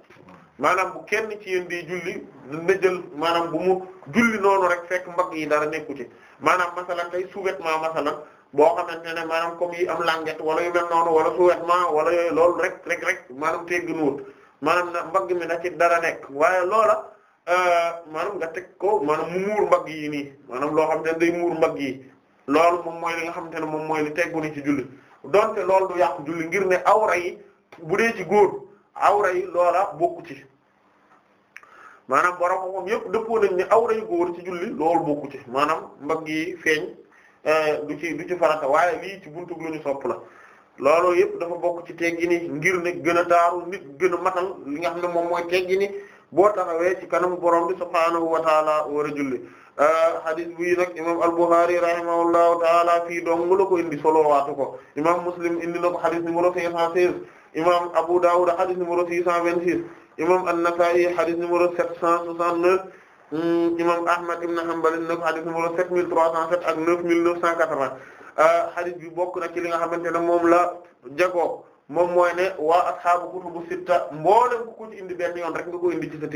maanaam bu kenn ci yéen di julli na jël maanaam bu mu julli noonu rek fekk mbagg yi dara nekku ci maanaam masalan tey sous-vêtement masalan boo xamante ne maanaam comme yi am languette wala yu mel noonu wala sous-vêtement wala yooyu loolu rek rek rek maanaam tegg nuwut maanaam na mbagg mi na ci dara nekk waaye loola euh, maanaam nga teg ko maanaam mu muur mbagg yi nii maanaam loo xam ne day muur mbagg yi loolu moom mooy li nga xamante ne moom mooy li teggu ni ci julli donte loolu du yàqu julli ngir ne awra yi bu dee ci góor awra yi loola bokku ci maanaam borom moom yëpp dëppoo nañ ne awra yu góor ci julli loolu bokku ci maanaam mbagg yi feeñ eh, du ci du ci waaye lii ci buntu lu ñu sopp la loolu yëpp dafa bokk ci teggini ngir ne gën a taaru nit gën a matal li nga xam ne moom mooy teggini boo taxawee ci kanam borom bi subhaanahu wa taala war a julli eh, hadis bii nag imam al-Bukhari rahimahullahu taala fii dong la ko indi solo waatu ko imam Muslim indi na ko hadis numéro 516 imam Abu Dawud hadis vingt 626 imam an-Nasa'i hadith numéro 769 mm, imam Ahmad ibn Hanbal na ko hadith numéro 7307 ak 9980 euh, hadith bi bokk na ci li nga xamante ne moom la jagoo moom mooy ne waa ashaabu kutubu sitta mboolem ku ko ci indi benn yoon rek nga ko indi ci sa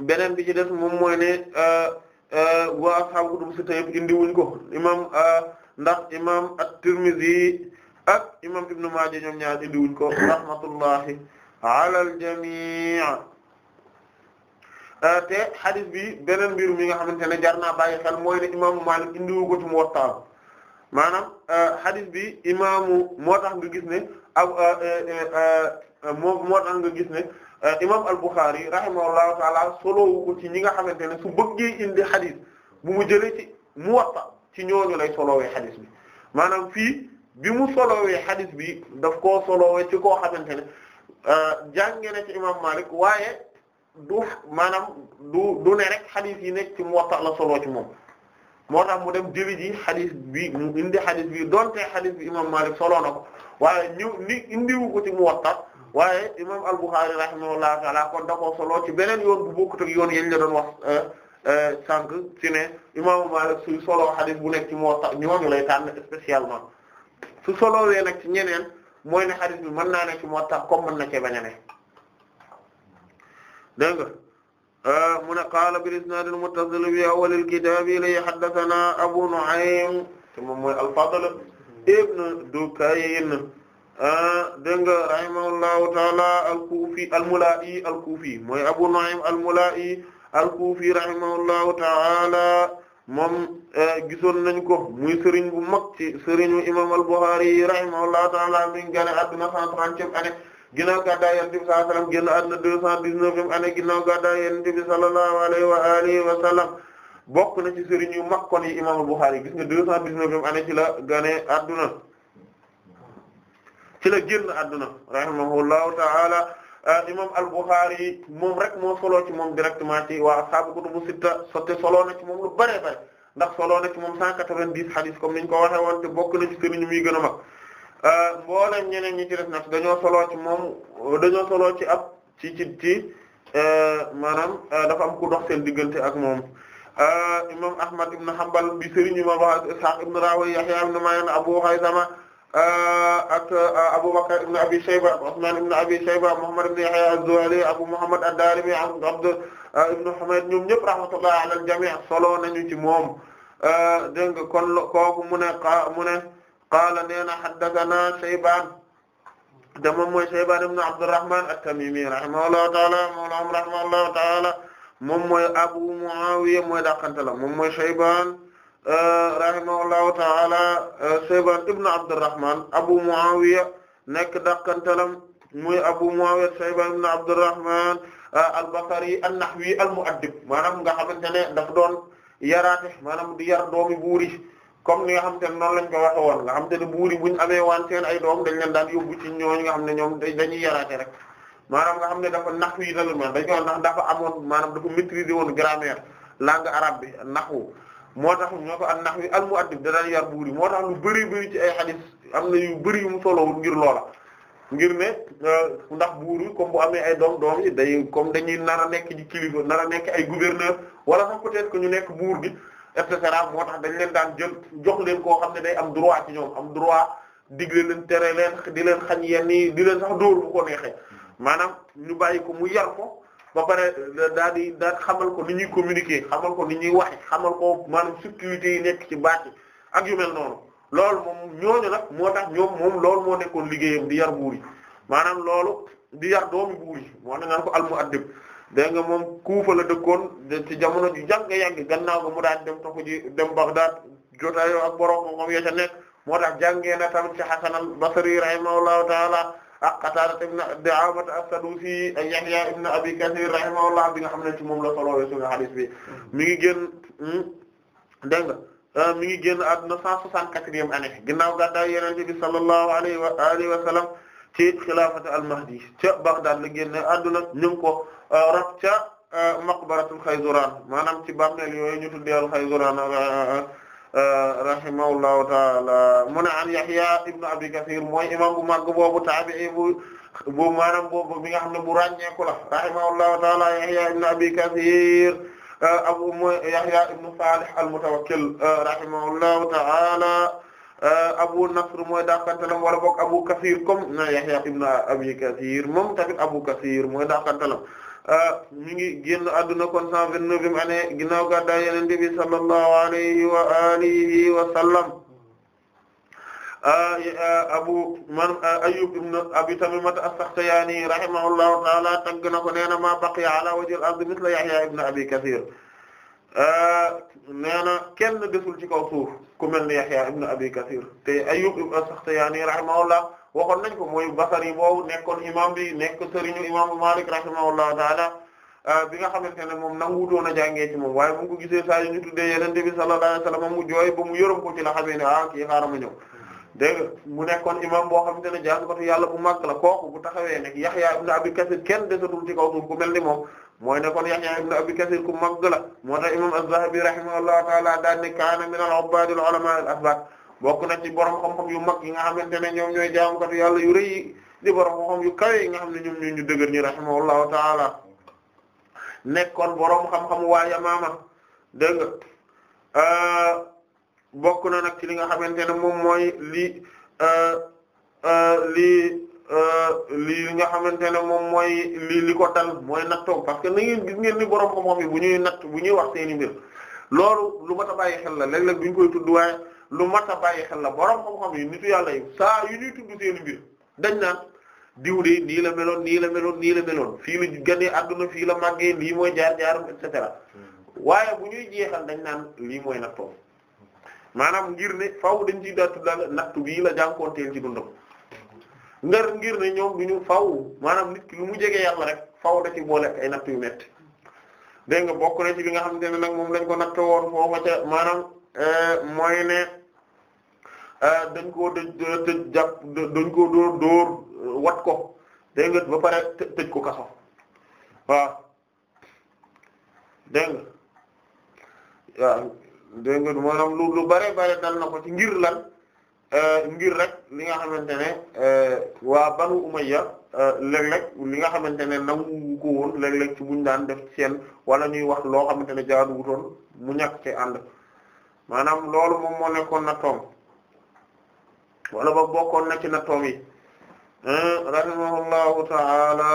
beneen bi ci des moom mooy ne euh, euh, waa ashaabu kutubu sitta indi wuñ ko imam ndax imam at-Tirmidhi ak imam Ibn Maaja ñoom ñaar indi wuñ ko rahmatullahi ala al jamii euh, te hadith bi beneen mbir mi nga xamante ne jar naa bàyyi xel mooy ne imaamu Maalik indiwu ko ci Muwatta maanaam euh, hadith bi imaamu moo tax nga gis ne ak euh, moo gis ne imaam al-Bukhari rahimahullahu taala solowu ko ci ñi nga xamante ne su bëggee indi hadith bu mu jëlee ci Muwatta ci ñooñu lay solowee hadith bi maanaam fii bi mu solowee hadith bi daf koo solowee ci koo xamante ne. Euh, jànge na ci imam Malik waaye du maanaam du du ne rek xadis yi nekk ci Muwatta la solo ci moom moo tax mu dem jëli ji xadis bi mu indi xadis bi donte xadis bi imam Malik solo na ko waaye ñëw ni indiwu ko ci Muwatta waaye imam al-Bukhari rahimahullah taala kon da koo solo ci beneen yoon bu bokkut ak yoon yañ la doon wax euh, euh, sànq ci ne imam Malik su solo xadis bu nekk ci Muwatta ñooñu lay tànn spécialement su solo wee nag ci ñeneen. mooy ne xadis bi mën naa ne ci Muwatta comme mën na cee bañ a ne dégg nga euh, mu ne qaala bil isnaad al muttasil bi awwal al kitaab li haddathanaa Abu Nu'aym te moom mooy al-Fadl ibn Dukayn euh, dégg nga rahimahullahu ta'ala al-Kufi al-Mula'i al-Kufi mooy Abu Nu'aym al-Mula'i al-Kufi rahimahullahu ta'ala moom eh, gisoon nañ ko muy sëriñ bu mag ci sëriñu imam al-Bukhari rahimahullahu ta'ala mi ngi génn àdduna 137 année ginnaaw gàddaay Yonent bi sallallahu alayhi wa sallam génn àdduna 219 année ginnaaw gàddaay Yonent bi sallallahu alayhi wa alihi wa sallam bokk na ci sëriñ yu mag kon yi imam al-Bukhari gis nga 219 année ci la génn àdduna ci la génn adduna rahimahullahu ta'ala Euh, imam al-Bukhari moom rek moo solo ci moom directement ci waa ashaabu kutubu sitta sotte solo na ci moom lu bare bare ndax solo na ci moom 190 hadith comme niñ ko waxe woon te bokk na ci sëriñ muy gën a mag euh, mboolem ñeneen ñi ci def nag dañoo solo ci moom dañoo solo ci ab ci ci ci euh, maanaam dafa am ku dox seen diggante ak moom imam Ahmad ibn Hanbal bi sëriñ imam Ishaq ibn Rawi Yahya ibn Ma'in Abu Haythama Euh, ak euh, Aboubacar ibn Abi Shayba ak Ousmane ibn Abi Shayba Mouhammad ibn Yahya az-Zuhali Abou Mouhammad ad-Darimi Abd euh, ibn Humayd ñoom ñëpp rahmatullah ala al-jami' solo nañu ci moom dégg nga kon kooku mu ne mu ne qaala nee na haddathana Shaybaan te moom mooy Shaybaan ibn Abdurrahman at-Tamimi rahimahullahu ta'ala mawlaahum rahimahullahu ta'ala moom mooy Abu Muawiya mooy dàqante la moom mooy Shaybaan Euh, rahimahullahu ta'ala euh, Shayban ibn Abdurrahman Abu Muawiya nekk dàqantalam muy Abu Muawiya Shayban ibn Abdurrahman euh, al-Basri an-Nahwi al-Mu'addib maanaam nga xamante ne daf doon yaraate maanaam di yar doomi buuri comme ni nga xamante ne noonu lañ ko waxe woon nga xamante ne buuri buñ amee waan ay doom dañ leen daan yóbbu ci ñooñ nga xam ne ñoom dañuy yaraate rek maanaam nga xam ne dafa nahwi dañ ko dañu ndax dafa amoon maanaam dafa maîtriser woon grammaire langue arabe bi nahwu moo tax ñoo ko an nax wi al muaddib da daan yar buuri moo tax lu bëri bëri ci ay xadis am na yu bëri yu mu solowul ngir loola ngir ne euh, ndax buuru comme bu amee ay doom doom yi day comme dañuy nar a nekk ci kilifa nar a nekk ay gouverneur wala sax peut-être que ñu nekk buur gi et cetera moo tax dañ leen daan jël jox leen koo xam ne day am droit ci ñoom am droit digle leen tere leen di leen xañ yenn yi di leen sax dóor bu ko neexee hmm. maanaam ñu bàyyi ko mu yar ko ba pare daal di daal xamal ko ni ñuy communiquer xamal ko ni ñuy waxe xamal ko maanaam subtilité yi nekk ci baat yi ak yu noonu loolu moom ñooñu nag moo tax ñoom moom loolu moo nekkoon liggéeyam di yar buur maanaam loolu di yar doomi buur yi moo tax naan ko al-mu'addib dégg nga moom Kuufa la dëkkoon ci jamono ju jàng yàgg gannaaw ga mu daal dem taxu ji dem Baghdad jotaayoo ak borom moom ya ca nekk moo tax jàngee na tamit ci Hasan al-Basri rahimahullahu ta'ala ak ah Qataadata ibn Di'aamata as-Saduusi ak Yahya ibn Abi Kathir rahimahullah bi nga xam ne ci moom la solowee suñu hadith bi mi ngi génn hmm, dégg nga ah, mi ngi génn àdduna 164e année ginnaaw gàddaay Yonent bi sallallahu alayhi wa alihi wa sallam ci xilaafatu al-Mahdi ca Baghdad la génne àdduna ñu ngi ko ah, raf ca maqbaratul Khayzuraan maanaam ci bàmmeel yooyu ñu tuddee al-Khayzuraan Euh, rahimahullahu taala mu ne an Yahya ibnu Abi Kathir mooy imam bu mag boobu taabi'i bu bu maanaam boobu bi nga xam ne bu ràññeeku la rahimahullahu taala Yahya ibnu Abi Kathir euh, abu mooy Yahya ibnu Salih al-Mutawakkil euh, rahimahullahu taala Abu Nasr mooy daakantalam wala boog Abu Kathir comme na Yahya ibnu Abi Kathir moom tamit Abu Kathir mooy daakantalam mi ah, ngi génn adduna kon cent vingt-neuvième année ginnaaw gàddaay Yonent bi sallallahu alayhi wa alihi wa sallam ah, ah, abu man Ayyub ibn Abi Tamimata as-Sakhtiyani rahimahullahu ta'ala tagg na ko nee na ma baqiya ala wajhil ardi mithla Yahya ibn Abi Kathir nee na kenn desul ci kaw suuf ku mel ni Yahya ibn Abi Kathir te Ayyub ibn as-Sakhtiyani rahimahullah waxoon nañ ko mooy Basri boo nekkoon imam bi nekk sëriñu imaamu Malik rahimahullahu taala euh, bi nga xamante ne moom nangu doon a jàngee ci moom waaye bu ko gisee saa yu ñu tuddee yeneen bi sallallahu alayhi wasallam mu jooy ba mu yërëm ko ci la xamee ne ah kii xaaral ma ñëw dégg nga mu nekkoon imam boo xamante ne jàngkatu yàlla bu mag la kooku bu taxawee nekk Yahya ibn Abi Kathir kenn desatul ci kaw suuf ku mel ni moom mooy nekkoon Yahya ibn Abi mag la moo tax imam Az-Zahabi rahimahullahu taala daan ne kaana min al-ubbaad bokk na ci borom xam-xam yu mag yi nga xamante ne ñoom ñooy jaamukatu yàlla yu rëy yi di borom xam-xam yu kawe yi nga xam ne ñoom ñu dëgër ñi rahimahullahu taala nekkoon borom xam-xam waa Yamaama dégg nga euh, bokk na nag ci li nga xamante ne moom mooy lii li. Euh, euh, lii li nga xamante ne moom mooy li li ko dal mooy nattoog parce que na ngeen ni borom xam-xam yi bu ñuy natt bu ñuy wax seeni mbir loolu lu ma ta bàyyi xel la léeg-léeg bu ñu koy tudd waaye lu mat a bàyyi xel la borom xam-xam yi nitu yàlla yi saa yu ñuy tudd seen mbir dañ naan diw nii la meloon nii la meloon nii la meloon fii la gënee adduna fii la màggee lii mooy jaar jaaram et cetera hmm. waaye bu ñuy jeexal dañ naan lii mooy nattoom maanaam ngir ne faaw dañ ciy daal tuddal nattu bii la jànkoonteel ci dundam ndar ngir ne ñoom du ñu faaw maanaam nit ki lu mu jege yàlla rek faaw da ci boole ay natt yu métti dégg nga bokk na ci li nga xamante ne nag moom lañ ko natt woon foofa ca eh, Ah, dañ koo dañ tëj jàpp dañ koo dóor wat ko dégg nga ba pare tëj ko kaso waaw dégg nga waaw dégg nga maanaam lu lu bare bare dal na ko ci ngir lan ah, ngir rek li nga xamante ne ah, waa Banu Umayya léeg-léeg li nga xamante ne nangu ko woon léeg-léeg ci buñ daan def seen wala ñuy wax loo xamante ne jaaduwutoon mu ñàkk ci ànd maanaam loolu moom moo nekkoon na toom wala ba bokkoon na ci nattoom yi rahimahullahu ta'ala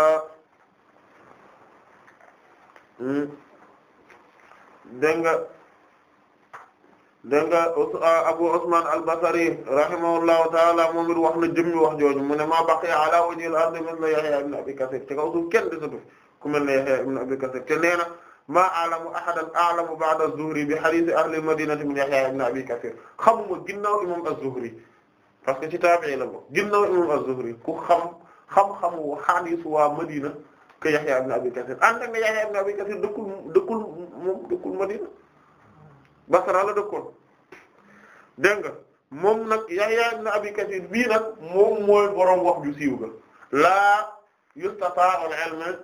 hmm. dégg nga dégg nga euh, Abu Usman al-Basri rahimahullahu ta'ala moom it wax na jëmmi wax jooju mu ne ma baqiya ala wajhil ardi mithla Yahya ibn ku mel ne Yahya ibn Abi Kathir te nee na ma a'lamu ahadan a'lamu ba'da az bi hadith ahli al-madinati min Yahya ibn Abi Kathir xamuma ginnaaw imam az-Zuhri parce que ci taabi'i la bokk ginnaaw imam az-Zuhri ku xam xam-xamu hadiisu waa Madina que Yahya ibn Abi Kathir ànd ak ne Yahya ibn Abi dëkkul moom dëkkul Madina Basra la dëkkoon dégg moom nag Yahya ibn Abi Kathir bii nag moom mooy borom wax ju siiw ga laa yustata'u al-ilmu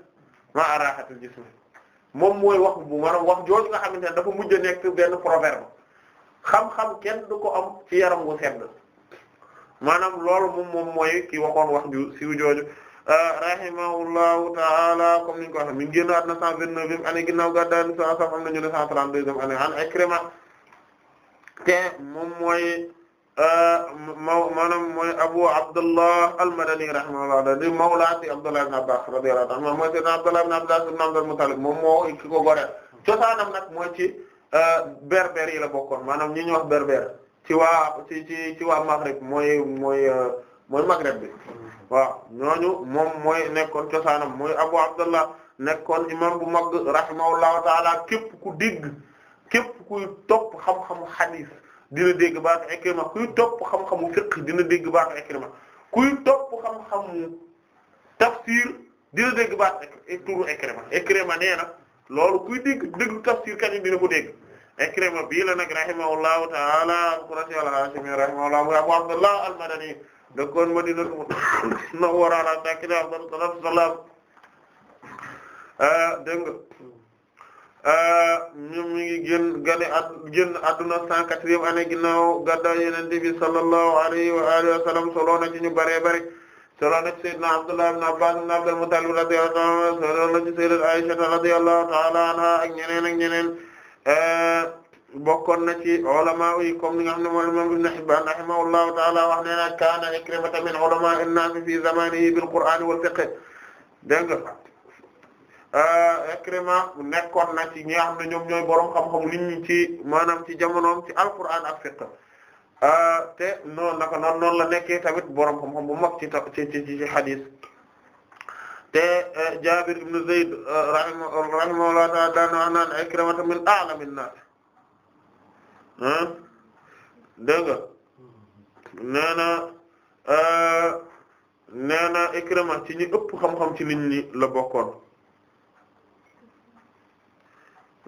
ma'a rahatil jism moom mooy wax bu maanaam wax jooju nga xamante dafa mujj a nekk benn proverbe xam-xam kenn du am ci yaram wu sedd. maanaam loolu moom moom mooy ki waxoon wax ju siiw jooju euh, rahimahullahu taala comme niñ ko waxee mi ngi génnaat na cent vingt-neuf yim année ginnaaw sa am nañu ne cent trente-deuxième année an Ikrima te moom mooy euh, maw maanaam mooy Abu Abdullah al-Madani rahimahullah da di mawla ci Abdullah ibn Abbas radiyallahu mooy sayyidina Abdullah ibn moom moo ki ko goreel cosaanam nag mooy ci euh, berber yi la bokkoon maanaam ñi ñu wax berber ci waa ci ci ci waa Maghreb mooy mooy euh, mooy Maghreb bi waaw ñooñu moom mooy nekkoon cosaanam mooy Abu Abdallah nekkoon imam bu mag rahimahullahu taala képp ku dégg képp kuy topp xam-xamu hadith dina dégg baatu topp xam-xamu fiqh dina dégg baax Ikrima kuy topp xam-xamu tafsir dina dégg baatu turu Ikrima Ikrima nee na loolu kuy dégg déglu tafsir kañ dina ko dégg. Ikrima bii la nag rahimahullahu ta'ala al-Qurashi al-Hashimi rahimahullahu wa Abu Abdullah al-Madani dëkkoon Madinatu Munawwara ala saakinihaa afdalu salaatu wa salaam dégg nga ñoom mi ngi gane at génn adduna 104e année ginnaaw gàddaay Yonent bi sallallahu alayhi wa alihi wa sallam solo na ci bare bare solo na ci Sayyidina Abdullah ibn Abbas ibn Abdul Muttalib radiyallahu anhu solo na ci Sayyidati Aisha radiyallahu ta'ala anha ak ñeneen ak ñeneen Euh, bokkoon na ci ulama yi comme ni nga xam ne moom imam Ibn Hibban rahimahullahu ta'ala wax na kaana Ikrimata min ulama an-nas fi zamanihi bil Qur'an wal fiqh dégg nga euh, Ikrima na ci ñi xam ne ñoom ñooy borom xam-xam li ci maanaam ci jamonoom ci al-Qur'an ak fiqh euh, te noonu naka noonu la nekkee tamit borom xam-xam bu mag ci ci ci ci te eh, Jaabir ibn Zayd eh, rahimahullahu ta'ala daan wax naan Ikrimata min a'lami an-naas ah dégg nga nee na eh, nee na Ikrima ci ñi ëpp xam-xam ci nit ñi la bokkoon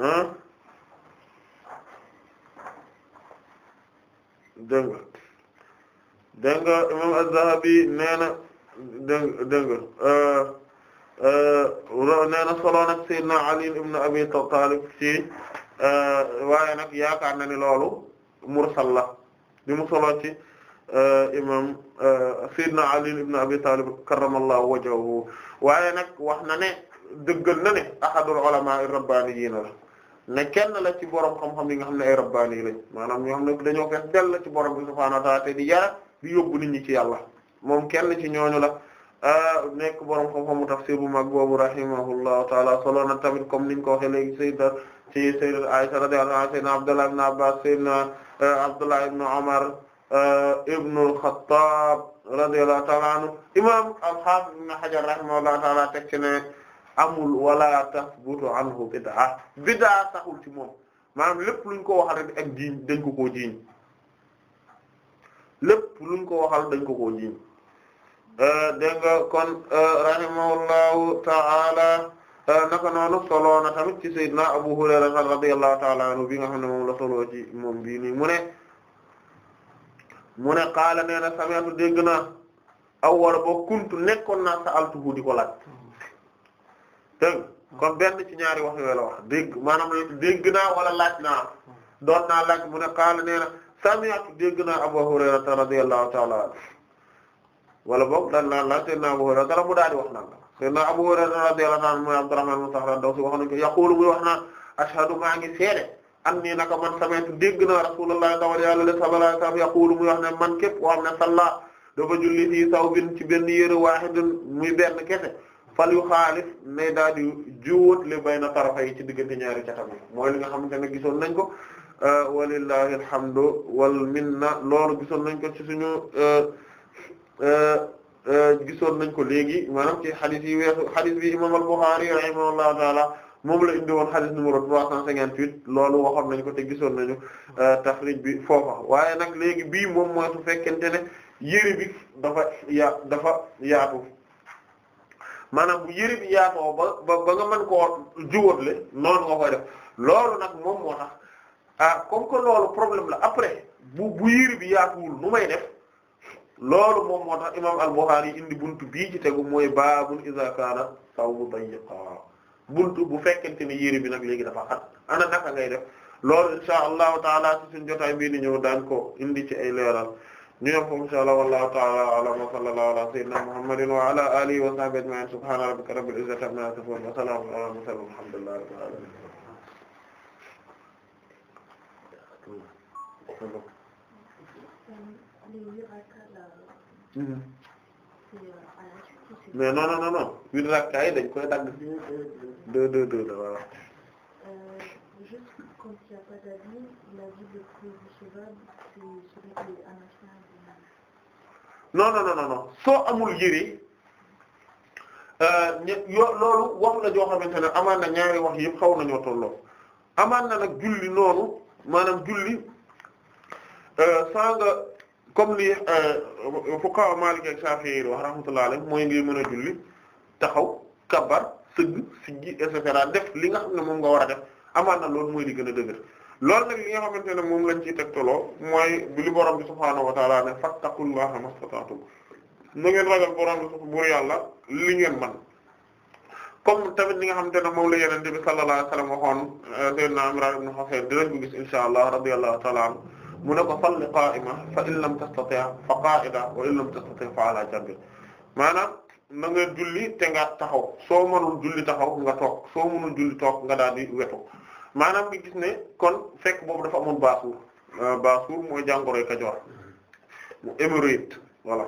ah dégg nga dégg nga zahabi nee na dégg nee na solo nag Seydina Ali ibn Abi Talib ci e, waaye nag yaakaar na ni loolu mursal la bi mu solo ci e, imam e, Seydina Ali ibn Abi Talib karramallahu wajhahu waaye nag wax na ne dëggal na ne ahadul ulama ar-rabbaniyyin la ne kenn la ci borom xam-xam yi nga xam ne ay rabbaani lañ maanaam ñoo xam ne dañoo fees dell ci borom bi subhaanahu wa ta'aala te di yara di yóbbu nit ñi ci yàlla moom kenn ci ñooñu la Ah, nekk borom xam-xamu tafsir bu mag boobu rahimahullahu taala solo na tamit comme niñ ko waxee léegi sayyida ci sayyida Aisha radiyallahu anha sayyidina Abdullah ibn Abbas sayyidina eh, Abdullah ibn Umar eh, ibn al-Khattab radiyallahu taala anhu imam al-Hafiz ibn Hajar rahimahullahu taala teg ci ne amul wala tasbutu anhu bid'a bid'a saxul ci moom maanaam lépp luñ ko waxal rek ak jiiñ dañ ko koo jiiñ lépp luñ ko waxal dañ ko koo jiiñ Eh, dégg nga kon eh, rahimahullahu ta'ala eh, naka noonu solo na tamit ci sayyidina Abu Hurayra radiyallahu ta'ala anhu bi nga xam ne moom la solo moom bii nii mu ne mu ne qaala nee na sami'tu dégg na awwala boo kuntu nekkoon naa sa'altuhu di ko laaj dégg kon benn ci ñaari wax yooyu la wax dégg maanaam dégg naa wala laaj naa doon naa laaj mu ne qaala nee na sami'tu dégg naa Abu Hurayra radiyallahu ta'ala anhu wala boog daan naan la Seydina Abu Hurayra mu daal di wax naan la Seydina Abu Hurayra radiyallahu anhu mooy Abdurrahman ibn Sakhra Dawsi wax nañ ko yaqulu muy wax naan ashhadu maa ngi seede am nii naka man samaytu dégg naa Rasulullah dawal yàlla le sallallahu alayhi wasallam yaqulu muy wax ne man képp koo xam ne salla dafa julli fii sawbin ci benn yére waahidun muy benn kese fal yu xaalif nay daal di juwóot li bayna tarafa yi ci diggante ñaari catam yi mooy li nga xamante ne gisoon nañ ko walillahi alhamdu wal minna loolu gisoon nañ ko ci suñu euh, Euh, euh, gisoon nañ ko léegi maanaam ci xadis yi weesu xadis bi imam al-Bukhari rahimahullahu taala moom la indi woon xadis numéro trois cent cinquante-huit loolu waxoon nañ ko te gisoon nañu euh, taxrij bi foofa waaye nag léegi bii moom mooy su fekkente ne yëri bi dafa ya dafa yaatu maanaam bu yëri bi yaatoo ba ba nga mën koo jiwóotle noonu nga koy def loolu nag moom moo tax ah comme que loolu problème la après bu bu yëri bi yaatuwul nu may def loolu moom moo tax indi buntu bii ci tegu mooy baabul iza kaana sawbu dayiqa buntu bu fekkente ni yére bi nag léegi dafa xat ana naka ngay loolu insha allahu taala ci jotaay bii di ñëw daan ko indi ci ay leeral ñu yom foofu insha allah wallahu taala alam wa sallallahu ala sayyidina muhammadin wa ala alihi wa sahbihi ajma'in subhana rabbika rabbil izzati amma yasifun wa salamun ala mursalin alhamdulillahi rabbil Mhm. mais no non non non dañ koy dagg ci deux la voilà. juste euh, comme il soo amul yére euh, yo loolu wax la joo xamante ne amaan na ñaari wax yëpp xaw nañoo tolloo amaan na nag julli noonu maanaam julli euh, saa comme li euh, fuqaha Maalik ak Shaafi'i wax rahmatullahi mooy ngay mën a julli taxaw kabar sëgg siggi et cetera def li nga xam ne moom nga war a def amaan na loolu mooy li gën a dëgër lool nag li nga xamante ne moom lañ ciy tegtaloo mooy bi li borom bi subhaanahu wa ta'aala ne fattaqullaha mastata'tum na ngeen yàlla li ngeen man comme tamit li nga ne moom la yenente bi sallallahu alayhi wa na waxoon euh, sayyidina Imraan ibn Husayn dinañ ko gis inshaa Allah radiyallahu ta'aala anhu mu ne ko salli qa'ima fa in lam tastati' fa qa'ida wa in lam tastati' fa ala janbi maanaam na nga julli te nga taxaw soo mënul julli taxaw nga toog soo mënul julli toog nga daal di wetu maanaam bi gis ne kon fekk boobu dafa amoon baasuur euh, baasuur mooy jàngoroy Kajoor mu hémorroïde wala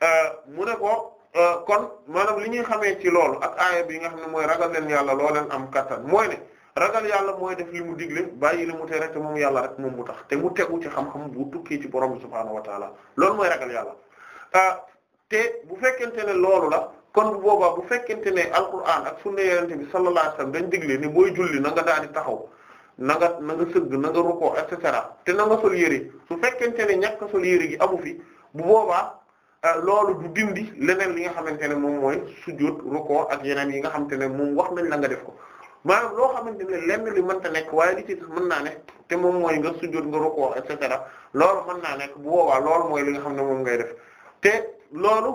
euh, mu ne ko euh, kon maanaam li ñuy xamee ci loolu ak aaya bi nga xam ne mooy ragal leen yàlla loo leen am kattan mooy ne. ragal yàlla mooy def li mu digle bàyyi li mu tere te moom yàlla rek moom mu tax te mu tegu ci xam-xam bu tukkee ci borom bi subhaanahu wa taala loolu mooy ragal yàlla ah, te bu fekkente ne loolu la kon boobaa bu fekkente ne alquran ak sunna yonent bi sallallahu alayhi wasallam dañ digle ni booy julli na nga daal di taxaw na nga na nga sëgg na nga rukkoo et te na nga sol yére su fekkente ne ñàkk sol yére gi amu fi bu boobaa ah, loolu du dindi leneen li nga xamante ne moom mooy sujjóot rukkoo ak yeneen yi nga xamante ne moom wax nañ la nga def ko maanaam loo xamante ne lenn li mënta nekk waaye li mën naa ne te moom mooy nga sujjóot nga rukkoo loolu mën naa nekk bu boobaa loolu mooy li nga xam ne moom ngay def te loolu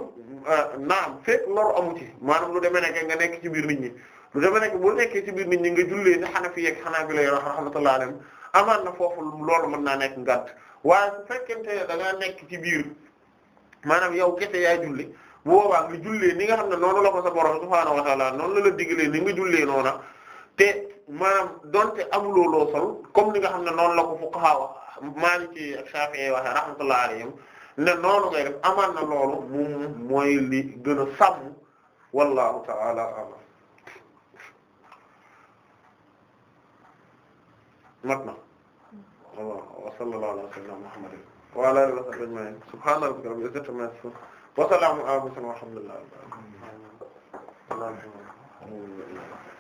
euh, naam fekk loolu amu ci maanaam lu demee nekk nga nekk ci biir nit ñi lu demee nekk bu nekkee ci biir nit ñi nga jullee ni Hanafi ak Hanbali rahmatullahi alayhim amaan na foofu loolu mën naa nekk ngànt waaye su fekkente da nga nekk ci biir maanaam yow kese yaay julli bu boobaa nga jullee ni nga xam ne noonu la ko sa borom subhaanahu wa noonu la la digalee ni nga jullee noona te maanaam donte amuloo loo sol comme ni nga xam ne noonu la ko fuqaha ak Shafi'i waxe rahmatullahi ne noonu ngay def amaan na loolu moom mooy li gën a sàmm wallahu ta'ala a'lam mat na Allah wa sallallahu ala sayyidina Muhammadin wa ala alihi wa sahbihi ajma'in subhana rabbika rabbil izzati amma yasifun wa salamun ala